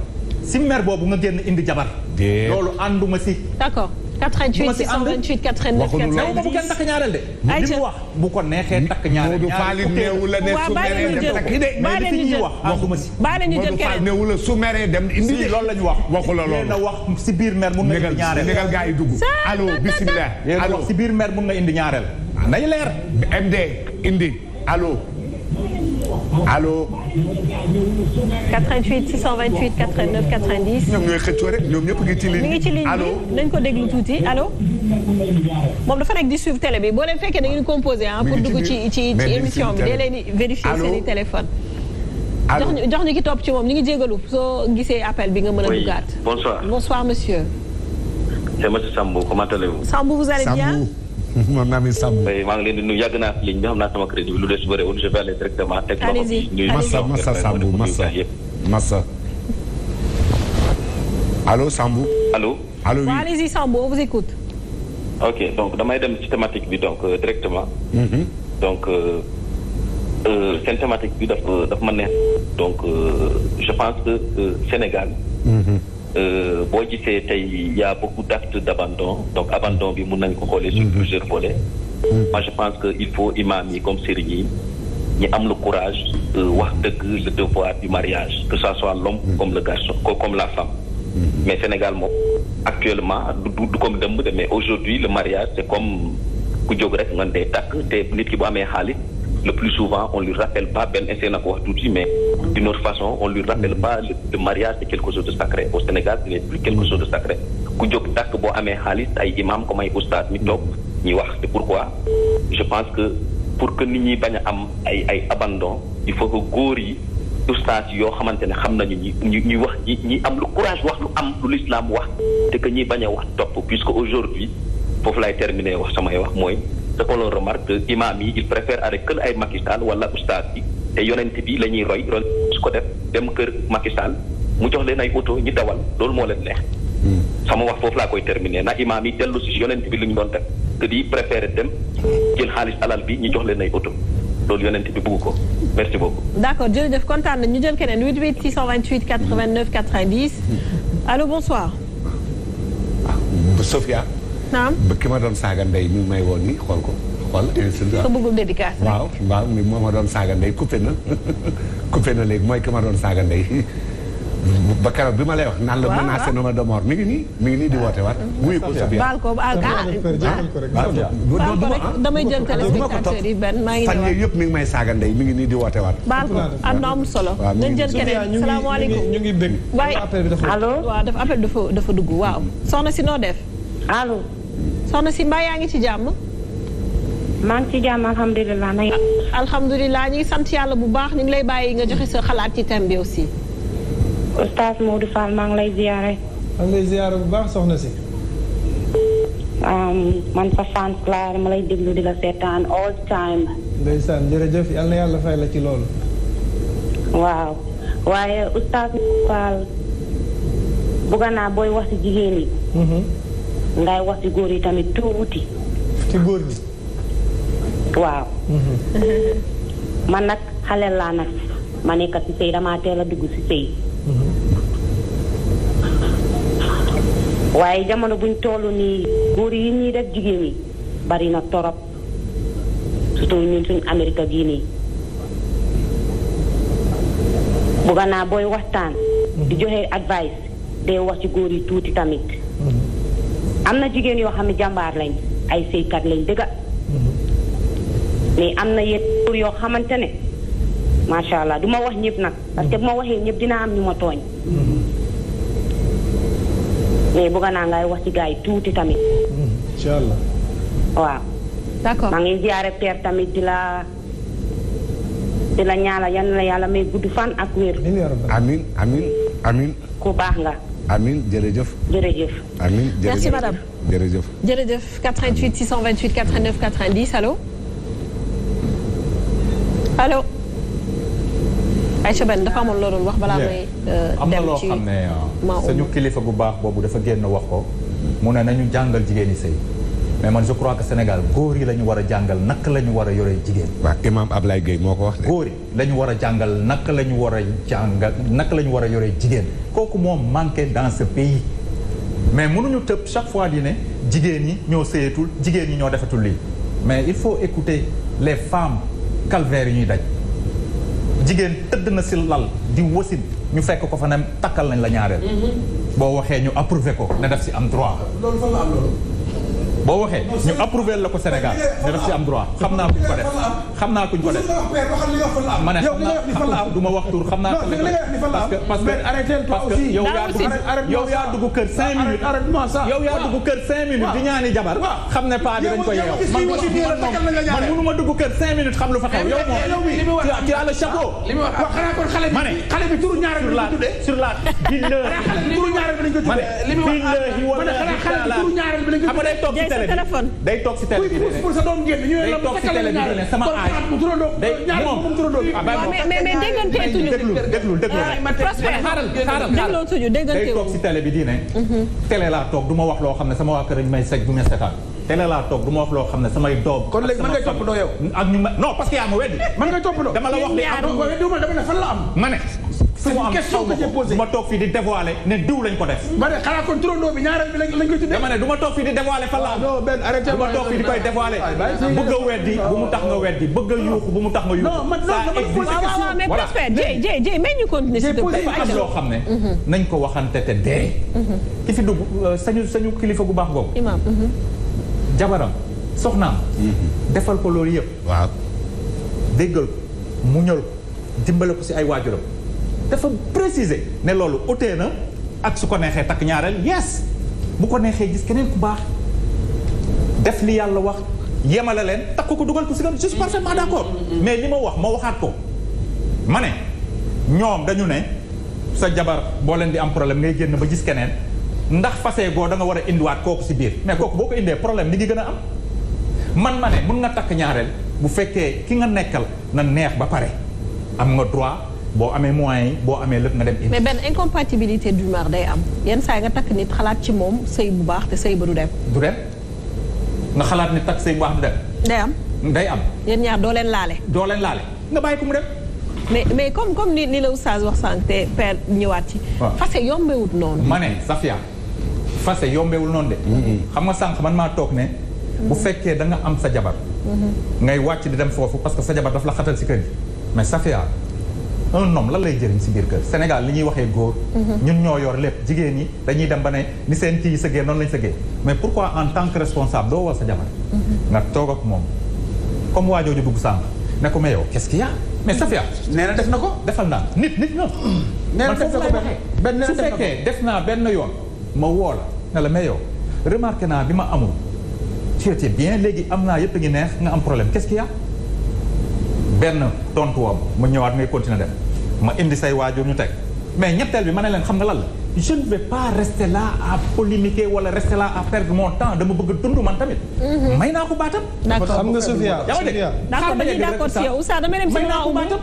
si mer boobu nga génn indi jabar. loolu ànduma si. d'accord 88 628 89 412 ma bu kenn takk ñaareel de. li mu wax bu ko neexee takk ñaareel. ñaareel ku teew waaw baa leen ñu jël baa leen ñu jël ànduma si. baa leen ñu jël keneen Modou Fall ne la su meree dem indi. si loolu la ñu wax. waxu la loolu na wax si biir mer mun na indi ñaareel. négal gaa yi dugg allo bisimilah. allo si biir mer mun na indi ñaareel. nay leer. MD indi allo. allo. 88 628 89 90. ñoom ñooy xëccoo rek ñoom ñëpp ngi ci ligne. ngi ci ligne bi nañu ko déglu tuuti allo. moom dafa nekk di suivre télé bi boo leen fekkee da ngeen di composé ah pour dugg ci ci ci émission bi. dee leen di i téléphone. allo jox ñu jox ñu ki top ci moom ñu ngi jégalu soo gisee appel bi nga mën a duggaat. bonsoir bonsoir monsieur. c'est monsieur Sambou comment allez-vous. Sambou vous allez bien. moom Nami Samb. maa ngi leen di nuyu yàgg naa fi ligne Massa Massa Massa Massa. allo Samb. allo. allo oui waaw allez-y on vous écoute. ok donc damay dem ci thématique bi donc euh, directement. Mm-hmm. donc euh, euh, seen donc Sénégal. Mm-hmm. Euh, boo gisee tey y' a beaucoup d' donc abandon bi mun nañ ko xoolee sur mhm. plusieurs volets. Mhm. moi je pense que il faut imam yi comme sëriñ yi ñu am la courage wax dëgg le devoir du mariage que ça soit l'homme mhm. comme le garçon comme la femme mais Sénégal moom actuellement du du comme dëmb de mais aujourd'hui le mariage c'est comme ku jóg rek nga dee takk te nit ki bu amee xaalis le plus souvent on lui rappelle pas benn essai na ko wax tuuti mais d'une autre façon on lui rappelle pas le, le mariage c'est quelque chose de sacré au Sénégal ce plus quelque chose de sacré ku jóg tàkk boo amee xaalis ay imam comme ay oustaz mi toog ñuy wax c'est pourquoi je pense que pour que nit ñi bañ a am ay ay abandon il faut que góor yi oustaz yoo xamante ne xam nañu ñi ñu ñuy wax ñi ñi am lu courage wax lu am lu l'islam wax te que ñi bañ a wax topp puisque aujourd'hui foofu lay wax samay wax mooy ce qu'on remarque imam yi il préfère arrêter que ay Macky Sall wala bi te yonent bi la ñuy roy su ko def dem kër Macky Sall mu jox leen ay oto ñi dawal loolu moo leen neex. Hmm. sama wax foofu laa koy terminer na imaam yi dellu si yonent bi lu ñu doon def te di préféré dem jël xaalis alal bi ñu jox leen ay oto loolu yonent bi bugg ko merci beaucoup. d'accord jërëjëf kontaan na ñu jël keneen 88 628 89 90 allo bonsoir. Ah, Sofia. naam ba ki ma doon saaga ndey mi may woon ni xool ko xool insulin. ko bëggul dédicace waaw waaw mi moo ma doon saaga ndey coupé na coupé na léegi mooy ki ma doon saaga ndey ba keroog bi ma lay wax naan la menacé na ma de mort mi ngi nii mi ngi nii di woote waat ah, wuyu ko Safia ah, ah. maa ngi yëpp mi ngi may saaga ndey mi ngi nii di woote waat baal ko am na am solo dañ jël keneen salaamaaleykum ñu ngi bëgg waaye allo waaw dafa appel dafa dugg waaw soxna si noo def allo soxna si mbaa yaa ngi ci jàmm. maa ngi ci jàmm alhamdulilah. alhamdulilah ñu ngi sant yàlla bu baax ñu lay bàyyi nga joxe sa xalaat ci thème bi aussi. oustaz Modou Fall maa ngi lay ziare. maa ngi lay ziare bu baax soxna si. man sa fan Clara ma lay déglu di la seetaan all time. ndeysaan jërëjëf yal na yàlla fay la ci loolu. waaw waaye oustaz Fall bëgg naa booy wax ci jigéen yi ndaay wax ci góor yi tamit tuuti. ci góor gi. waaw. Mhm. man nag xaleel laa nag ma nekk ci sëy damaa a dugg ci mhm. waaye jamono buñ toll nii góor yi ñuy def jigéen yi bari na torop surtout ñun suñ Amérique gii nii. booy waxtaan. di mhm. joxe advice day wax ci góor yi tuuti tamit. am na jigéen yoo xam ne jàmbaar lañ ay sëykat lañ dëgga mais am na yenn yoo xamante ne macha allah du ma wax ñëpp nag parce que bu ma waxee ñëpp dina am ñu ma tooñ mais bëgg naa ngay wax ci gars yi tuuti tamit incha allah waaw d'accord maa ngi ziare père tamit di la di la ñaala yan la yàlla may gudd fan ak wér amin amin amin ku baax nga amin jërëjëf. jërëjëf. amin jërëjëf merci madame. jërëjëf. jërëjëf 88 628 89 90 allo. allo. Aïcha Ben dafa amoon loolu wax balaa may. Euh, am na loo xam ne euh, suñu kilifa bu baax boobu dafa génn wax ko. mu ne nañu jàngal jigéen ñi sëy mais man je crois que Sénégal góor yi la war a jàngal naka lañu war a yoree jigéen. waaw imaam Ablaye Gueye moo ko wax de. góor yi la war a jàngal naka la ñu war a jàngal nak la ñu war a yoree jigéen kooku moom manqué dans ce pays. mais munuñu tëb chaque fois di ne jigéen ñi ñoo sëyatul jigéen ñi ñoo defetul lii mais il faut écouter les femmes calvaires yi ñuy daj jigéen tëdd na si lal di wasin ñu fekk ko fa ne takkal nañ la ñaareel. Mhm. boo waxee ñu approuvé ko ne daf si am boo waxee ñu approuvé la ko Sénégal ne daf si am droit xam naa kuñ ko def xam naa kuñ ko def ma ne xam naa du ma wax tur xam naa ko parce que parce que parce que yow yaa dugg yow yaa dugg kër cinq minutes yow yaa dugg kër cinq minutes di ñaani jabar xam ne paa bi dañ ko yeew man man mënu ma dugg kër cinq minutes xam lu fa xew yow moom tu as le chapeau ma ne xale bi turu ñaar bi lañ ko tuddee sur la billahi turu ñaar bi lañ ko tuddee billahi wala xale bi turu ñaar bi lañ ko tuddee day toog si télé bi pour sa doom génn ñu ne la mu fekkale la ñu ne sama aay day ah, moom mais mais dégganteetuñu déglu déglu déglu ah, xaaral suñu déggante day toog si télé bi di ne mhm. télé laa toog du ma wax loo xam ne sama waa kër ñu may seg bu ma setaan télé laa toog du ma wax loo xam ne samay doom kon léegi mën ngay toppandoo yow ak ñu ma non parce que yaa ma weddi mën ngay toppandoo dama la wax li am dama ne fan la am ma ne c'est une question que j'ai posée ma toog fii di dévoiler ne diw lañ ko def. ma ne xanaa kon bi ñaareel bi lañ koy tuddee. dama ne du ma toog fii di dévoiler fan la non benn toog fii di koy dévoiler. bëgg a weddi bu mu tax nga weddi bëgg a yuuxu bu mu tax nga yuuxu. non man ça existe waaw mais prospère jé jé jé mais ñu continuer s'il te plaît. dafa am loo xam ne. Mhm. nañ ko waxante te dee. Mhm. ki fi dugg euh, sañu sañu kilifa gu baax googu. imaam. Mhm. jabaram soxnaam. defal ko loolu yëpp. waaw déggal ko muñal ko dimbale ko si ay waajuram dafa préciser ne loolu utee na ak su ko neexee takk ñaareel yes bu ko neexee gis keneen ku baax def li yàlla wax yemale leen takk ko dugal ko si gam je suis parfaitement d'accord mais li ma wax ma waxaat ko ma ne ñoom dañu ne sa jabar boo leen di am problème ngay génn ba gis keneen ndax fase goo da nga war a indiwaat kooku si biir mais kooku boo ko indee problème li ngi gën a am man ma ne mun nga takk ñaareel bu fekkee ki nga nekkal na neex ba pare am boo amee moyens boo amee lépp nga dem. mais benn incompatibilité d'humeur day am yenn saa nga takk nit xalaat ci moom sëy bu baax te sëy ba du dem. du dem nga xalaat nit takk sëy bu baax du dem. day am day am. yéen ñaar doo leen laale. doo leen laale nga bàyyi ko mu dem. mais mais comme comme ni li la oustaz wax sànq te père ñëwaat ci. waaw fase yombewut noonu. ma ne Safia fase yombewul noonu de. Mm-hmm. xam nga sànq man maa toog ne. bu mm-hmm. fekkee danga am sa jabar. Mm-hmm. ngay wàcc di dem foofu parce que sa jabar daf la xatal si kër gi mais un homme lan lay jëriñ si biir kër Sénégal li ñuy waxee góor mhm. ñun ñoo yor lépp jigéen ñi dañuy dem ba ne ni seen kii sëggee noonu lañ sëggee mais pourquoi en tant que responsable doo war sa jabar mhm. nga toog ak moom comme waajooju dugg sànq ne ko mais yow qu'est-ce qu'il y a mais Safia nee na def na ko defal naa nit nit na man foofu laay waxee su fekkee def naa benn yoon ma woo la ne la mais yow remarqué naa bi ma amul tu étais bien léegi am naa yëpp a nga am problème qu'est-ce qu'il benn tontuwam ma ñëwaat ngay continuer dem ma indi say waajur ñu teg mais ñetteel bi ma ne leen xam nga lan la je ne vais pas rester là à polémiquer wala rester là à perdre temps dama bëgg a man tamit. Mhm. may naa ko baatam. d' accord xam nga Sofia. yaa ngi dégg d' accord dañuy d' accord si yow Oustaz damay may naa ko baatam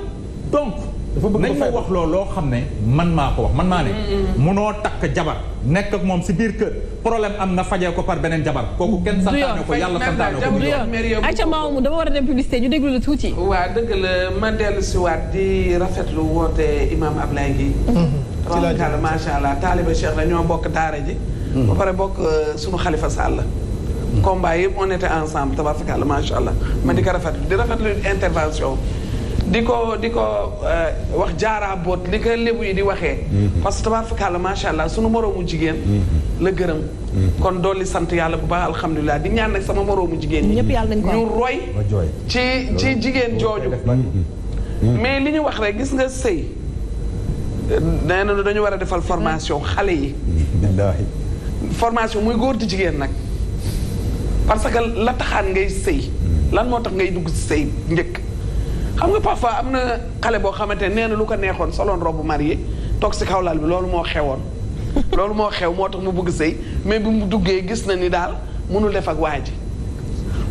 donc. dafa bëgg nañ wax loo loo xam ne man maa ko wax man maa ne. Mm, mm, mm. noo takk jabar nekk moom si biir kër problème am na fajee ko par beneen jabar. kooku kenn santaane ko yàlla santaane ko. du yoon ayca Maomu dama war a dem publicité ñu déglu la tuuti. waaw dëgg la ma dellu si waat di rafetlu woote Imaam Ablaye gi. Mm-hmm. ci laaj bi macha allah taaliba Cheikh la ñoo bokk daara ji. Mm-hmm. ba pare bokk euh, sunu xalifa Sall. Mm-hmm. combat yëpp on était ensemble tabaraka allah macha allah. ma di ko rafetlu di rafet lu intervention. di ko di ko eh, wax jaaraa boot li ko lébu yi di waxee. Mm-hmm. parce que tabaarkalla macha allah sunu moroomu jigéen. Mm-hmm. la gërëm. Mm-hmm. kon dolli sant yàlla bu baax alhamdulilah di ñaan nag sama moroomu jigéen ñi. ñëpp yàlla nañ ko ñu roy. ci ci jigéen jooju. mais li ñu wax rek gis nga sëy. nee na dañu war a defal formation xale yi. formation muy góor di jigéen nag. parce que la taxaan ngay sëy lan moo tax ngay dugg sëy njëkk. xam nga parfois am na xale boo xamante ne nee na lu ko neexoon soloon robu marié toog si kaw lal bi loolu moo xewoon loolu moo xew moo tax mu bugg sëy mais bi mu duggee gis na ni daal mënul def ak waa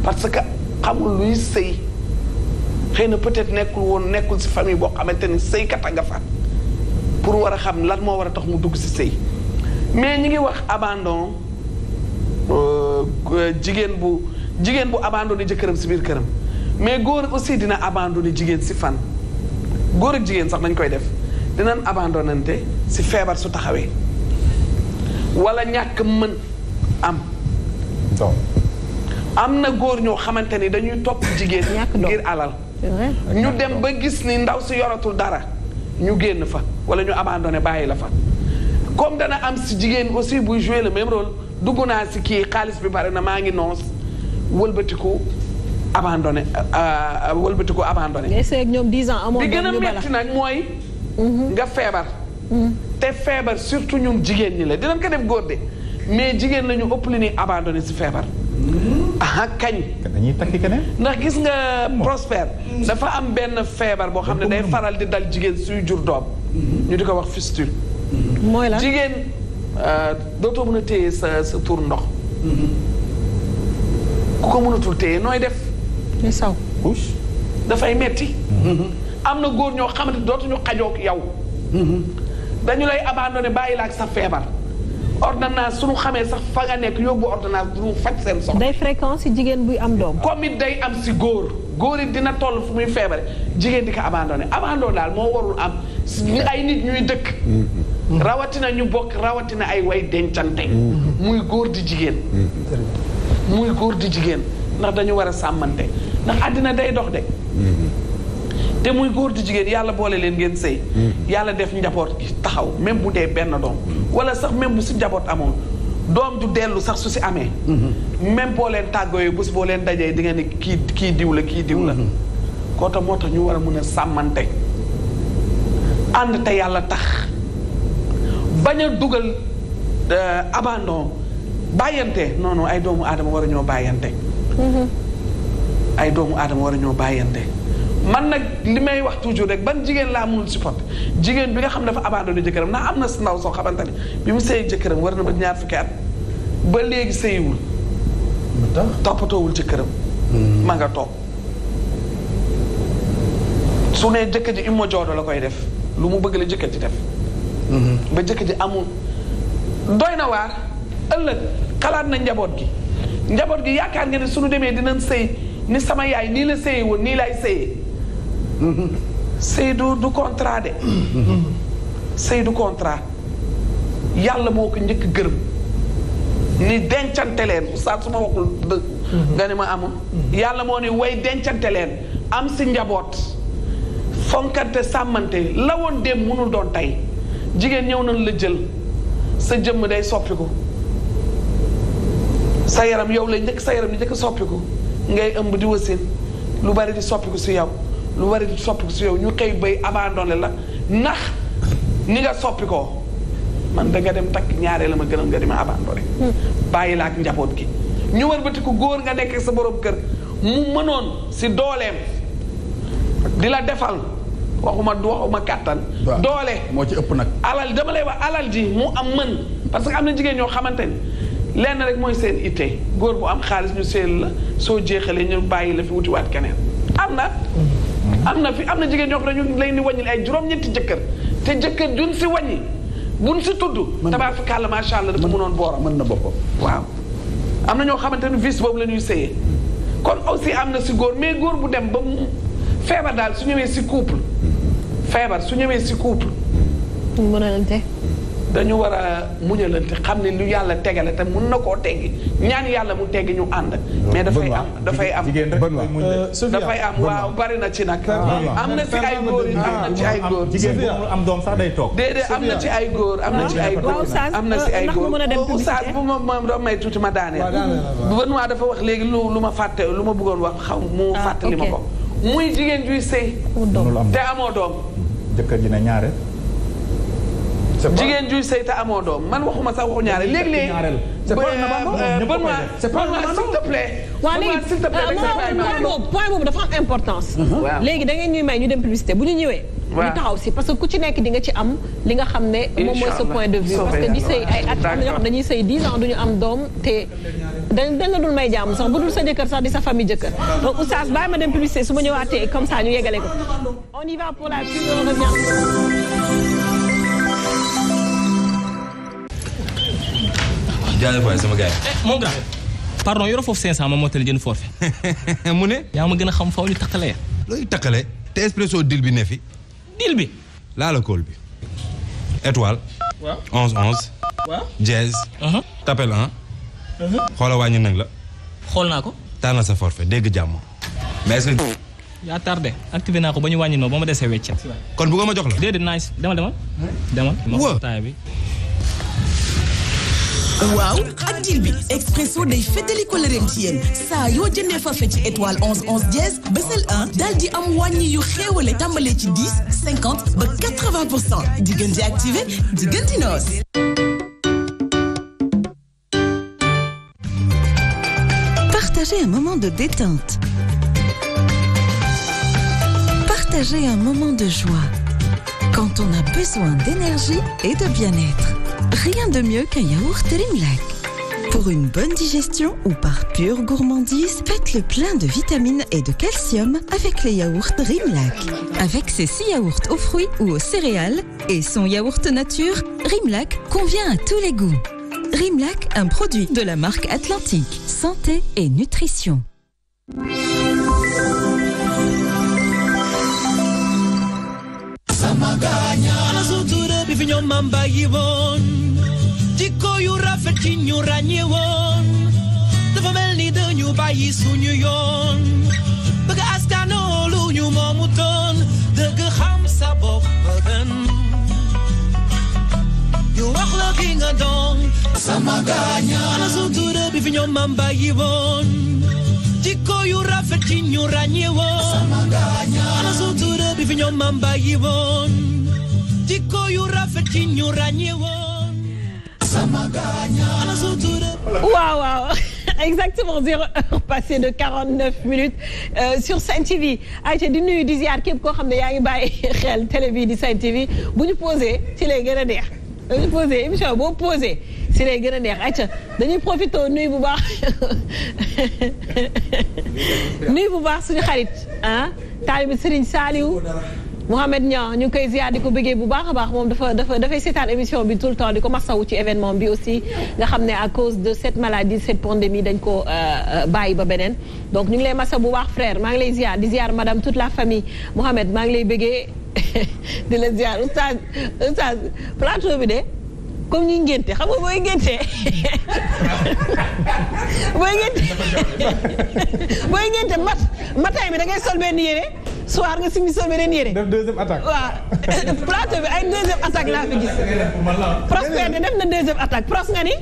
parce que xamul luy sëy xëy na peut-être nekkul woon nekkul si famille boo xamante ni sëykat a nga fa pour war a xam lan moo war a tax mu dugg si sëy mais ñu ngi wax abandon euh, jigéen bu jigéen bu abandonné jëkkëram si biir këram mais góor aussi dina abandonné jigéen si fan góor ak jigéen sax dañ koy def dinañ abandonante si feebar su taxawee wala ñàkk mën am am na góor ñoo xamante ni dañuy topp jigéen ngir alal ñu dem ba gis ni ndaw si yoratul dara ñu génn fa wala ñu abandonné bàyyi la fa comme dana am si jigéen aussi buy jouer le même rôle dugg naa si kii xaalis bi bari na maa ngi noos wëlbatiku abandonné euh, euh, wëlbati ko abandonné. mais c'est ñoom 10 ans amoon. ñu bala li gën a métti nag mooy. Mhm. nga feebar. Mhm. te feebar surtout ñun jigéen ñi la dinañ ko def góor de mais jigéen la ñu ëpp li ñuy abandonné si feebar. ah kañ. dañuy takki ndax gis nga prospère. dafa am benn feebar boo xam ne day faral di dal jigéen suy jur doom. Mhm. ñu di ko wax fistule. mooy la jigéen euh, dootoo mën a téye sa sa ndox. ku ko mënatul téye nooy def. muy saw couche. dafay metti am na góor ñoo xamante dootuñu xajook yow. dañu lay abandonné bàyyi la ak sa feebar. ordonnance suñu xamee sax fa nga nekk yóbbu ordonnance du faj seen sox day fréquence si jigéen buy am doom. comme it day am si góor góor dina toll fu muy feebare jigéen di ko abandonné abandon daal moo warul am ay nit ñuy dëkk. rawatina ñu bokk rawatina ay way dencante. muy góor di jigéen. muy góor di jigéen. ndax dañu war a sàmmante ndax àddina day dox de mm-hmm. te muy góor di jigéen yàlla boole leen ngeen sëy mm-hmm. yàlla def njaboot gi taxaw même bu dee benn doom wala sax même bu si njaboot amoon doom ju dellu sax su si amee mm-hmm. même boo leen tàggooyee bés boo leen dajee di nga ne kii kii diw la kii diw la koo tax moo tax ñu war a mën a sàmmante ànd te yàlla tax bañ a dugal euh, abandon bàyyante noonu ay doomu aadama war a ñoo bàyyante Mm-hmm. ay doomu aadama war a ñoo bàyyante man nag li may wax toujours rek ban jigéen laa mun supporté jigéen bi nga xam dafa abandonné jëkkëram ndax am na si ndaw soo xamante ne bi mu sëy jëkkëram war na ba ñaar fukki at ba léegi sëyiwul toppatoowul jëkkëram mm. ma nga toog su ne jëkkër ji immo la koy def lu mu bëgg la jëkkër ji def mm-hmm. ba jëkkër ji amul doy na waar ëllëg xalaat na njaboot gi njaboot gi yaakaar nga ne suñu demee dinañ sëy ni sama yaay nii la sëyee woon nii laay sëyee sëy du du contrat de sëy du contrat yàlla moo ko njëkk gërëm ni dencante leen oustaz su ma waxul nga ne ma amul yàlla moo ne way dencante leen am si njaboot fonkante sàmmante la woon dem mënul doon tey jigéen ñëw nañ la jël sa jëmm day soppiku sa yaram yow lay njëkk sa yaram di njëkk soppiku ngay ëmb di wasin lu bari di soppiku si yow lu bari di si yow ñu xëy bay abandonné la ndax ni nga soppi ko man da nga dem takk ñaaree la ma gënal nga di ma abandonné hmm. bàyyi la njaboot gi ñu war ba ko góor nga nekk sa boroom kër mu mënoon si dooleem di la defal waxuma waxuma kàttan doole moo ci ëpp nag alal dama lay wax alal ji mu am mën parce que am na jigéen ñoo xamante ni lenn rek mooy seen ite góor bu am xaalis ñu seel la soo jeexalee ñu bàyyi la fi wutiwaat keneen am na. am na fi am na jigéen ñoo xam ne ñu leen di wàññil ay juróom-ñetti jëkkër te jëkkër juñ si wàññi buñ si tudd. mën na tabaarkalla macha allah dafa mënoon booram. mën na boppam waaw. am na ñoo xamante ne vice boobu lañuy ñuy sëyee kon aussi am na si góor mais góor bu dem ba mu feebar daal su ñëwee si couple. feebar su ñëwee si couple. mënalante. dañu war a muñalante xam ne lu yàlla tegale te mun na koo teggi ñaan yàlla mu teggi ñu ànd. mais dafay am dafay am euh, dafay am waaw bari na ci nag. am na ci ay góor yi am na ci ay góor. jigéen am doom sax day toog. déedéet am na ci ay góor am na ci ay góor. am na ci euh, ay góor oustaz bu ma ma doon may tuuti ma daaneel. Benoît dafa wax léegi lu lu ma fàtte lu ma bëggoon wax xaw mu ah, fàttali ma ko. muy jigéen juy sëy te amoo doom. jëkkër ji ne ñaare. jigéen juy sëy te amoo doom man waxuma sax waxu ñaareel léeg-léeg. c'est pas s'il te plaît. waaw léegi euh, point boobu importance. Mhm. léegi da ngeen ñuy may ñu dem publicité bu ñu ñëwee. ñu taxaw si parce que ku ci nekk di nga ci am li nga xam ne. moom mooy sa point de vue parce que di sëy ay at am na ñoo xam dañuy sëy 10 ans du ñu am doom te. dañ dañ la dul may jàmm sax bu dul sa jëkkër sax di sa famille jëkkër donc oustaz bàyyi ma dem publicité su ma ñëwaatee comme ça ñu yeggale ko. on jaajëf waay sama gars yi. Eh, moom grand pardon yoroo foofu 500 ma mottali jënd forfait. mu ne. yaa ma gën a xam faaw li takkale ya. looy takkale te espresso dil bi ne fi. dil bi. laala kool bi. étoile. waaw 11 11. waaw jazz. tapel 1. xoola wàññi nañ la. xool naa ko. na sa forfait dégg jàmm. ma est-ce que. yaa tardé activé naa ko ba ñu wàññi noonu ba ma desee wecc. kon bu ma jox la. déedéet nice demal demal. demal ma waaw ak deal bi Expresso day feddali ko lëreem ci yéen saa yoo jëndee forfait ci étoile 11 11 dièse bésal 1 daal di am wàññi yu xéewale tàmbalee ci 10 50 ba noos. Partagez un moment de détente. Partagez un moment de joie quand on a besoin d'énergie et de bien Rien de mieux qu'un yaourt Limlac. Pour une bonne digestion ou par pure gourmandise, faites le plein de vitamines et de calcium avec les yaourts Rimlac. Avec ses 6 yaourts aux fruits ou aux céréales et son yaourt nature, Rimlac convient à tous les goûts. Rimlac, un produit de la marque Atlantique, santé et nutrition. suñu maam bàyyi yu rafet ci ñu ràññee mel ni dañu bàyyi suñu yoon bëgg askanoo ñu moomu toon xam sa bopp gën wax la ki nga doon sama gaaña ana sutura bi fi ñoom maam bàyyi woon jikko yu ñu ràññee jikko yu rafet yi ñu ràññeewoon sama gaañaa waaw waaw exactement zéro heure passée de 49 minutes euh, sur Sen TV ayca di nuyu di ziar képp koo xam ne yaa ngi bàyyi xel télé bii di Sen TV bu ñu posé ci lay gën a neex bu ñu posé émission boo posé ci lay gën a neex ayca dañuy profité nuyu bu baax nuyu bu baax suñu xarit ah taalibi Serigne Saliou Mouhamed Niang ñu ngi koy ziar di ko bëggee bu baax a baax moom dafa dafa dafay seetaan émission bi tout le temps di ko masawu ci événement bi aussi nga xam ne à cause de cette maladie cette pandémie dañ ko euh, euh, bàyyi ba beneen donc ñu ngi lay masa bu baax frère maa ngi lay ziar di ziar madame toute la famille Mouhamed maa ngi lay bëggee di la ziar oustaz oustaz plateau bi de comme ñuy ngénte xam nga booy ngénte booy ngénte booy ngénte mat mataay bi da ngay sol soir nga simi sa beneen yére. def deuxième attaque bi ay deuxième attaque laa fi gis. Prospère de def na deuxième attaque nga ni.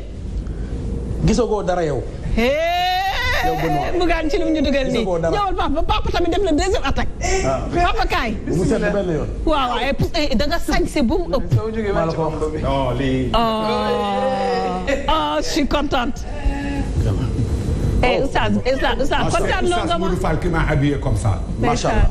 gisagoo dara yow. bugaan ci lu ñu dugal nii papa papa tamit ah. da nga sañse bu mu ëpp. Oh. oh je suis contente. eh ah, oustaz loo nga ma. Fall ki ma habillé comme ça. macha allah.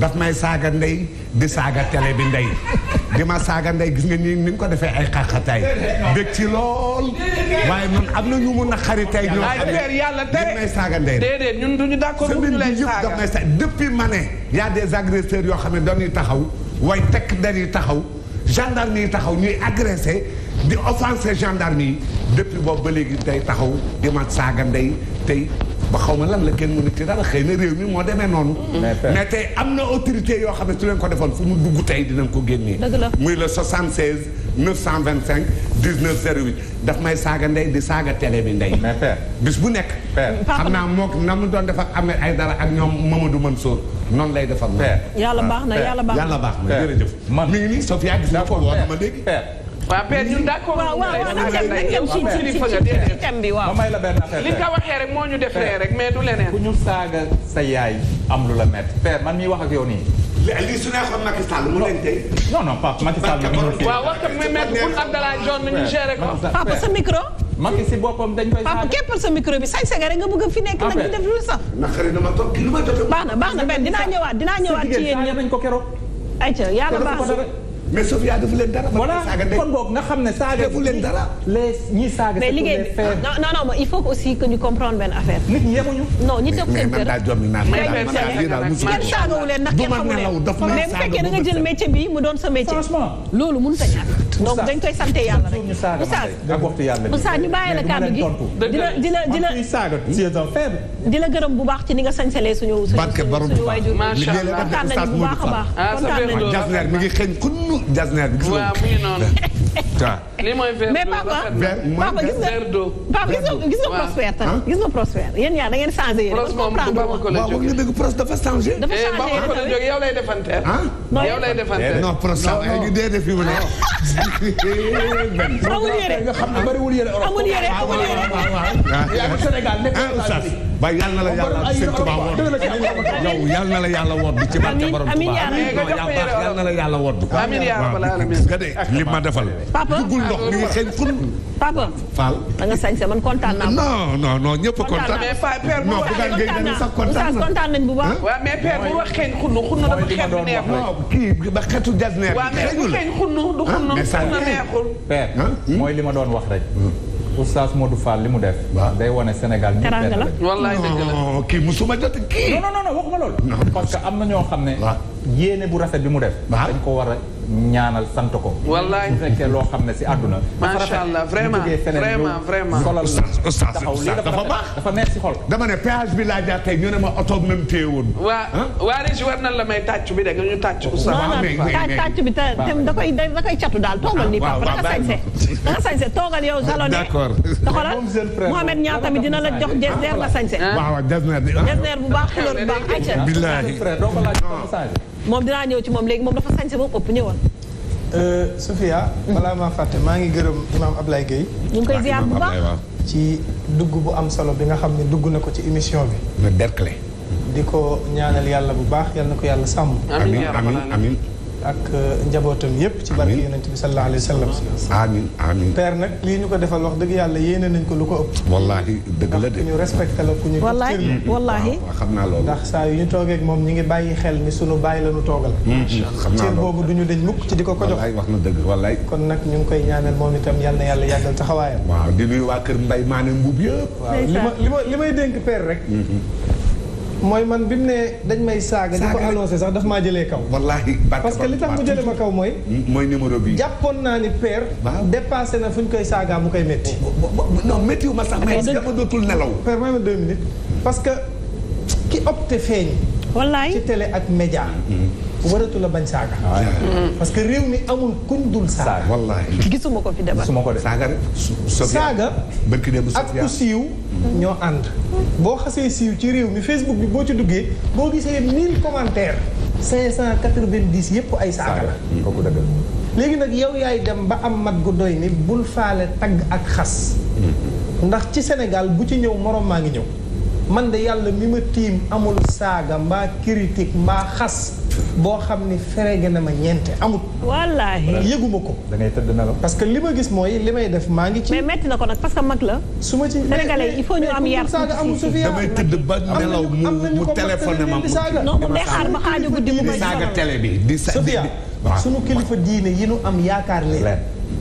daf may saaga ndey di saaga télé bi ndey di ma saaga ndey gis nga ni ni nga ko defee ay xaqataay dëkk ci lool waaye man am na ñu mun a xaritay ñoo xam ne yàlla tere may saaga ndey déedéet ñun duñu d'accord ñu lay saaga daf may saaga depuis ma ne y a des agresseurs yoo xam ne dañuy taxaw way tekk dañuy taxaw gendarme yi taxaw ñuy agressé di offensé gendarme yi depuis boobu ba léegi day taxaw di ma saaga ndey tey ba xaw ma lan la kenn mënu ci dara xëy na réew mi moo demee noonu. Mm. mais tey am na autorité yoo xam ne su leen ko defoon fu mu dugg tey dinañ ko génnee. muy le 76 925 19 08 daf may saaga ndey di saaga télé bi ndey. bis bu nekk. xam naa moom na mu doon def ak Ahmed Aïdara ak ñoom Mamadou Mansour noonu lay defar. yàlla baax na yàlla baax na yàlla baax na jërëjëf. man mi ngi nii Sofia gis na ko woon ma léegi. waaw Père ñun d'accord waaw waaw dem bi may la benn affaire moo ñu def rek mais du leneen. ku ñu saaga sa yaay am lu la met Père man mii wax ak yow nii. li su neexoon Macky Sall mu leen tey. non non ma Macky Sall mu ngi doon. ko. Papa sa micro. Macky dañ koy. Papa képpal sa micro bi nga bëgg fi nekk nag di def lu sax. naqari na ma toog ki baax na baax na benn dinaa ñëwaat dinaa ñëwaat ci yéen ñëpp. nañ ko keroog. ayca yàlla baax mais Sofia defu leen dara. voilà kon boog nga xam ne saaga. defu leen dara les ñi saaga. mais liggéey non non il faut aussi que ñu comprendre benn affaire. nit ñi yemuñu. non ñi toog seen kër mais man daa jommi naan man daal man daal lii daal musu. kenn saagawu leen ndax kenn xamu leen mais bu fekkee da nga jël métier bi mu doon sa métier. franchement loolu mënut a ñàkk. donc dañ koy sant yàlla rek. Oustaz Oustaz ñu bàyyi la kàddu gi. di la di la di la di la gërëm bu baax ci ni nga sañsalee suñu suñu waajur. macha allah kontaan ah, nañu bu baax a baax kontaan nañu jasner bi. waaw mu ngi noonu. li mooy mais papa papa gis nga papa gis nga gis nga prospère tamit gis nga prospère yéen ñaar da ngeen changé yéen. pros moom du papa ko la jógee waaw wax nga dëgg pros dafa changé. dafa eh, changé ko la jógee yow lay defanteel. ah yow lay defanteel. Eh, non pros sax ñu dee def fi mu ne. Ah. amul yére amul yére amul yére. Ah, yaa ngi Sénégal nekk ah, ba yal na la yàlla sëñ Tuba wodd yow yal na la yàlla wodd ci barke borom Tuba yal na la yàlla wodd waaw gis nga de li ma defal duggul ndox mi ngi xëy xun papa Fall da nga sañ sa man kontaan naa non non non ñëpp kontaan non bu gaan ngay dañu sax kontaan na kontaan nañ bu baax waaw mais père bu wax xëy xun xun dafa xeet neex kii ba xeetu jas neex xëyul xëy xun du xun na neexul père mooy li ma doon wax rek hmm. oustaz Modou Fall li mu def. day wane Sénégal ñu benn la. wallaay dëgg la kii musuma jot kii. non non non waxuma loolu. parce que am na ñoo xam ne. yéene bu rafet bi mu def. dañ ko war a ñaanal sant ko. wallaay bu fekkee loo xam ne si àdduna. macha allah vraiment vraiment vraiment solal la taxaw lii dafa baax dafa neex si xol. dama ne péage bi laa jaar tey ñu ne ma oto même téye woon. waaw waa Régis war na la may tàcc bi rek ñu tàcc. oustaz waaw mais tàcc bi te da koy da koy catu daal toogal nii papa da nga sañse. da nga sañse toogal yow salone. d'accord te xoolal Mohamed Niang tamit dina la jox Desner nga sañse. waaw waaw Desner bu baax couleur bu baax. ayca moom dinaa ñëw ci moom léegi moom dafa sañse moom ëpp ñëwoon. Euh, Sophia. balaa maa fàtte maa ngi gërëm imaam lay géey ñu ngi koy ziar bu baax ci dugg bu am solo bi nga xam ne dugg na ko ci émission bi. le Derklé. di ko ñaanal yàlla bu baax yal na ko yàlla sàmm. amiin amiin ak euh, njabootam yépp ci barke yonent bi sa alayhi wa sallam amiin amiin père nag lii ñu ko defal wax dëgg yàlla yéene nañ ko lu ko ëpp wallaahi dëgg la de ñu la ku ñu wallaahi wallaahi xam naa loolu ndax saa yu ñu toogeek moom ñu ngi bàyyi xel ni sunu bàyyi la ñu toogal cër boobu du ñu dañ mukk ci di ko ko jox wax na dëgg wallaahi kon nag ñu ngi koy ñaanal moom itam yal na yàlla yàggal taxawaayam waaw di nuyu waa kër mbay maane mbub yëpp waaw li ma li may dénk père rek mm-hmm. mooy man bi ne dañ may saaga. di ko annoncé sax daf maa jëlee kaw. wallaahi parce que li tax mu jëlee ma kaw mooy. Hmm? mooy numéro bi. jàppoon naa ni père. dépassé na fu ñu koy saagaa mu koy métti. non métti wu ma sax mais dama dootul nelaw. père may ma deux minutes parce que ki opté feeñ. wallaay ci télé ak média. Hmm. waratu la bañ saaga. Ah, mm-hmm. parce que réew mi amul kuñ dul saaga. ki gisuma ko fi demal gisuma ko de. saaga saaga. ak ku siiw. ñoo ànd. boo xasee siiw ci réew mi Facebook bi boo ci duggee boo gisee 1000 commentaires 590 yëpp ay saaga la. Mm, kooku dëgg la. léegi nag yow yaay dem ba am mat gu doy ni bul faale tagg ak xas. Mm-hmm. ndax ci Sénégal bu ci ñëw moroom maa ngi ñëw. man de yàlla mi ma tiim amul saaga mbaa critique mbaa xas. boo xam ne ferege na ma ñeente amut. wallaahi yëguma ko. da ngay tëdd nelaw parce que li ma gis mooy li may def maa ngi ci. mais metti na ko nag parce que mag la. su ma ci sénégalais il faut ñu am yar. damay tëdd ba nelaw mu mu téléphoné ma mu saaga. non day xaar ba xaaju guddi mu ma saaga télé bi di sa. sunu kilifa diine yi nu am yaakaar leen.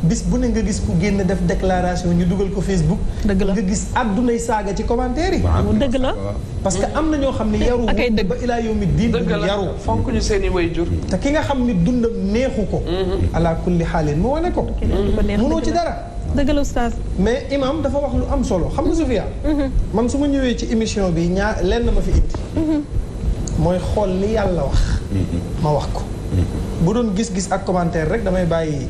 bis bu ne nga gis ku génn def declaration ñu dugal ko Facebook. dëgg la nga gis àddunay saaga ci commentaire yi. dëgg la parce que am na ñoo xam ne yaru. ba ilaa yow mi diin yaru fonk ñu seen i way jur. te ki nga xam ne dundam neexu ko. Mhm. ala kulli xaalin mu wane ko. mënoo ci dara. dëgg la oustaz mais imam dafa wax lu am solo xam nga Sofia. Mhm. man su ma ñëwee ci émission bi ñaar lenn ma fi indi. Mhm. mooy xool li yàlla wax. ma wax ko. bu doon gis-gis ak commentaire rek damay bàyyi.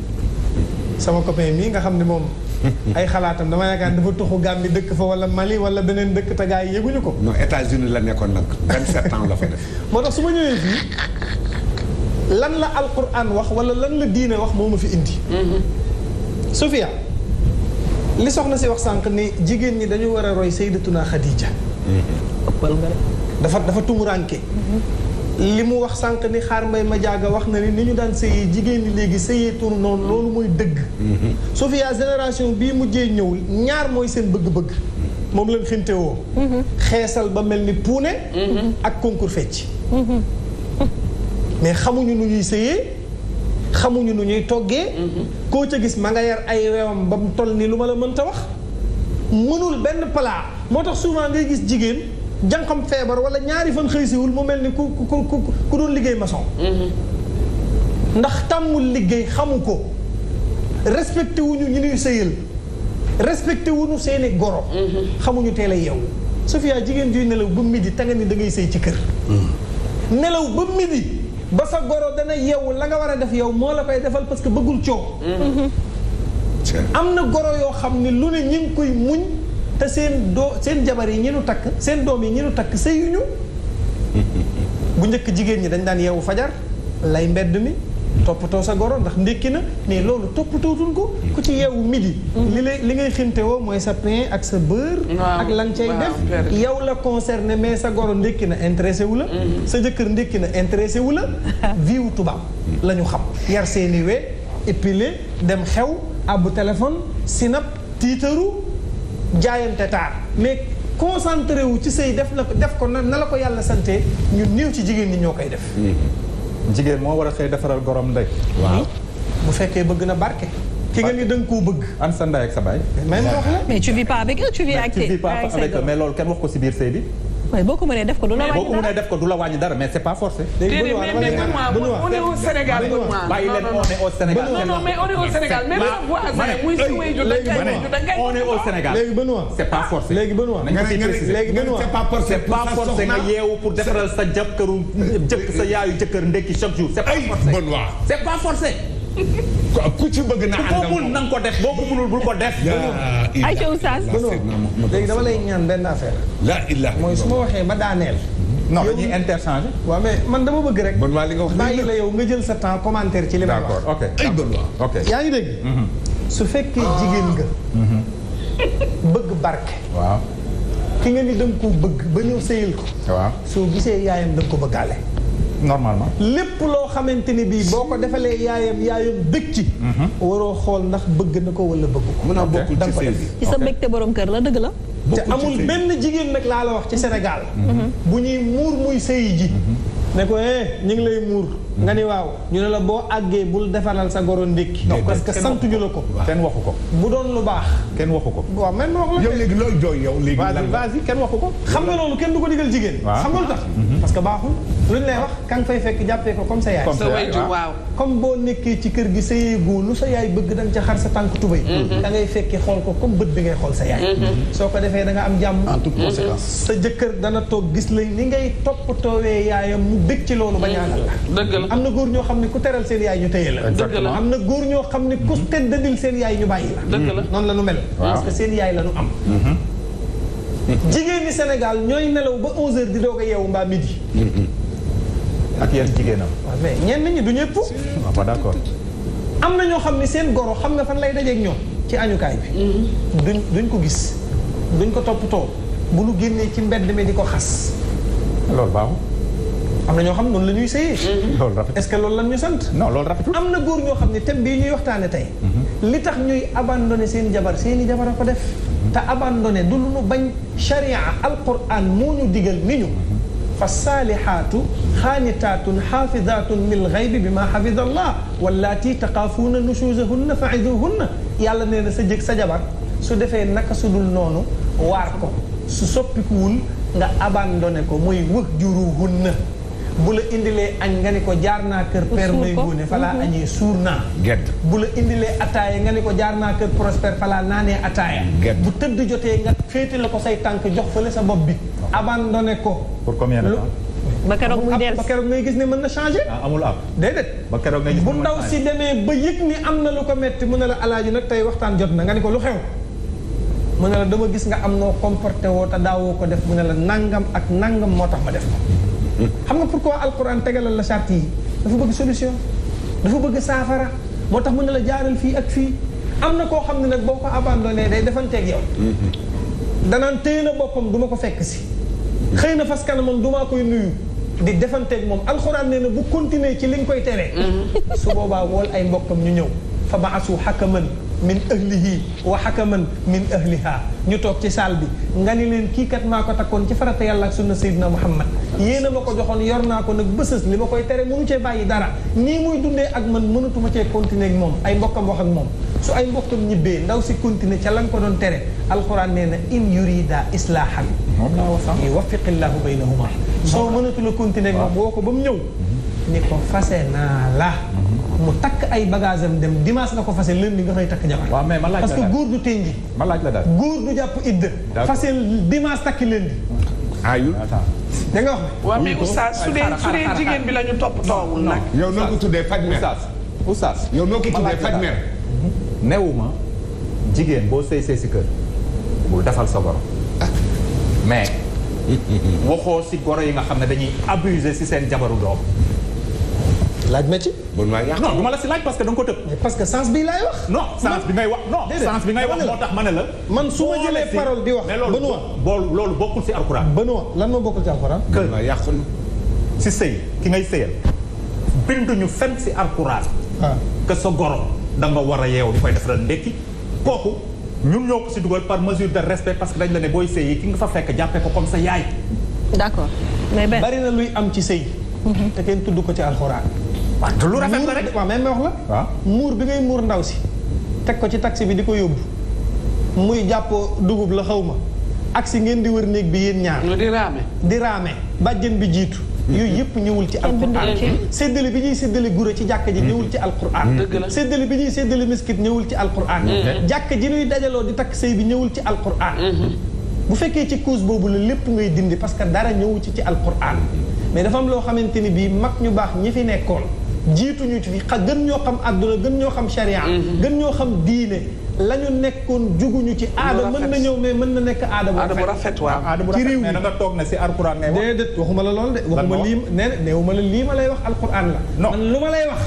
sama copain mii nga xam ne moom ay xalaatam dama yaakaar dafa tuxu Gambie dëkk fa wala Mali wala beneen dëkk tagaay gars yi ko non États-Unis la nekkoon nag vingt-sept ans la fa def moo tax su ma ñëwee fii lan la alquran wax wala lan la diine wax moo ma fi indi mhm. Sofia li soxna si wax sànq ni jigéen ñi dañu war a roy Sayyidatuna Khadija mhm. ëppal nga dafa dafa tumuranke mhm. li mu wax sànq ni xaar may ma jaaga wax na ni ni ñu daan sëyee jigéen ñi léegi sëyee tour noonu loolu mooy dëgg mm-hmm. Sofia génération bii mujjee ñëw ñaar mooy seen bëgg-bëgg moom lañ xinte woo mm-hmm. xeesal ba mel ni puune mm-hmm. ak concours fecc xamuñu nu ñuy xamuñu nu ñuy toggee koo ca gis ma nga yar ay weewam ba mu toll ni lu ma la mënta wax mënul benn palaa moo tax souvent ngay gis jigéen jànqam feebar wala ñaari fan xëy siwul mu mel ni ku ku ku doon liggéey maçon mm-hmm. ndax tàmmul liggéey xamu ko respecté wuñu ñu ñuy sëyal respecté wuñu seeni goro mm-hmm. xamuñu teel a yeewu Sofia jigéen juy nelaw ba midi tanga ni da ngay sëy ci kër mm-hmm. nelaw ba midi ba sa goro dana yeewu la nga war a def yow moo la koy defal parce que bëggul coow am na goro yoo xam ne lu ne ñi ngi koy muñ te seen doo seen jabar yi ñi nu takk seen doom yi ñi nu takk sëyuñu bu njëkk jigéen ñi dañ daan yeewu fajar lay mbedd mi toppatoo sa goro ndax ndékki na mais loolu toppatootuñ ko ku ci yeewu midi mm. li li ngay xinte woo mooy sa pain ak sa beurre ak lan cay def yow la concerné mais sa goro ndékki na intéressé wu la mm-hmm. sa jëkkër ndékki na intéressé wu la viwu tubaab la ñu xam yar seeni we épilé dem xew abbu téléphone sinap tiitaru jaayante taar mais concentré wu ci sëy def na ko def ko na la ko yàlla sante ñu néew ci jigéen ñi ñoo koy def hmm. jigéen moo war a xëy defaral gorom ndey waaw bu fekkee bëgg na barke ki nga ni da koo bëgg an sa ndey ak sa baay mais tu vis pas avec tu vis avec mais loolu kenn wax ko si biir sëy bi mais boo ko def ko du la wàññi dara boo ko mënee def ko du la wàññi dara mais c'est pas o léegi on est au Sénégal bàyyi leen on o au Sénégal. non non mais on Sénégal même on est au Sénégal. léegi Benoît c'est pas forcé. léegi Benoît c'est pas forcé. c'est pas forcé pour defaral sa jëkkëru jëkk sa yaayu jëkkër ndekki chaque jour. c'est pas c'est pas forcé. ku ci bëgg na ànd mun na nga ko def boo ko mënul bul ko def. ay ca oustaz. léegi dama lay ñaan benn affaire. la ilaha mooy su ma waxee ba daaneel. non dañuy interchanger. waaw mais man dama bëgg rek. bon waa li nga wax bàyyi la yow nga jël sa temps commentaire ci li ma wax. d'accord ok ay bon waa ok. yaa ngi dégg. Mhm. su fekkee jigéen nga. Mhm. bëgg barke. ki nga ni da koo bëgg ba ñëw sëyil ko. soo gisee yaayam da nga ko bëggaale. normalement lépp loo xamante ni bii boo ko defalee yaayam yaayam bëgg ci. Mhm. waroo xool ndax bëgg na ko wala bëgg ko. mën a bokkul da nga ko def ci sa mbégte borom kër la dëgg la. te amul benn jigéen nag laa la wax ci mhm. Sénégal. Mhm. bu ñuy muur muy sëy ji. ne ko eh ñu ngi lay muur. nga ni waaw ñu ne la boo àggee bul defaral sa goro ndékki. parce que santuñu la ko. kenn waxu ko. bu doon lu baax. kenn waxu ko. waaw man wax la yow léegi looy jooy yow. léegi lan la vas-y kenn ko. xam nga loolu kenn du ko digal jigéen. xam nga lu tax parce que baaxul. lu ñu lay wax ka nga fekk jàppee ko comme sa yaay. waaw comme boo nekkee ci kër gi sa yeegoo lu sa yaay bëgg da ca xar sa tànk tubay. Mm-hmm. da ngay fekkee xool ko comme bët bi ngay xool sa yaay. Mm-hmm. soo ko defee danga am jàmm. en toute mm-hmm. sa jëkkër dana toog gis la ni ngay toppatoowee yaayam mu bëgg ci loolu ba ñaanal la. dëgg am na góor ñoo xam ne ku teral seen yaay ñu téye la. dëgg la am na góor ñoo xam ne ku teddadil seen yaay ñu bàyyi la. dëgg la noonu la nu mel. parce que seen yaay la nu am. jigéen ñi Sénégal ñooy nelaw ba 11h di doog a yeewu mbaa midi ak yan jigéenam. waaw mais ñenn ñi du ñëpp. waaw ah, pas am na ñoo xam ne seen goro xam nga fan lay dajeeg ñoom ci añukaay bi. Mhm. duñ duñ ko gis duñ ko toppatoo bu nu génnee ci mbedd mi di ko xas. loolu baaxul. am na ñoo xam noonu la ñuy sëyee. Mhm. loolu rafetul est-ce que loolu lan ñu sant. no loolu rafetul am na góor ñoo xam ne thème bii ñuy waxtaane tey. Mhm. li tax ñuy abandonné seen jabar seeni jabar a ko def. te abandonné du lu nu bañ charia alquran moo ñu digal ni ñu. fa saalihaatu xaanitaatun xaafidaatun lil xaybi bi maa xafida allah wallaati taqaafuuna nusuusahunna fa iduhunna yàlla nee na sa jëg sa jabar su defee naka su dul noonu waar ko su soppikuwul nga abandonné ko mooy wëx juruhunna bu la indilee añ nga ni ko jaar naa kër père may góone falaa mhm. añee suur naa gedd bu la indilee ataaya nga ni ko jaar naa kër prospère falaa naanee ataaya bu tëdd jotee nga féete la ko say tànk jox fële sa bopp bi abandonné ko pour combien de temps ba keroog muy ba keroog ngay gis ne mën na changé. Ah, amul ab ba keroog ngay gis bu ndaw si demee ba yëg ni am na lu ko metti mu ne la alaaji nag tey waxtaan jot na nga ni ko lu xew. mu ne la dama gis nga am noo comporté woo te daawoo ko def mu ne la nangam ak nangam moo tax ma def xam nga pourquoi alquran tegalal la charte yi dafa bëgg solution dafa bëgg saafara moo tax mën na la jaaral fii ak fii am na koo xam ne nag boo ko abandonné day defanteeg yow danaan téye na boppam duma ko fekk si xëy na fas kanamam du maa koy nuyu di defanteeg moom alxuraan nee na bu continuer ci li nga koy teree mhm. su boobaa wool ay mbokkam ñu ñëw fa baasu xakaman min ahlihi wa hakaman min ahliha ñu toog ci saal bi nga ni leen kii kat maa ko takkoon ci farata yàlla ak sunna sayyidina muhammad yéen a ma ko joxoon yor naa ko nag bësës li ma koy tere mënu cee bàyyi dara nii muy dundee ak man mënatuma cee continuer moom ay mbokkam wax ak moom su ay mbokkam ñibbee ndaw si continuer ca lan ko doon tere alquran nee na in yurida islaahan yuwaffiqillahu baynahuma soo mënatula continuer ak moom woo ko ba mu ñëw ni ko fase naa la mu takk ay bagage dem dimanche nga ko fase lundi nga koy takk jabar. waaw mais ma laaj la parce que góor du tënji. ma laaj daal góor du jàpp idda. fase dimanche takki lundi. ayul. da nga wax ne. waaw mais oustaz su dee su jigéen bi la ñu topp toowul nag. yow noo ko tuddee faj mer oustaz oustaz. yow noo ko faj mer. Mhm. newuma jigéen boo sëy si kër bul defal sa borom ah. mais waxoo si goro yi nga xam ne dañuy abuser si seen jabaru doom. laaj ma ci. bon maa ngi non du ma la si laaj parce que da nga ko tëb. mais parce que sens bi laay wax. non sens bi ngay wax non. sens bi ngay wax moo tax ma ne la. man su ma jëlee parole di wax. Benoît loolu loolu bokkul si alxuraan. Benoît lan moo bokkul si alxuraan. kër ma yàqu si sëy ki ngay sëyal binduñu fenn si alxuraan. Ah. que sa goro da nga war a yeewu di koy defaral ndekki kooku ñun ñoo ko si dugal par mesure de respect parce que dañ la ne booy sëy ki nga fa fekk jàppee ko comme sa yaay. d'accord mais bari na luy am ci sëy mhm. te kenn tudd ko ci alxuraan wante lu rafet la rek waaw même ma wax la. waaw muur bi ngay muur ndaw si. teg ko ci taxi bi di ko yóbbu. muy jàppoo dugub la xawma ma. ngeen di wër néeg bi yéen ñaar. di raame. di raame bàjjen bi jiitu. yooyu yëpp ñëwul ci alquran séddale bi ñuy sëddale gura ci jàkk ji mm. ñëwul ci alquran dëgg la séddale bi ñuy séddale miskit ñëwul ci alquran mm. mm. jàkk ji ñuy dajaloo di takk sëy bi ñëwul ci alquran mm-hmm. bu fekkee ci cause boobu la lépp ngay dindi parce que dara ñëwu ci ci alquran mais dafam loo xamante ni bii mag ñu baax ñi fi nekkoon jiituñu ci fi xa gën ñoo xam àdduna gën ñoo xam sharia mhm. gën ñoo xam diine la ñu nekkoon juguñu ci aada mën na ñëw mais mën na nekk aada bu rafet waaw aada bu rafet ci réew mi nga toog na si ar ngay wax déedéet waxuma la lool de a lii nee neewu ma la lii ma lay wax alquran la man lu ma lay wax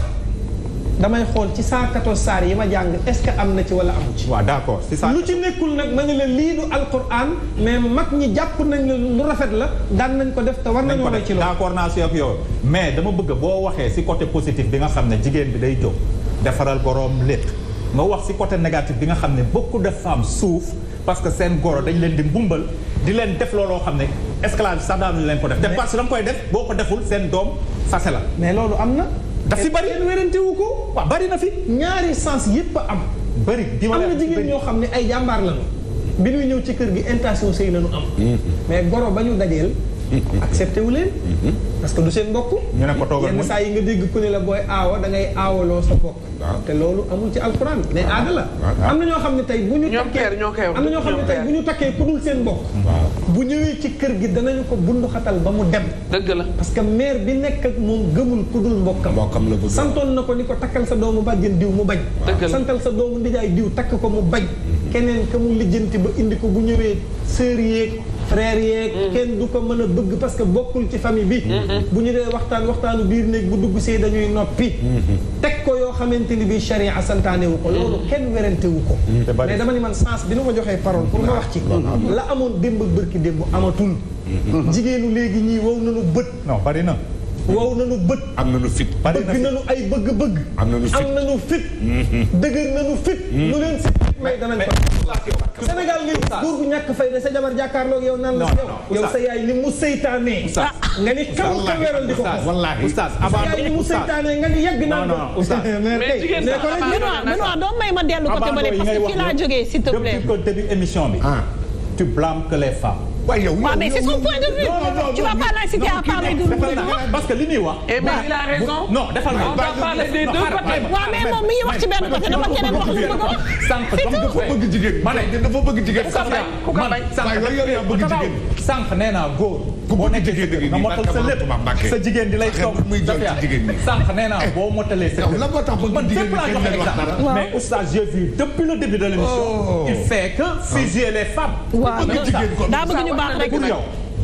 damay xool ci 114 saar yi ma jàng est-ce que am na ci wala amu ci. waaw d'accord ci lu ci nekkul nag ma ne la lii du alquran mais mag ñi jàpp nañ ne lu rafet la daan nañ ko def te war nañu roy ci loolu. ak yow mais dama bëgg boo waxee si côté positif bi nga xam ne jigéen bi day jóg defaral boroom lépp nga wax si côté négatif bi nga xam ne beaucoup def femmes suuf parce que seen goro dañ leen di mbumbal di leen def looloo xam ne esclavage sax daan leen ko def. mais parce que da koy def boo ko deful seen doom fase la. mais loolu am na. daf fi bari kenn wérante wu ko waaw bari na fi ñaari sens yépp a am bari am na jigéen ñoo xam ne ay jàmbaar lañu bi muy ñëw ci kër gi intention sëy nañu am mm-hmm. mais goro ba ñu dajeel accepté wu leen. Mhm. parce que du seen mbokk. ñu ne ko toogal yenn saa yi nga dégg ko ne la booy aawa da ngay aawaloo sa mbokk. te loolu amul ci alxuraan mais aada la. am na ñoo xam ne tey bu ñu. ñoom keer ñoo am na ñoo xam ne tey bu ñu takkee ku dul seen mbokk. bu ñëwee ci kër gi danañu ko bunduxatal ba mu dem. dëgg la parce que maire bi nekk ak moom gëmul ku dul mbokkam. mbokkam la bëgg santoon na ko ni ko takkal sa doomu bàjjen diw mu bañ. santal sa doomu ay diw takk ko mu bañ. Mhm. keneen ka mu lijjanti ba indi ko bu ñëwee sër yeeg frère yeeg mm-hmm. kenn du ko mën a bëgg parce que bokkul ci famille bi mm-hmm. bu ñu dee waxtaan waxtaanu biir néeg bu dugg see dañuy noppi mm-hmm. teg ko yoo xamante ni bi charia santaane wu ko loolu kenn werante wu ko mais dama ni man sens bi nu ma joxee parole pour ma wax ci la amoon démb bërki démb amatul jigéenu léegi ñii wow nañu bët non bari na wow nañu bët. am nañu fit pare na bëgg nañu ay bëgg-bëgg. am nañu fit am nañu fit. Mhm. dëgër nañu fit. Mhm. lu leen si may danañ ko. Sénégal li buur bu ñàkk fay ne sa jabar jàkkaarloog yow nan la. yow sa yaay ni mu seytaanee. oustaz nga ni kaw ka weeral di ko. wallaahi oustaz sa yaay ni mu seytaanee ah, nga ni yegg naa doon. oustaz mais jigéen ñi abaa doo may ma dellu côté bële parce que fii laa jógee s'il te plaît. depuis début émission bi. Ah. tu blâmes que les femmes. waaye yow. waaw mais c'est son point de vue. non non tu vas pas l'inciter à parler de parce que li muy wax. et mais il a raison. non defal na on va parler des deux côtés. waaw mais moom mi ngi wax ci benn côté dafa keneen wax lu mu bëgg a wax. sànq dafa bëgg jigéen. ma ne dafa bëgg jigéen. ku ko may ku ko may sànq bëgg jigéen. sànq nee naa góor. boo nekkee sa dëgg nga motal sa lépp sa jigéen di lay toog Safia sànq nee naa boo motalee sa lépp man lépp laa joxe exemple mais oustaz j'ai vu depuis le début de l'émission oh. il fait que fusiller les femmes. waaw daa bëgg jigéen baax rek pour yow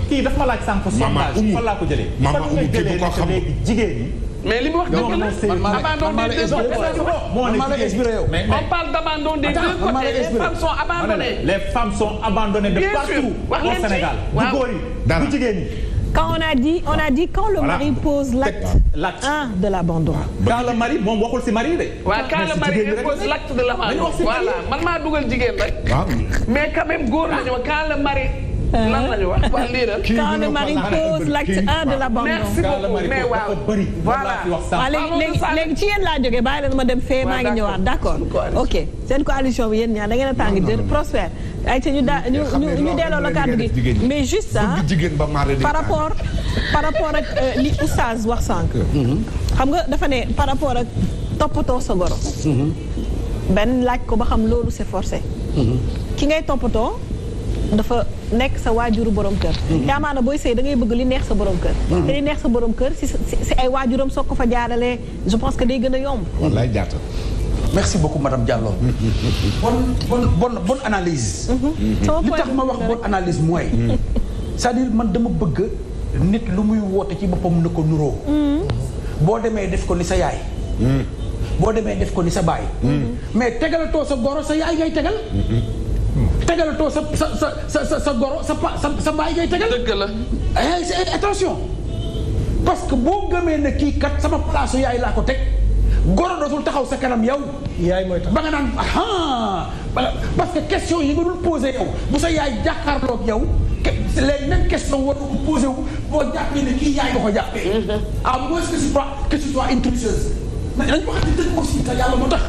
kii daf ma laaj sànq sondage fan um, laa ko jëlee fan nga um, jëlee nekk léegi jigéen ñi mais li mu wax dëgg la abandon des deux côtés mais on parle d'abandon des deux côtés les femmes sont abandonnées les femmes sont abandonnées de partout au Sénégal du góor yi du jigéen ñi quand on a dit on a dit quand le mari pose l'acte un de l'abandon quand le mari moom waxul si mari de waaw quand le mari pose l'acte de l'abandon voilà man maa dugal jigéen rek mais quand même góor la ñu quand le mari lan la ñu wax waaw liiral. quand le mari cause l'acte un mais waaw léegi léegi ci yéen laa jógee bàyyi leen ma dem fee maa ngi ñëwaat d'accord. ok seen coalition bi yéen ñaar da ngeen a tàng jër prospère. ay ñu daa ñu ñu ñu delloo la kàddu gi mais juste ah par rapport par rapport ak euh, li oustaz wax sànq. Mm-hmm. xam nga dafa ne par rapport ak toppatoo sa goro. Mm-hmm. benn laaj ko ba xam loolu c'est forcé. Mm-hmm. ki ngay toppatoo. dafa nekk sa waajuru borom kër te mhm. amaana booy sëy da bëgg li neex sa borom kër mhm. te li neex sa borom kër si si ay waajuram soo ko fa jaaralee je pense que day gën a yomb wallaay jaata merci beaucoup madame Diallo bon bon bon bonne analyse mhm. li tax ma wax bonne analyse mooy c'est-à-dire man dama bëgg nit lu muy woote ci boppam na ko nuroo boo demee def ko ni sa yaay boo demee def ko ni sa baay mais tegalatoo sa goro sa yaay ngay tegal tegalatoo sa sa sa sa sa goro sa pa sa sa baay ngay tegal. dëgg la eh, eh, eh, attention parce que boo gëmee ne kii kat sa place yaay laa ko teg goro dootul taxaw sa kanam yow. yaay mooy tax ba nga naan ah parce que question yi nga dul posé yow bu sa yaay jàkkaarloog yow. les mêmes questions war ko posé wu boo jàppee ne kii yaay nga ko jàppee. Mm-hmm. à moins que ce soit que ce te yàlla moo tax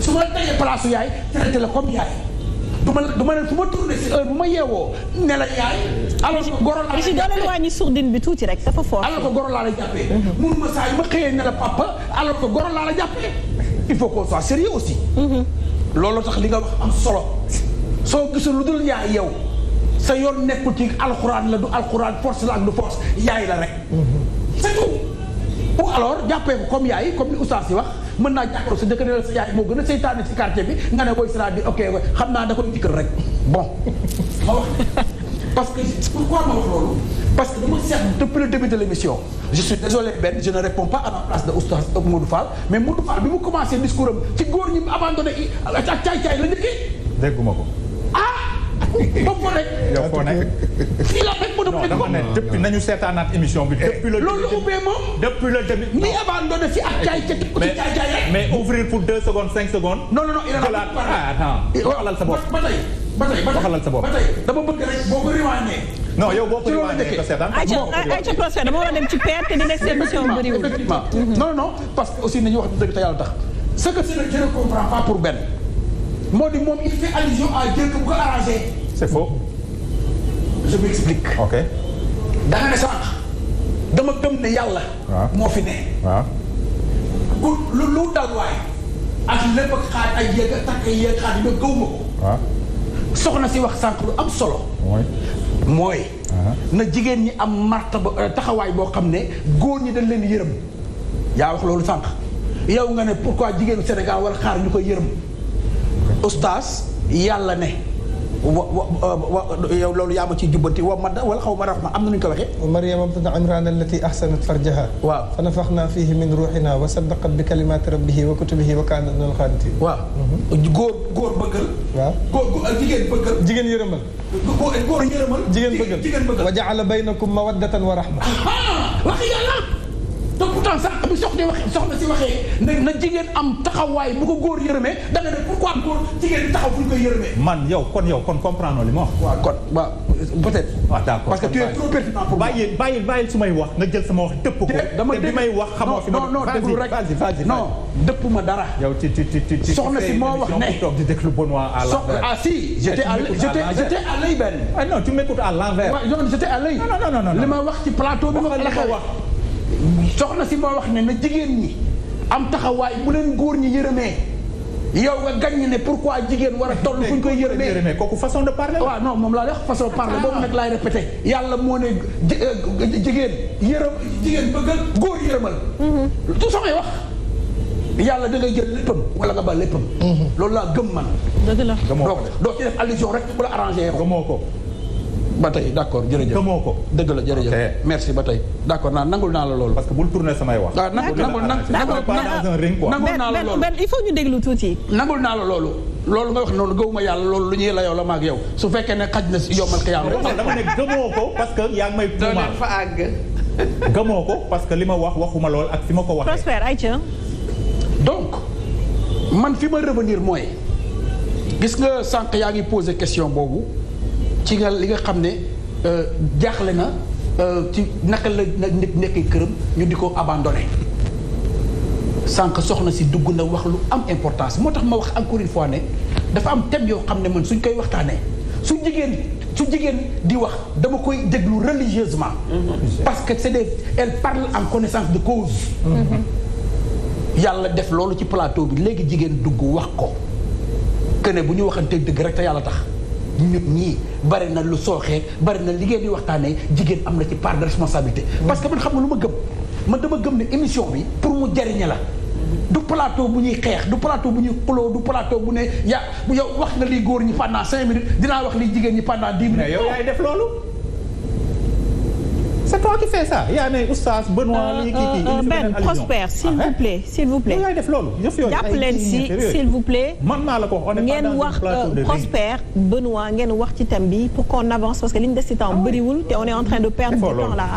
su ma tegee place yaay traité la du ma du ma ne su ma tourné bu ma yeewoo ne la yaay. alors que goro laa lay jàppee wàññi surdin bi tuuti rek dafa fort. alors que goro laa la ma saa yu xëyee ne la papa alors que il faut qu'on soit sérieux aussi. loolu tax li nga wax am solo. soo gisul lu dul yaay yow sa yoon nekkul ci alxuraan la du alxuraan force la ak du force yaay la rek. ou alors jàppee ko comme yaay comme li oustaz si wax mën naa jàkkaarloo sa jëkkër ne la sa yaay moo gën a seytaane ci bi nga ne booy sara bi ok xam naa da koy rek bon parce que pourquoi ma wax loolu parce que dama seet depuis le début de l'émission je suis désolé Ben je ne réponds pas à la place de oustaz euh, Modou mais Modou Fall bi mu commencé discours am ci góor abandonné ak caay-caay la njëkkee dégguma ko foofu moo nekk. yow foo nekk. fii la fekk mu dugg dama ne depuis nañu seetaanaat émission bi. depuis le loolu ubbee moom. depuis le début. ni abandonné fi ak jaay ca tukku ci jaay jaay rek. mais ouvrir pour deux secondes cinq secondes. non non non il en a pas ah, waxalal sa bopp ba tey ba tey waxalal sa bopp. ba tey dama bëgg rek boo ko riwaanee. non yow boo ko riwaanee nga seetaan. ay ca ay ca prospère dama war a dem ci perte te di nekk seen émission bu bëriwul. effectivement non non parce que aussi nañu wax dëgg te yàlla tax. ce que je ne comprends pas pour benn moo di moom il fait allusion à Dieu bu ko arrangé c'est faux. je m'explique. ok da nga ne moo fi ne. waaw ku lu lu soxna si wax sànq lu am solo. mooy. mooy. Uh-huh. na jigéen ñi am martaba euh, taxawaay boo xam ne góor ñi dañ leen yërëm. yaa wax loolu sànq yow nga ne pourquoi jigéenu Sénégal wala xaar ñu koy yërëm. oustaz yàlla ne. wa yow loolu yaa ma ciy jubbanti wa madda wala xaw ma raxma am na nu ñu ko waxee wa maryama bnat imran allati ahsanat farjaha waaw fa nafaxna fihi min ruuxina wa saddaqat bi kalimati rabbihi wa kutubihi wa kaanat min alxaanitiin waaw mhm. góor góor bëggal waaw góor jigéen bëggal jigéen yërëmal góor yërëmal jigéen bëggal jigéen bëggal wa jaala baynakum mawaddatan wa raxma wax yàlla te pourtant sax bu soxna waxee soxna si waxee ne na jigéen am taxawaay bu ko góor yërëmee da nga ne pourquoi góor jigéen taxaw fu ñu koy yërëmee. man yow kon yow kon comprendre li ma wax. waaw kon waaw peut-être. waaw ah, d'accord parce que tu es trop pertinent pour. bàyyi bàyyi bàyyi su may wax nga jël sama wax dëpp ko. dama dégg te bi may wax xamoo fi ma. non non déglu rek vas-y vas-y non dëpp ma dara. yow ci ci ci ci soxna si moo wax ne toog di déglu Benoît à l'envers. ah si j'étais à j'étais à l'œil benn. ah non tu m'écoutes à l'envers. non j'étais à l'œil. non non non non li ma wax ci plateau bi ma la wax. soxna si moo wax ne na jigéen ñi am taxawaay bu leen góor ñi yërëmee yow nga gañ ne pourquoi jigéen war a toll fu ñu koy yërëmee kooku façon de parler waaw ah, non moom laa wax façon parler boobu nag laay répété yàlla moo ne euh, jigéen yërëm jigéen bëggal góor yërëmal mm-hmm. tout samay wax yàlla da ngay jël léppam wala nga ba léppam mm-hmm. loolu laa gëm man dëgg la doo ci def allusion rek bu la arrangé yow gëmoo ko ba tey d' accord jërëjëf ko. dëgg la merci ba tey d' accord naa nangul naa la loolu. parce que bul tourner samay wax. ah nangul nangul nangul naa la loolu benn il faut ñu déglu tuuti. nangul naa la loolu. loolu nga wax noonu gëwuma yàlla loolu lu ñuy la yow la maag yow su fekkee ne xaj na si yombal xiyaam rek. dama ne gëmoo ko parce que yaa ngi may tuumaal fa ko parce que li ma wax waxuma lool ak fi ma ko waxee. Prospère Aïcha. donc man fi ma revenir mooy gis nga sànq yaa ngi posé question boobu ci nga li nga xam ne euh, jaaxle na euh, ci naka la nit nekkee këram ñu di ko abandonné sànq soxna si dugg na wax lu am importance moo tax ma wax encore une fois ne dafa am thème yoo xam ne man suñ koy waxtaanee su jigéen su jigéen di wax dama koy déglu religieusement. parce que c'est des elle parle en connaissance de cause. Mm-hmm. yàlla def loolu ci plateau bi léegi jigéen dugg wax ko que ne bu ñu waxantee dëgg rek te yàlla tax. ñun ñii bari na lu sooxee bari na li ngeen di waxtaanee jigéen am na ci part de responsabilité. parce que man xam nga lu ma gëm man dama gëm ne émission bi pour mu jariñe la. du plateau bu ñuy xeex du plateau bu ñuy xuloo du plateau bu ne ya yow wax nga liy góor ñi pendant cinq minutes dinaa wax liy jigéen ñi pendant dix minutes. yow yaay def loolu. c'est euh, euh, euh, Prosper ah, s'il vous plaît s'il si s'il vous plaît. man wax Prosper Benoît ngeen wax ci thème bi pour qu'on parce que liñ si temps ah bëriwul te on est en train de perdre du temps là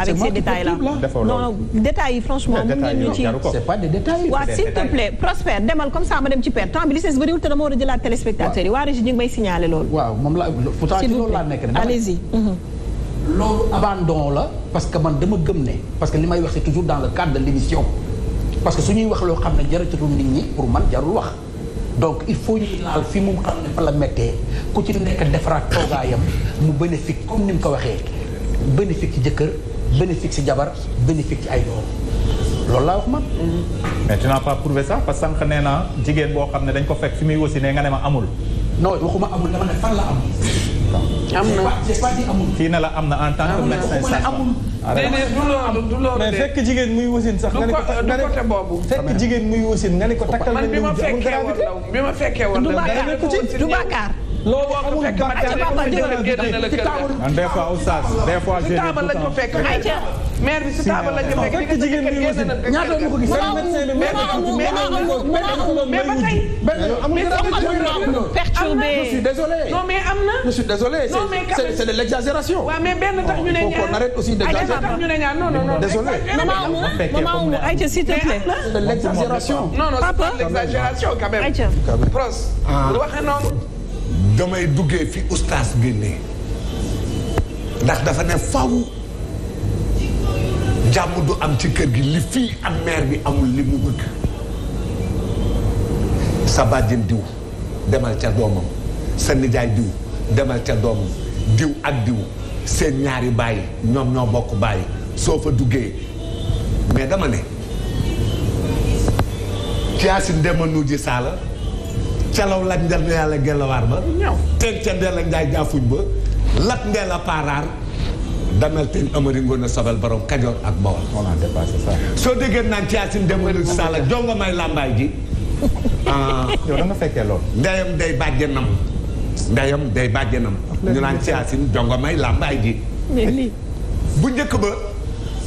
avec franchement mun ngeen ñu ci. c'est pas des détails. waaw s'il te plaît Prosper demal comme ça ma dem ci perte temps bi li des bëriwul te dama war a jëlaat téléspectateurs yi waa Régis ñu ngi may la pourtant loolu abandon la parce que man dama gëm ne parce que li may wax c'est toujours dans le cadre de l'émission parce que su ñuy wax loo xam ne jaratul nit ñi pour man jarul wax donc il faut ñuy laal fi mu xam la méttee ku ci nekk defaraat toogaayam mu bénéfique comme ni mu ko waxee bénéfique ci jëkkër bénéfique ci jabar bénéfique ci ay doom loolu laa wax man. mais naa n'as pas prouvé ça parce que sànq nee naa jigéen boo xam ne dañ ko fekk fi muy wasi ne nga ne ma amul. non waxuma amul dama ne fan la am. am na kii na la am na en tant que médecin sage-femme ah, du loolu mais fekk jigéen muy wasin sax nga ne ko côté boobu fekk jigéen muy wasin nga ne ko takkal man bi ma fekkee woon bi ma fekkee woon du bàkkaar loolu amul gàncax gi des fois oustaz des fois si taabal lañ ko fekk. maire bi si taabal lañ ko euh, fekk fekk jigéen bi aussi ñaata ma ko gis. mais ba tey. mais amul désolé. non mais am na. je suis désolé c'est de l'exagération. waaw mais benn tax ñu ne ñaar on arrête aussi d'exagérer. tax ñu ne ñaar non non non. désolé maman Oumou Aïcha s'il te plaît. c'est de l'exagération. non non c'est pas de l'exagération quand même. Pros. Ah. wax noonu. damay duggee fi oustaz génnee ndax dafa ne faw jàmm du am ci kër gi li fii am maire bi amul li mu bëgg sa bàjjen diw demal ca doomam sa nijaay diw demal ca doomam diw ak diw seen ñaari bàyyi ñoom ñoo bokk bàyyi soo fa duggee mais dama ne ciaasi ndema nu ji saala calaw laj ndel na yàlla gelawaar ba teen ca ndeel ak njaay jaafuñ lat ndeel a paaraar damel teen amari ngoon a sobel borom kajoor ak bawol on a dépassé ça soo déggee naan ci yaasin demali sala jonga may làmbaay ji ah. day bàjjenam ndeyam day bàjjenam ñu naan ci yaasin jonga may bu njëkk ba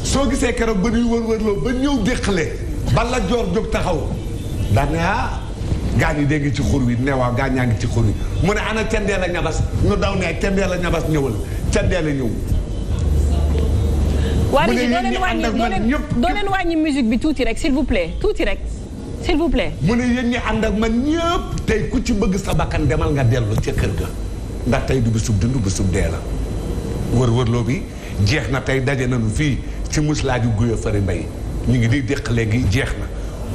soo gisee keroog ba nuy wër wërloo ba ñëw déqale ba la joor jóg taxaw dana gaa ñi dégg ci xur wi ne waaw gaa ñaa ngi ci xur wi mu ne ana cendeel a ñabas ñu daw ne cendeel a ñabas ñëwal cendeel a ñëw waa léegi doo leen wàññi doo leen wàññi musique bi tuuti rek s'il vous plaît tuuti rek s'il vous plaît mu ne yéen ñi ànd ak man ñëpp tey ku ci bëgg sa bakkan demal nga dellu ca kër ga ndax tey du bisub dund bisub dee la wër-wërloo bi jeex na tey daje nañu fii ci muslaaju guya fari mbay ñu ngi di déq léegi jeex na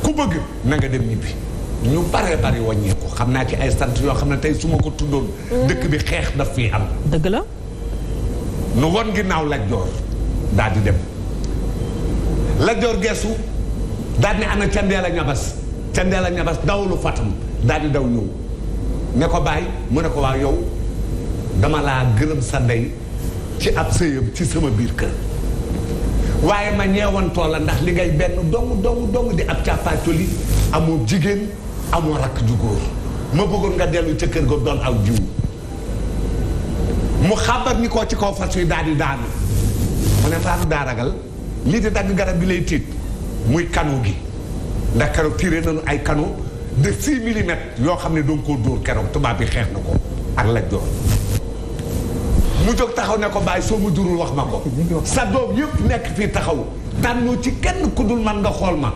ku bëgg na nga dem ñibbi ñu bare bari wàññeeku xam naa ci ay sant yoo xam ne tey su ma ko tuddoon. Mm. dëkk bi xeex daf fii am. dëgg la. nu won ginnaaw Lat Joor daal di dem Lat Joor geesu daal di ana Candeela Ñabas Candeela Ñabas dawlu Fatam daal di daw ñëw ne ko bàyyi mu ne ko waa yow dama laa gërëm sa ndey ci ab sëyam ci sama biir kër waaye ma ñeewantoo la ndax li ngay benn dong dong dong di ab càppaacoli amoo jigéen amoo rakk ju góor ma bëggoon nga dellu ca kër ga doon aw jiw mu xàmbar ni koo ci kaw fas yi daal di daanu mu ne daanu daa ragal lii de dagg garab bi lay tiit muy kanu gi ndax keroog tiré nañu ay kanu de six yoo xam ne doon koo dóor keroog tubaab bi xeex na ko ak la joor mu jóg taxaw ne ko bàyyi soo ma jurul wax ma ko sa doom yëpp nekk fii taxaw tànnoo ci kenn ku man nga xool ma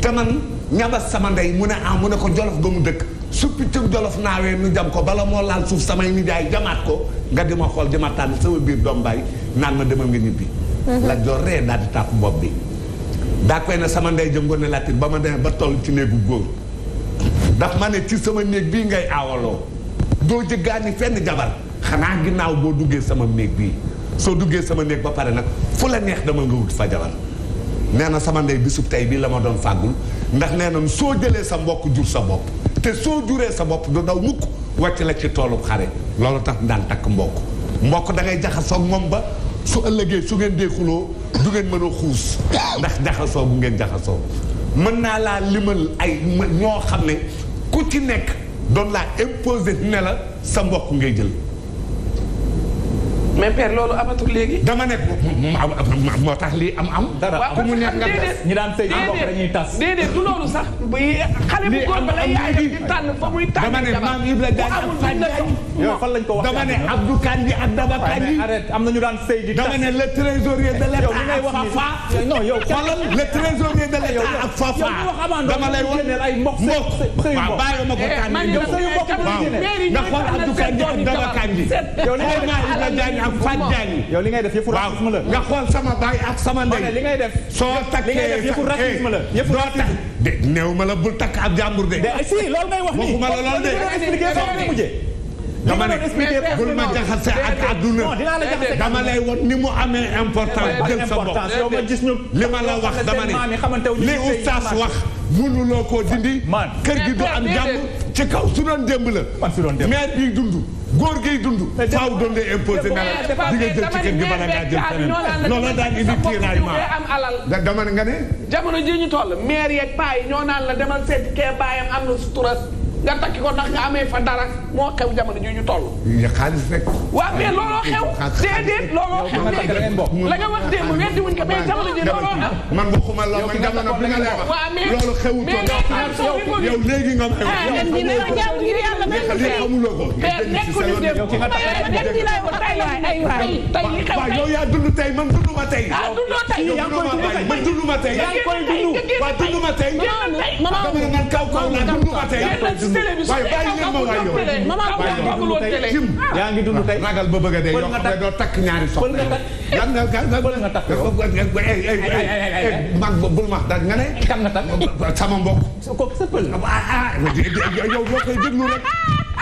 te man ñabas sama ndey mu ne am ah mu ne ko jolof ga mu dëkk su piccum jolof naawee nu jam ko bala moo laal suuf samay nijaay jamaat ko nga di ma xool di ma tànn sama biir doom baay naan ma demal nga bi mhm. la joor ree daal di tàpp bopp bi. daa koy sama ndey jëm ngoone latin ba ma demee ba toll ci néegu góor ma ne ci sama néeg bii ngay aawaloo doo jëggaani fenn jabar xanaa ginnaaw boo duggee sama néeg bii soo duggee sama néeg ba pare nag fu la neex dama nga wut fa jabar nee na sama ndey bi bisub tey bii la ma doon fàggul ndax nee nañ soo jëlee sa mbokk jur sa bopp te soo juree sa bopp du daw mukk wàcc la ci toolub xare loolu tax daan takk mbokk mbokk da ngay jaxasoog moom ba su ëllëgee su ngeen dee xuloo du ngeen mën a xuus ndax jaxasoo bu ngeen jaxasoo mën naa laa limal ay ñoo xam ne ku ci nekk doon laa imposé nela sa mbokk ngay jël mais père loolu amatul léegi. dama ne moo tax lii am am. dara amul mu neex nga tas ñi daan sëy dañuy tas. déedéet du loolu sax. xale bu góor ba la yaayam di tànn fa muy tànn. dama ne maam Ibra Diagne ak Fane Diagne. yow fan lañ ko wax dama ne Abdou Kandi ak Daba Kandi. arrête am na ñu daan sëy di tas. dama ne le trésorier de l'État ak Fafa. non yow xoolal le trésorier de l'État ak Fafa. dama lay wax mbokk waaw bàyyi ma ko tànn. yow sa yu mbokk nga xool Abdou Kandi ak Daba Kandi. yow li maam Fatou Diagne. yow li ngay def yëfu racisme la. nga xool sama baay ak sama ndey. li ngay def soo takkee li ngay def yëfu racisme la. yëfu racisme de néew ma la bul takk ab jàmbur de. de si loolu ngay wax nii waxuma la loolu de. dama ne bul ma jaxase ak àdduna dama lay won ni mu amee important jël sa bopp li ma la wax dama ne li oustaz wax mënuloo koo dindi. kër gi du am jàmm ci kaw su doon démb la. maire bi dund. góor ngay dund. faaw doon ngay imposer nga di nga jël ci kër gi bala ngaa jël ah feneen loola daan indi tiraillement am alal. dama ne nga ne. jamono ji ñu toll maire yeeg paa yi ñoo naan la demal seet kee baayam am na sutura nga takki ko ndax nga amee fa dara moo xew jamono ji ñu toll. xaalis rek. waaw mais looloo xew. déedéet looloo xew léegi la nga wax démb weddi wuñ ko mais jamono ji looloo xew. man waxuma la man jamono bi nga lay wax. loolu xewu toll yow léegi nga ah, xew. yow yow yaa dund tey man dundu ma tey. ah dundoo tey yow man dundu ma tey. yaa ngi koy dundu waaw dundu ma tey. yaa ngi dund tey ragal ba bëgg a dee yoo xam ne doo takk ñaari soxna lan nga nga takk mag bul ma da nga ne kan nga takk sama mbokk ko sëppal yow boo koy déglu rek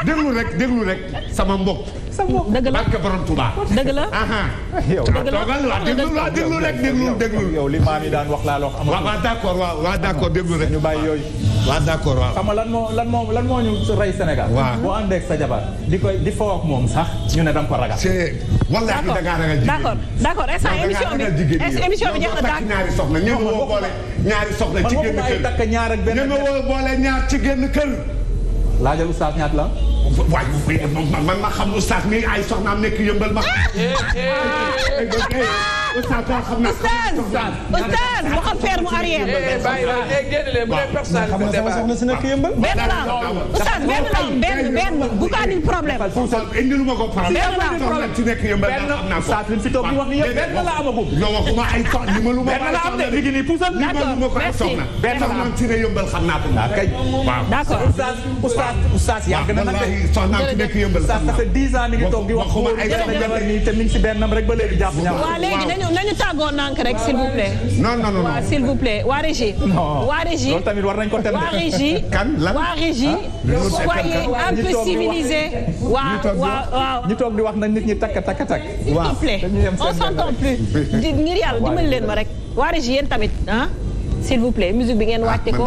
déglu rek déglu rek sama mbokk. sa mbokk dëgg la barke borom Touba. dëgg la yow dëgg la waaw déglu waaw déglu rek déglu déglu. yow li maam yi daan wax laa loo xam. waaw waaw d' accord waaw waaw d' accord déglu rek. ñu bàyyi yooyu. waaw d' accord waaw. xam nga lan moo lan moo lan moo ñu rey Sénégal. waaw boo àndee ak sa jabar di koy di foo ak moom sax ñu ne da nga ko ragal. wala da ngaa ragal jigéen d' accord d' accord instant émission bi instant émission bi jeex na tàkk ñaari soxna ñoo woo boole ñaari soxna ci génn kër ñoo woo boole ñaar ci génn kër laajal oustaz ñaat la. waay man ma xam oustaz mi ay soxnaam nekk yëmbal ma. oustaz oustaz waxal ferme arrière. Eh, bàyyi la léegi génn leen bu dee personnalité. xam nga sama soxna si nekk yëmbal. benn la oustaz benn la benn benn bu ko andil problème. indil ma ko problème. benn la am problème si nekk yëmbal naa am naa ko. saa fi fi toog di wax ni yëpp benn la amagum. non waxuma ay sox li ma lu ma. benn la am de li ngi nii puusal. d' accord merci benn la am si ne yëmbal xam naa ko. waaw kay d' accord. oustaz oustaz oustaz yàgg na nag de. soxna si nekk yëmbal xam naa ko. oustaz ça fait dix ans mi ngi toog di wax. waxuma ay soxna jabar nii te mi ngi si bennam rek ba léegi jàpp ñaar nañu nañu tàggoo nànk rek s'il vous plaît. non non non waaw s'il vous plaît waa régie. non loolu tamit war nañu ko tënk waa régie kan lan waa régie. soyez un peu civilisé. waaw waaw waaw ñu toog di wax na nit ñi takk takk takk. waaw s'il vous plaît on s'entend plus. di ngir yàlla dimbali leen ma rek. waa régie yéen tamit ah. s'il vous plaît musique bi ngeen ah, wàcce ko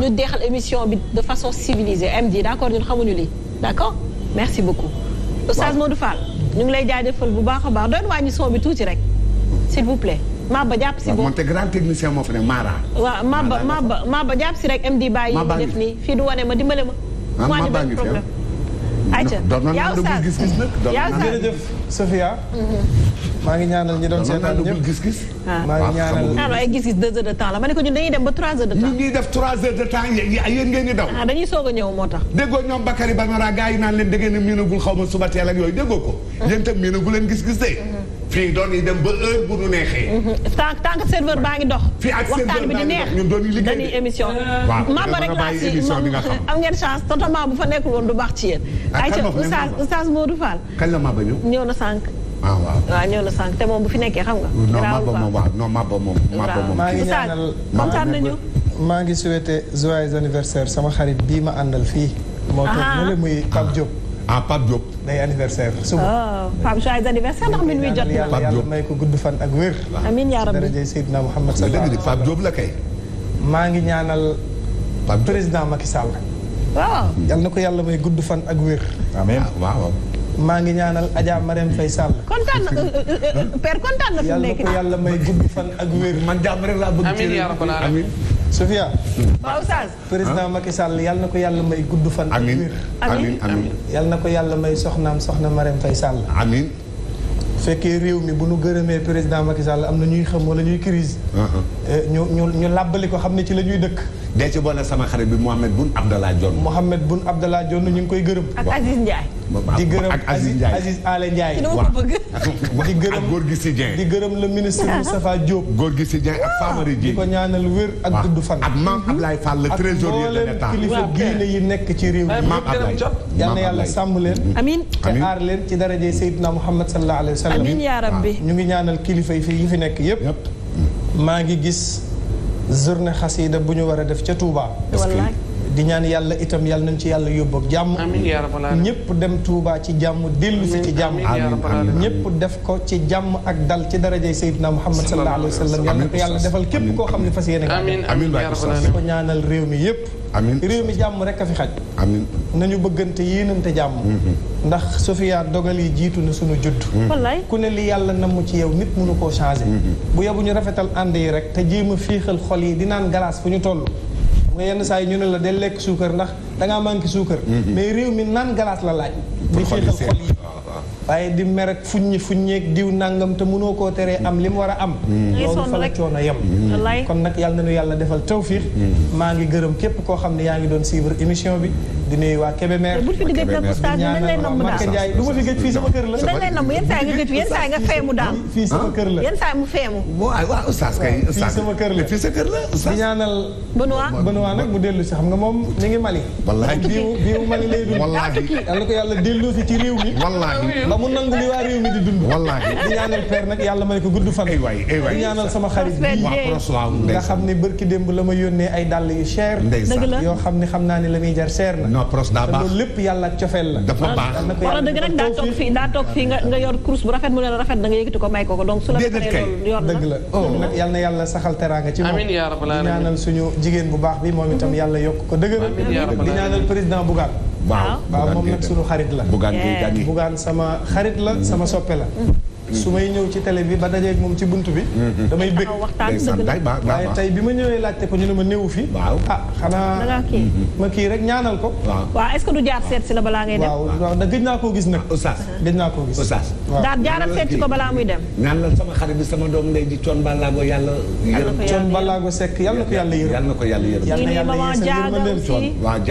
ñu deexal émission bi de façon civilisée MD d'accord ñun xamuñu lii d'accord merci beaucoup. waaw Oustaz Modou Fall ñu ngi lay jaajëfal bu baax a baax doon wàññi son bi tuuti rek. s'il vous plaît. Maba jàpp si boobu moonte grand technicien moo fa ne Mara. waaw Maba Maba Maba jàpp si rek MD bàyyi yi def nii fii du wane ma dimbale ma. ah Maba ngi fi ah. gis-gis nag. yaa oustaz jërëjëf Sofia. maa ngi ñaanal ñi doon seetaan ñëpp gis-gis. Ah. maa ngi ah, de temps la ma ne ko ñun dañuy dem ba trois de temps. ñu ngi def trois heures de temps daw. dañuy soog a ñëw moo tax. déggoo ñoom Bakary Banara gars yi naan leen da ngeen a miinagul xaw ma suba teel yooyu déggoo ko. Mm-hmm. yéen leen gis-gis fii doon yi dem ba heure bu nu neexee. Mhm. tant tant que serveur baa ngi dox. fii ak serveur baa ngi dox ñun doon yi liggéey dañuy émission. waaw mama rek laa si am ngeen chance totalement bu fa nekkul woon du baax ci yéen. Ah, ay ca oustaz oustaz Modou Fall. kañ la maba ñëw ñëw na sànq. ah waaw waaw ñëw na sànq te moom bu fi nekkee xam nga. non maba moom waaw non maba moom. maba moom kii oustaz kontaan nañu. maa ngi souhaité joyeux anniversaire sama xarit bii ma àndal fii. moo tax muy Pape Diop ah Pape Diop. day anniversaire suba. waaw ah, Pape joyeux anniversaire ndax min wi jot na. Pape Diop may ko gudd fan ak wér. amiin yaa rabbi daraja Seydina Mouhamed sallallahu alayhi wa sallam Pape Diop la kay. maa ngi ñaanal. Pape président Macky Sall. waaw. yal na ko yàlla may gudd fan ak wér. amiin ah, waaw. maa ngi ñaanal Adja Marème Faye Sall. kontaan na euh, euh, euh, père kontaan na fi mu nekk yàlla ko yàlla may gudd fan ak wér man jàmm rek laa bëgg. amiin yaa rabbal aalamiin Sofia. président Macky Sall yal na ko yàlla may gudd fan. amiin amiin amiin yal na ko yàlla may soxnaam soxna Marème Faye Sall. amiin. fekkee réew mi bu nu gërëmee président Macky Sall am na ñuy xam wala ñuy crise uh-huh. eh, ñu ñu ñu làbbali ko xam ne ci la ñuy dëkk. dee sama xarit bi Mohamed Boun Abdallah Dionne. Mohamed Boun Abdallah Dionne ñu ngi koy gërëm. ak Aziz Ndiaye. di gërëm ak Aziz Ndiaye Aziz Ale Ndiaye. di gërëm ak Gorgui Sy Dieng. di gërëm la ministre Moustapha Diop. Gorgui Sy Dieng ak Famara Dieng. di ko ñaanal wér ak gudd fan. ak Mame Ablaye Fall le trésorier de l'État. ak mboolem kilifa diine yi nekk ci réew mi. Mame Ablaye yal na yàlla sàmm leen. amiin te leen ci daraje Seydina Muhammad sallallahu alayhi wa sallam. amiin yaa rabbi ñu ngi ñaanal kilifa yi fi nekk yépp maa ngi gis journée xasida bu ñu war a def ca Touba. di ñaan yàlla itam yàlla nañ ci yàlla yóbbu ak jàmm. ñëpp dem Touba ci jàmm dellu si ci jàmm. ñëpp def ko ci jàmm ak dal ci darajay Seydina Muhammad sallallahu alayhi wa sallam. yàlla ko yàlla defal képp koo xam ne fas yéene. amiin amiin ko ñaanal réew mi yëpp. amin réew mi jàmm rek a fi xaj. amin nañu bëggante yéenante jàmm. Mm-hmm. ndax Sofia dogal yi jiitu na sunu judd. Mm-hmm. wallaay ku ne li yàlla namm ci yow nit munu koo changé. Mm-hmm. bu yóbbu ñu rafetal ànd yi rek te jéem a fiixal xol yi di naan galaas fu ñu toll. nga yenn saa yi ñu ne la day lekk suukar ndax dangaa manqué suukar. mais réew mi naan galaas la laaj. di xeexal xol yi waaye di mer fuñ fuññi fuññeeg diw nangam te munoo koo teree am li mu war a am mm. loolu fa la coono yem mm. kon nag yàlla na nu yàlla defal tawfiix mm. maa ngi gërëm képp koo xam ne yaa ngi doon suivre émission bi di nuyu waa Kébémer bu fi duggee club oustaz bi dañ lay namb daal Ndiaye du ma fi gëj fii sama kër la dañ lay namb yenn saa nga gëj yenn saa nga feemu daal fii sama kër la yenn saa mu feemu waaw oustaz kay oustaz sama kër la fii sa kër la oustaz di ñaanal Benoît Benoît nag mu dellu si xam nga moom mi ngi Mali wallaahi biiwu Mali lay dund wallaahi yàlla ko yàlla delloo si ci réew mi wallaahi ba mu nangu li waa réew mi di dund wallaahi di ñaanal père nag yàlla may ko gudd fan di ñaanal sama xarit bi nga xam ne bërki démb la ma yónnee ay dàll yu cher yoo xam ne xam naa ne la muy jar cher na non loolu lépp yàlla cofeel la. dafa baax wala dëgg nag daa toog fii daa nga yor course bu rafet mu ne la rafet da nga yëkkati ko may ko ko donc su la paree loolu yor na dëgg la oh. nag yàlla saxal ci moom amiin ñaanal suñu jigéen bu baax bi moom itam yàlla yokk ko dëgëral di ñaanal président Bougane waaw moom nag suñu xarit la Bougane eh. Bougane sama xarit la sama soppe la mm. su may ñëw ci télé bi ba dajeeg moom ci bunt bi mhm. damay bëgg waaye tey bi ma ñëwee laajte ko ñu ne ma néewu fi waaw ah xanaa mhm. ma kii rek ñaanal ko waaw est-ce que du jaar seet si la balaa ngay dem waaw waaw da naa koo gis nag ah, oustaz gëj naa koo gis oustaz daal jaaral seet si ko dem ñaan la sama xarit bi sama doom ndey di coon ballaago yàlla yërëm coon ballaago sekk yàlla na ko yàlla yërëm yàlla na ko yàlla yërëm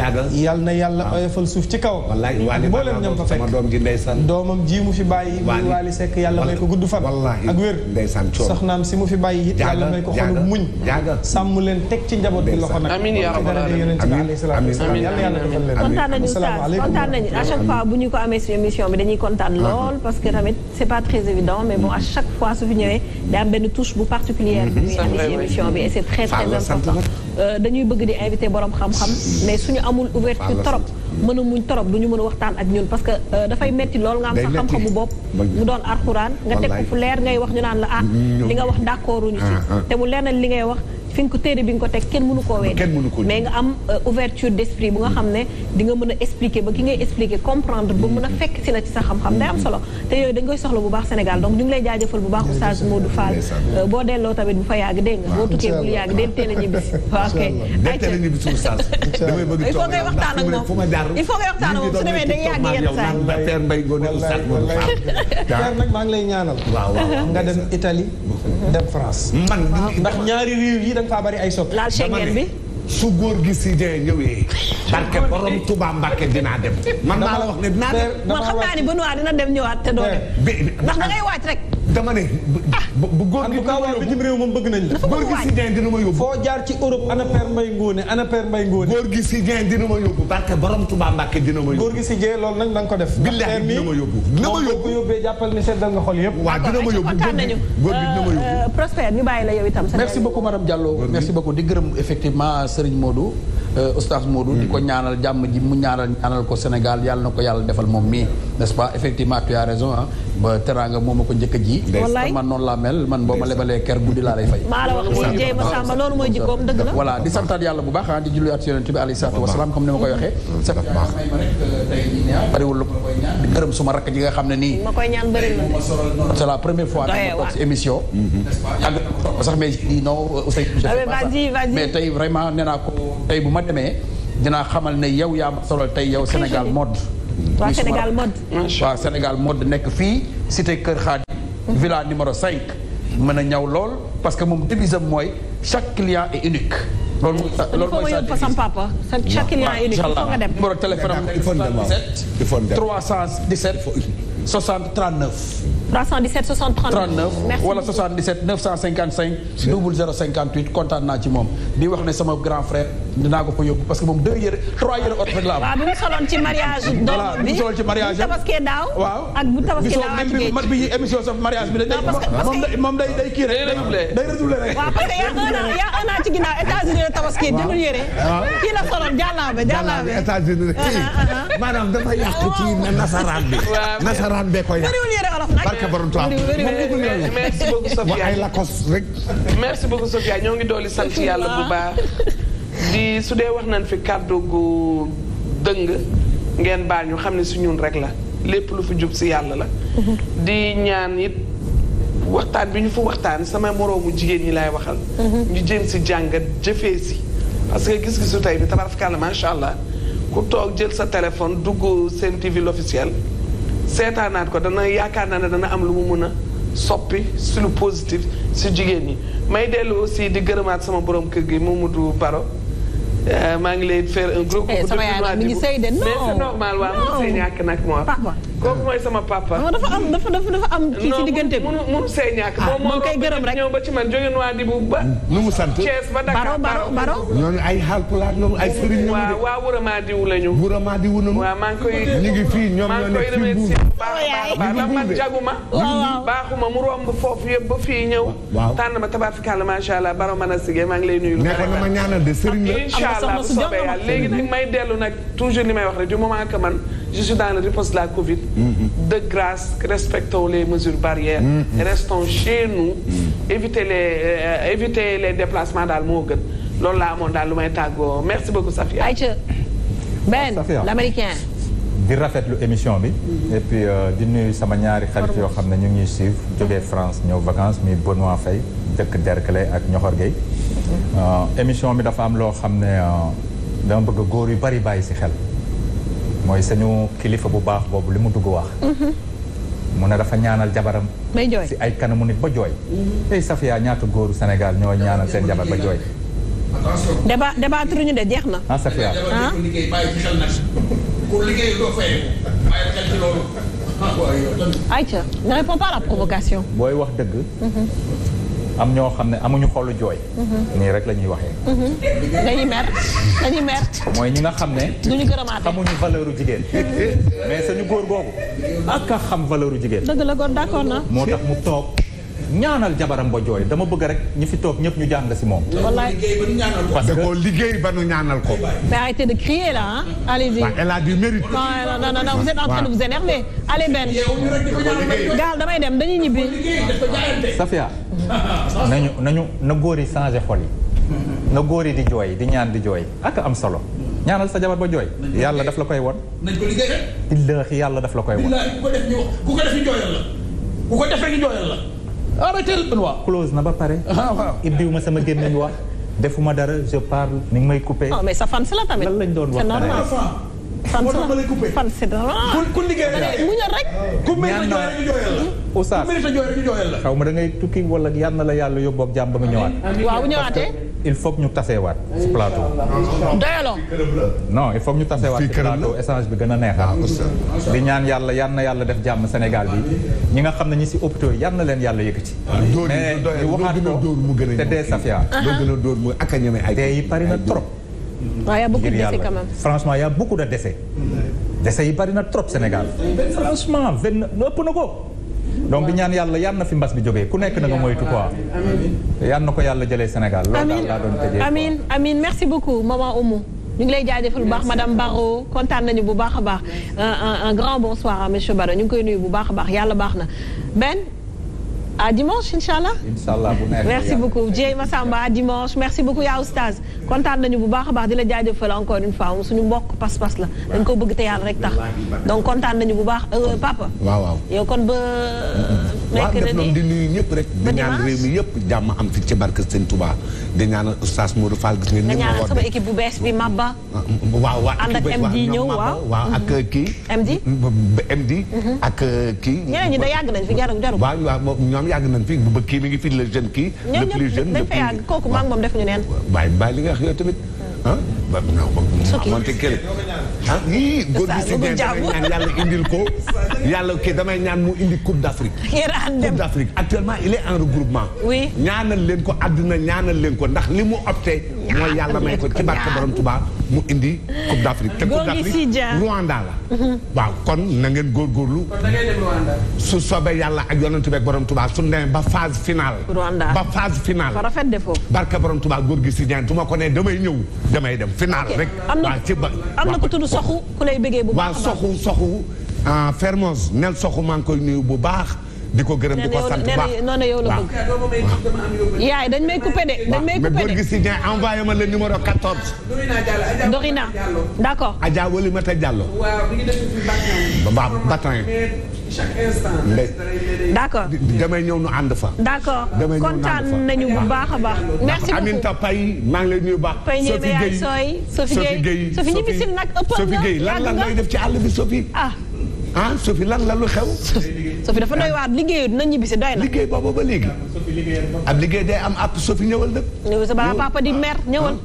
yàlla na yàlla oyofal suuf ci kaw wallaay waali boo leen ñam fa fekk sama doom ji ndeysaan doomam ji mu fi bàyyi muy waali sekk yàlla may ko gudd fan ak wér soxnaam si mu fi bàyyi it yàlla may ko xolu muñ sàmm leen teg ci njaboot bi loxo nag amiin yaa rabbal aalamiin kontaan nañu Oustaz kontaan nañu à chaque fois bu ñu ko amee suñu émission bi dañuy kontaan lool parce que tamit c'est pas très évident mais bon à chaque fois su fi ñëwee day am benn touche bu particulière bi ñuy indi mm-hmm. si émission bi et c'est très très important euh, dañuy bëgg di invité borom xam-xam mais suñu amul ouverture trop mën a muñ torop du ñu mën a waxtaan ak ñun parce que euh, dafay metti lool nga am sa xam-xamu bopp mu doon alxuraan nga teg ko fu leer ngay wax ñu naan la ah li nga wax d'accorduñu ci ah, ah. te mu leneen li ngay wax fi nga téere bi nga ko teg kenn mënu koo wéy mais nga am euh, ouverture d'esprit bu nga xam ne di mën a expliquer ba ki ngay expliquer comprendre ba mën a mm-hmm. fekk si la ci sa xam-xam day am mm-hmm. solo te yooyu dañ soxla bu baax Sénégal donc ñu ngi lay jaajëfal bu baax Oustaz Modou Fall euh, boo delloo tamit bu fa yàgg dégg nga boo tukkee bul yàgg del teel a ñibbisi waaw a il faut ngay waxtaan ak moom il faut ngay waxtaan ak moom su demee da yàgg yenn saa nga dem Italie da nga faa bari ay sopp laal Schengen bi su góor gi si dee ñëwee. barke borom Touba Mbacke dinaa dem. man maa la wax ne dinaa dem. man xam naa ne Benoît dina dem ñëwaat te doo eh, dem. ndax da ngay waaj rek. dama ne bu góor gi dina moom bëgg nañ la góor gi si deen dina ma yóbbu foo jaar ci Europe ana Père Mbaye Ngóone ana Père góor gi si deen dina ma yóbbu barke borom Tuubaa Mbàkke dina ma yóbbu góor gi si deen loolu nag da ko def billahi dina ma yóbbu dina ma yóbbu yóbbee jàppal ni seddal nga xol yëpp waaw dina ma yóbbu góor gi dina ma yóbbu euh, Prospère ñu bàyyi la yow itam merci beaucoup madame Diallo merci beaucoup di gërëm effectivement Serigne Modou Euh, Oustaz Modou di ko hmm. ñaanal jàmm ji mu ñaanal ñaanal ko Sénégal yàlla na ko yàlla defal moom mii n'est-ce pas effectivement tu as raison ah ba teraanga moom a ko njëkk a ji man noonu laa mel man boo ma lebalee kër guddi laa lay fay maa la wax muy jéem a sàmba loolu mooy jikkoom dëgg la voilà di santaat yàlla bu baax ah di julliwaat si yonent bi alayhi salaatu wasalaam ma koy waxee sa may ma rek euh, tey ñi ne ah, bariwul lu suma rakk ji nga xam ne nii ma la première fois ma toog si émission mm-hmm. sax mais non ah, mais tey vraiment nee naa ko tey bu ma demee dinaa xamal ne yow yaa ma solo tey yow Sénégal mode waa Sénégal mode nekk fii cité Kër Khady villa numéro cinq mën a ñaw lool parce que moom devise am mooy chaque client est unique loolu mooy sa loolu in sa devise papa chaque client est unique nga dem téléphone am 77 317 60 39 317 60 39 merci wala 77 955. 0058 kontaan naa ci moom di wax ne sama grand frère dinaa ko fa yóbbu parce que moom deux yére trois yére oto rek la am. waaw bi mu soloon ci mariage. doom bi bu ci mariage bu tabaskee daaw. waaw ak bu tabaskee daaw ak géej bi émission sa mariage bi. non parce que moom day day kii rek. day redoublé day redoublé rek. waaw parce que y' a un an y' a un an ci ginnaaw États-Unis la tabaskee. waaw demul yére. waaw kii la soloon jàllaabe jàllaabe. États-Unis ah, ah, ah, maanaam dafa yàq ci oh. nasaraan bi. nasaraan bee koy yàq. barke borom Tuubaa merci rek. merci beaucoup Sofia ñoo ngi dooli sant yàlla bu baax. su dee wax nañ fi kàddu gu dëng ngeen baal ñu xam ne su ñun rek la lépp lu fi jub si yàlla la. di ñaan it waxtaan bi ñu fa waxtaan sama moroomu jigéen ñi laay waxal. ñu jéem si jàngat jëfee si. parce que gis-gisu tey bi tabaraka allah macha allah ku toog jël sa téléphone dugg seen TV l'officiel seetaanaat ko dana yaakaar naa ne dana am lu mu mën a soppi si lu positif si jigéen ñi may dellu aussi di gërëmaat sama borom kër gi du Baro eh, maa ngi lay faire un gros eh, coucou. sama yaay mi ngi sëy de normal waaw mu sëy ñàkk nag moo kooku mooy sama papa. non dafa am dafa dafa am. fii ci diggante bi non mënu see ñàkk. Ah, moom kay gërëm rek ñëw ba ci man jóge noa di bu ba. Mm, nu mu sant Thiès ba Dakar baro baro ñooñu ay Haalpulaar ñoom ay sëriñ ñoom de. waaw Wuramadiw lañu. Wuramadiw nañu. maa ngi koy. ñu fii ñoom ñoo nekk fii Mbour. maa ngi man jaguma. waaw baaxuma mu romb foofu yëpp ba fii ñëw. waaw tànn ma tabaarkalla macha allah baro mën a sigee maa ngi lay nuyu. nekkoon na ma ñaanal de sëriñ la. incha bu soobee yàlla léegi nag may dellu nag toujours ni may wax rek du moment que man je suis dans la riposte de la Covid. de grâce respectons les mesures barrières. Mm-hmm. restons chez nous. Mm-hmm. éviter les euh, éviter les déplacements daal moo gën loolu laa amoon daal lu may tàggoo merci beaucoup Safia. Aïcha Ben l'américain. di rafetlu émission bi. Mm-hmm. et puis euh, di nuyu sama ñaari xarit yoo xam ne ñu ngi ñuy suivre jógee France ñëw vacances muy Benoît Faye dëkk Derklé ak Ñoxor Gueye. Euh, émission bi dafa am loo xam ne dama bëgg góor yu bari bàyyi ci xel. mooy sañu kilifa bu baax boobu li mu dugg wax mu ne dafa ñaanal jabaram si ay kanamu nit ba jooy tey Safia ñaata góoru Sénégal ñoo ñaanal seen jabar ba jooy débat débat ñu de jeex na ah Safia ah. Ah, Aïcha ne réponds la provocation booy wax dëgg mm-hmm. am ñoo xam ne amuñu xolu jooy. Mhm. nii rek la ñuy waxee. Mhm. dañuy mer dañuy mer. mooy ñi nga xam ne. duñu gërëmaate xamuñu valeur jigéen. mais suñu góor googu. ak ka xam valeuru jigéen. dëgg la góor d'accord na. moo tax mu toog. ñaanal jabaram ba jooy dama bëgg rek ñi fi toog ñëpp ñu jàng si moom. parce que da koo liggéey ba nu ñaanal ko. mais arrêtez de crier là hein. allez-y elle a du mérite. non non non vous êtes en train de vous énerver. allez Ben. gaal damay dem dañuy ñibbi. Safia. nañu nañu na góor yi changé xol yi. góor yi di jooy di ñaan di jooy ak am solo. ñaanal sa jabar ba jooy. yàlla daf la koy won. nañ yàlla daf la koy won. ku ko def ñu jooyal la. arrêté waaw. close na ba pare. ah ma sama gémmiñ wax defuma dara je parle. ni may coupé. non ah, mais sa fan la tamit. lan lañ doon wax. c'est normal fan si la fan si ku liggéey rek mu ñor rek. ku mérite jooy rek ñu jooyal la. la. xaw ma da ngay tukki wala yal na la yàlla yóbbu ak jàmm ba mu ñëwaat. waaw bu ñëwaatee. il faut ñu taseewaat si plateau. doyaloo. non il faut ñu taseewaat si plateau échange bi gën a ah, ñaan yàlla yal na yàlla def jàmm Sénégal bi ñi nga xam ne ñi si hôpitaux yi na leen yàlla yëkkati. Ah, mais ñu waxaat ko te dee Safia. a dóor mu ak a tey yi na trop. waaw y' a beaucoup de décès quand même. franchement y' a beaucoup de décès. décès yi bari na trop Sénégal. franchement vingt ëpp na ko. donc di ñaan yàlla yal na fi mbas bi jógee ku nekk na nga moytu quoi. na ko yàlla jëlee Sénégal. loolu daal laa doon tëjee amiin amiin merci beaucoup maman Oumou. ñu ngi lay jaajëfal bu baax madame Baro kontaan nañu bu baax a baax. un un grand bonsoir à monsieur Baro ñu ngi koy nuyu bu baax a baax yàlla baax na. Ben. à dimanche incha allah. incha allah bu neex merci beaucoup Dieye Massamba à dimanche merci beaucoup yaa oustaz kontaan nañu bu baax a baax di la jaajëfal encore une fois suñu mbokk pas-pas la. dañ ko bëgg rek tax. donc kontaan nañu bu baax euh, papa. waaw waaw yow kon ba. nekk na di nuyu ñëpp rek. di ñaan réew mi yëpp jàmm am fi ci barke Sëñ Touba. di ñaanal oustaz Modou Fall gis ngeen. ñëpp ñaanal sama équipe bu bees bi Mabba. Ah, waaw waaw ànd ak MD ñëw waaw. waaw ak mm-hmm. kii. MD. Mm-hmm. ak kii. ñeneen ñi yàgg nañ fi jarul jarul. waaw waaw ñoom yàgg nañ fi bu kii mi ngi fi le jeune kii. le plus jeune le plus yàgg kooku maa ngi moom defuñu neen. bàyyi bàyyi li nga wax yow tamit. ah ba non ba xamante kële. ah yii góor gi si dee damay ñaan yàlla indil ko. yàlla kii damay ñaan mu indi Coupe d'Afrique. Coupe d'Afrique actuellement il est en regroupement. oui ñaanal leen ko àdduna ñaanal leen ko ndax li mu opté. mooy yàlla may ko ci barke borom Touba mu indi Coupe d'Afrique te Coupe d'Afrique Rwanda la waaw kon na ngeen góorgóorlu su soobee yàlla ak yonentu beeg borom Touba su demee ba phase finale ba phase finale barke borom Touba góor gi si dien du ma ko ne damay ñëw damay dem finale rek waaw ci ba am na ku tudd soxu ku lay bëggee bu baax waaw soxu soxu ah, Fermoz nel soxu maa ngi koy nuyu bu baax di ko gërëm di ko sant baax nee na yow la bëgg yaay dañ may coupé de dañ may coupé de mais góor gi si ñaay envoyé ma le numéro 14. Dorina d'accord. Adja Walimata Diallo. waaw Bataille. d'accord. damay ñëw nu ànd fa. d'accord kontaan nañu bu baax a baax. merci beaucoup Aminta Paye maa ngi lay nuyu baax. Sophie Gueye Sophie Gueye Sophie Gueye Sophie Gueye lan lan lay def ci àll bi Sophie. Ah. ah Sophie lan la lu xew. Sophie dafa doy waar liggéey dina ñibbisi doy na. liggéey boobu ba léegi. ab liggéey day am àpp Sophie ñëwal dëkk. ñëwal sa baa papa di mer ñëwal.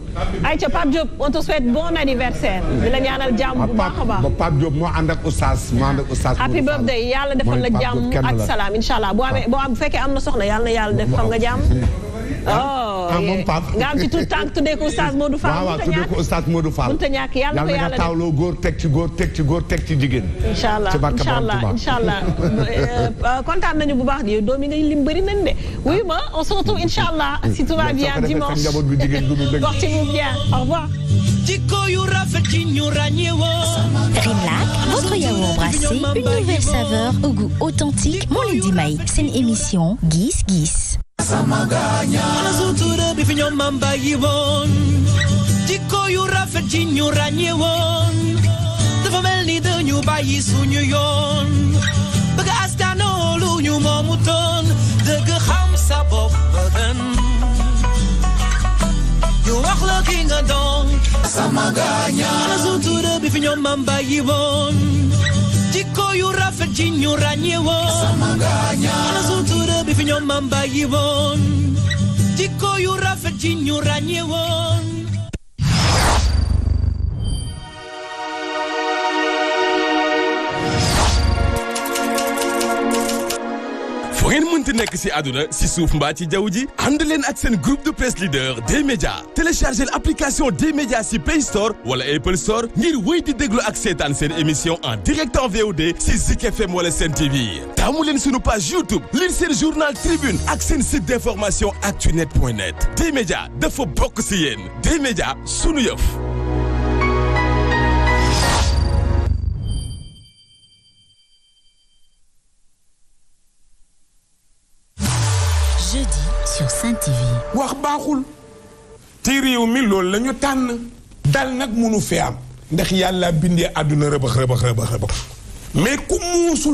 ay ah. ca Pape Diop on te souhaite bon anniversaire. Ah. di la ñaanal jàmm bu ah, baax a baax. Pape Diop moo ànd ak oustaz moo ànd ak oustaz. happy birthday yàlla defal la jàmm ak salaam incha allah boo amee boo fekkee am na soxna yàlla na yàlla def xam nga jàmm. Ah, oh, ah moom eh, Pape. nga am ci tout temps tuddee ko oustaz Modou Fall. waaw waaw tuddee a ñàkk yàlla ko yàlla de yàlla nga taawloo góor teg ci góor teg ci teg ci jigéen. incha allah incha allah incha eh, euh, ah, kontaan nañu bu baax di doom yi ngay lim bëri nañ de. oui ma on se retrouve incha mm. si tout va bien dimanche portez vous bien au revoir. Rimlac, votre yaourt brassé, une nouvelle au goût authentique, mon lundi maï. émission Gis Gis. samagaña alasu ture bi fi ñoom maam woon jikko yu rafet ji ñu ràññe woon dafa mel ni dañu bàyyi suñu yoon bëgg askanoo lu ñu moomu toon dëgg xam sa bopp gën wax la ki doon samagaña alasu ture bi fi ñoom maam woon jikko yu rafet ji ñu ràññee woon ana sutura bi fi ñoom maam woon jikko yu rafet ji ñu woon ngeen mënti nekk si àdduna si suuf mbaa ci jaww ji ànd leen ak seen groupe de presse leader D-Media téléchargé l'application D-Media si Play Store wala Apple Store ngir wéy di déglu ak seetaan seen émission en direct en VOD si Zik FM wala seen TV taamu leen sunu page YouTube lire seen journal Tribune ak seen site d'information actunet.net D-Media dafa bokk si yéen D-Media sunu yëf. sur wax baaxul. te réew mi loolu lañu tànn. dal nag mënu fee am. ndax yàlla bindee àdduna rëbëx rëbëx rëbëx rëbëx mais ku muusul.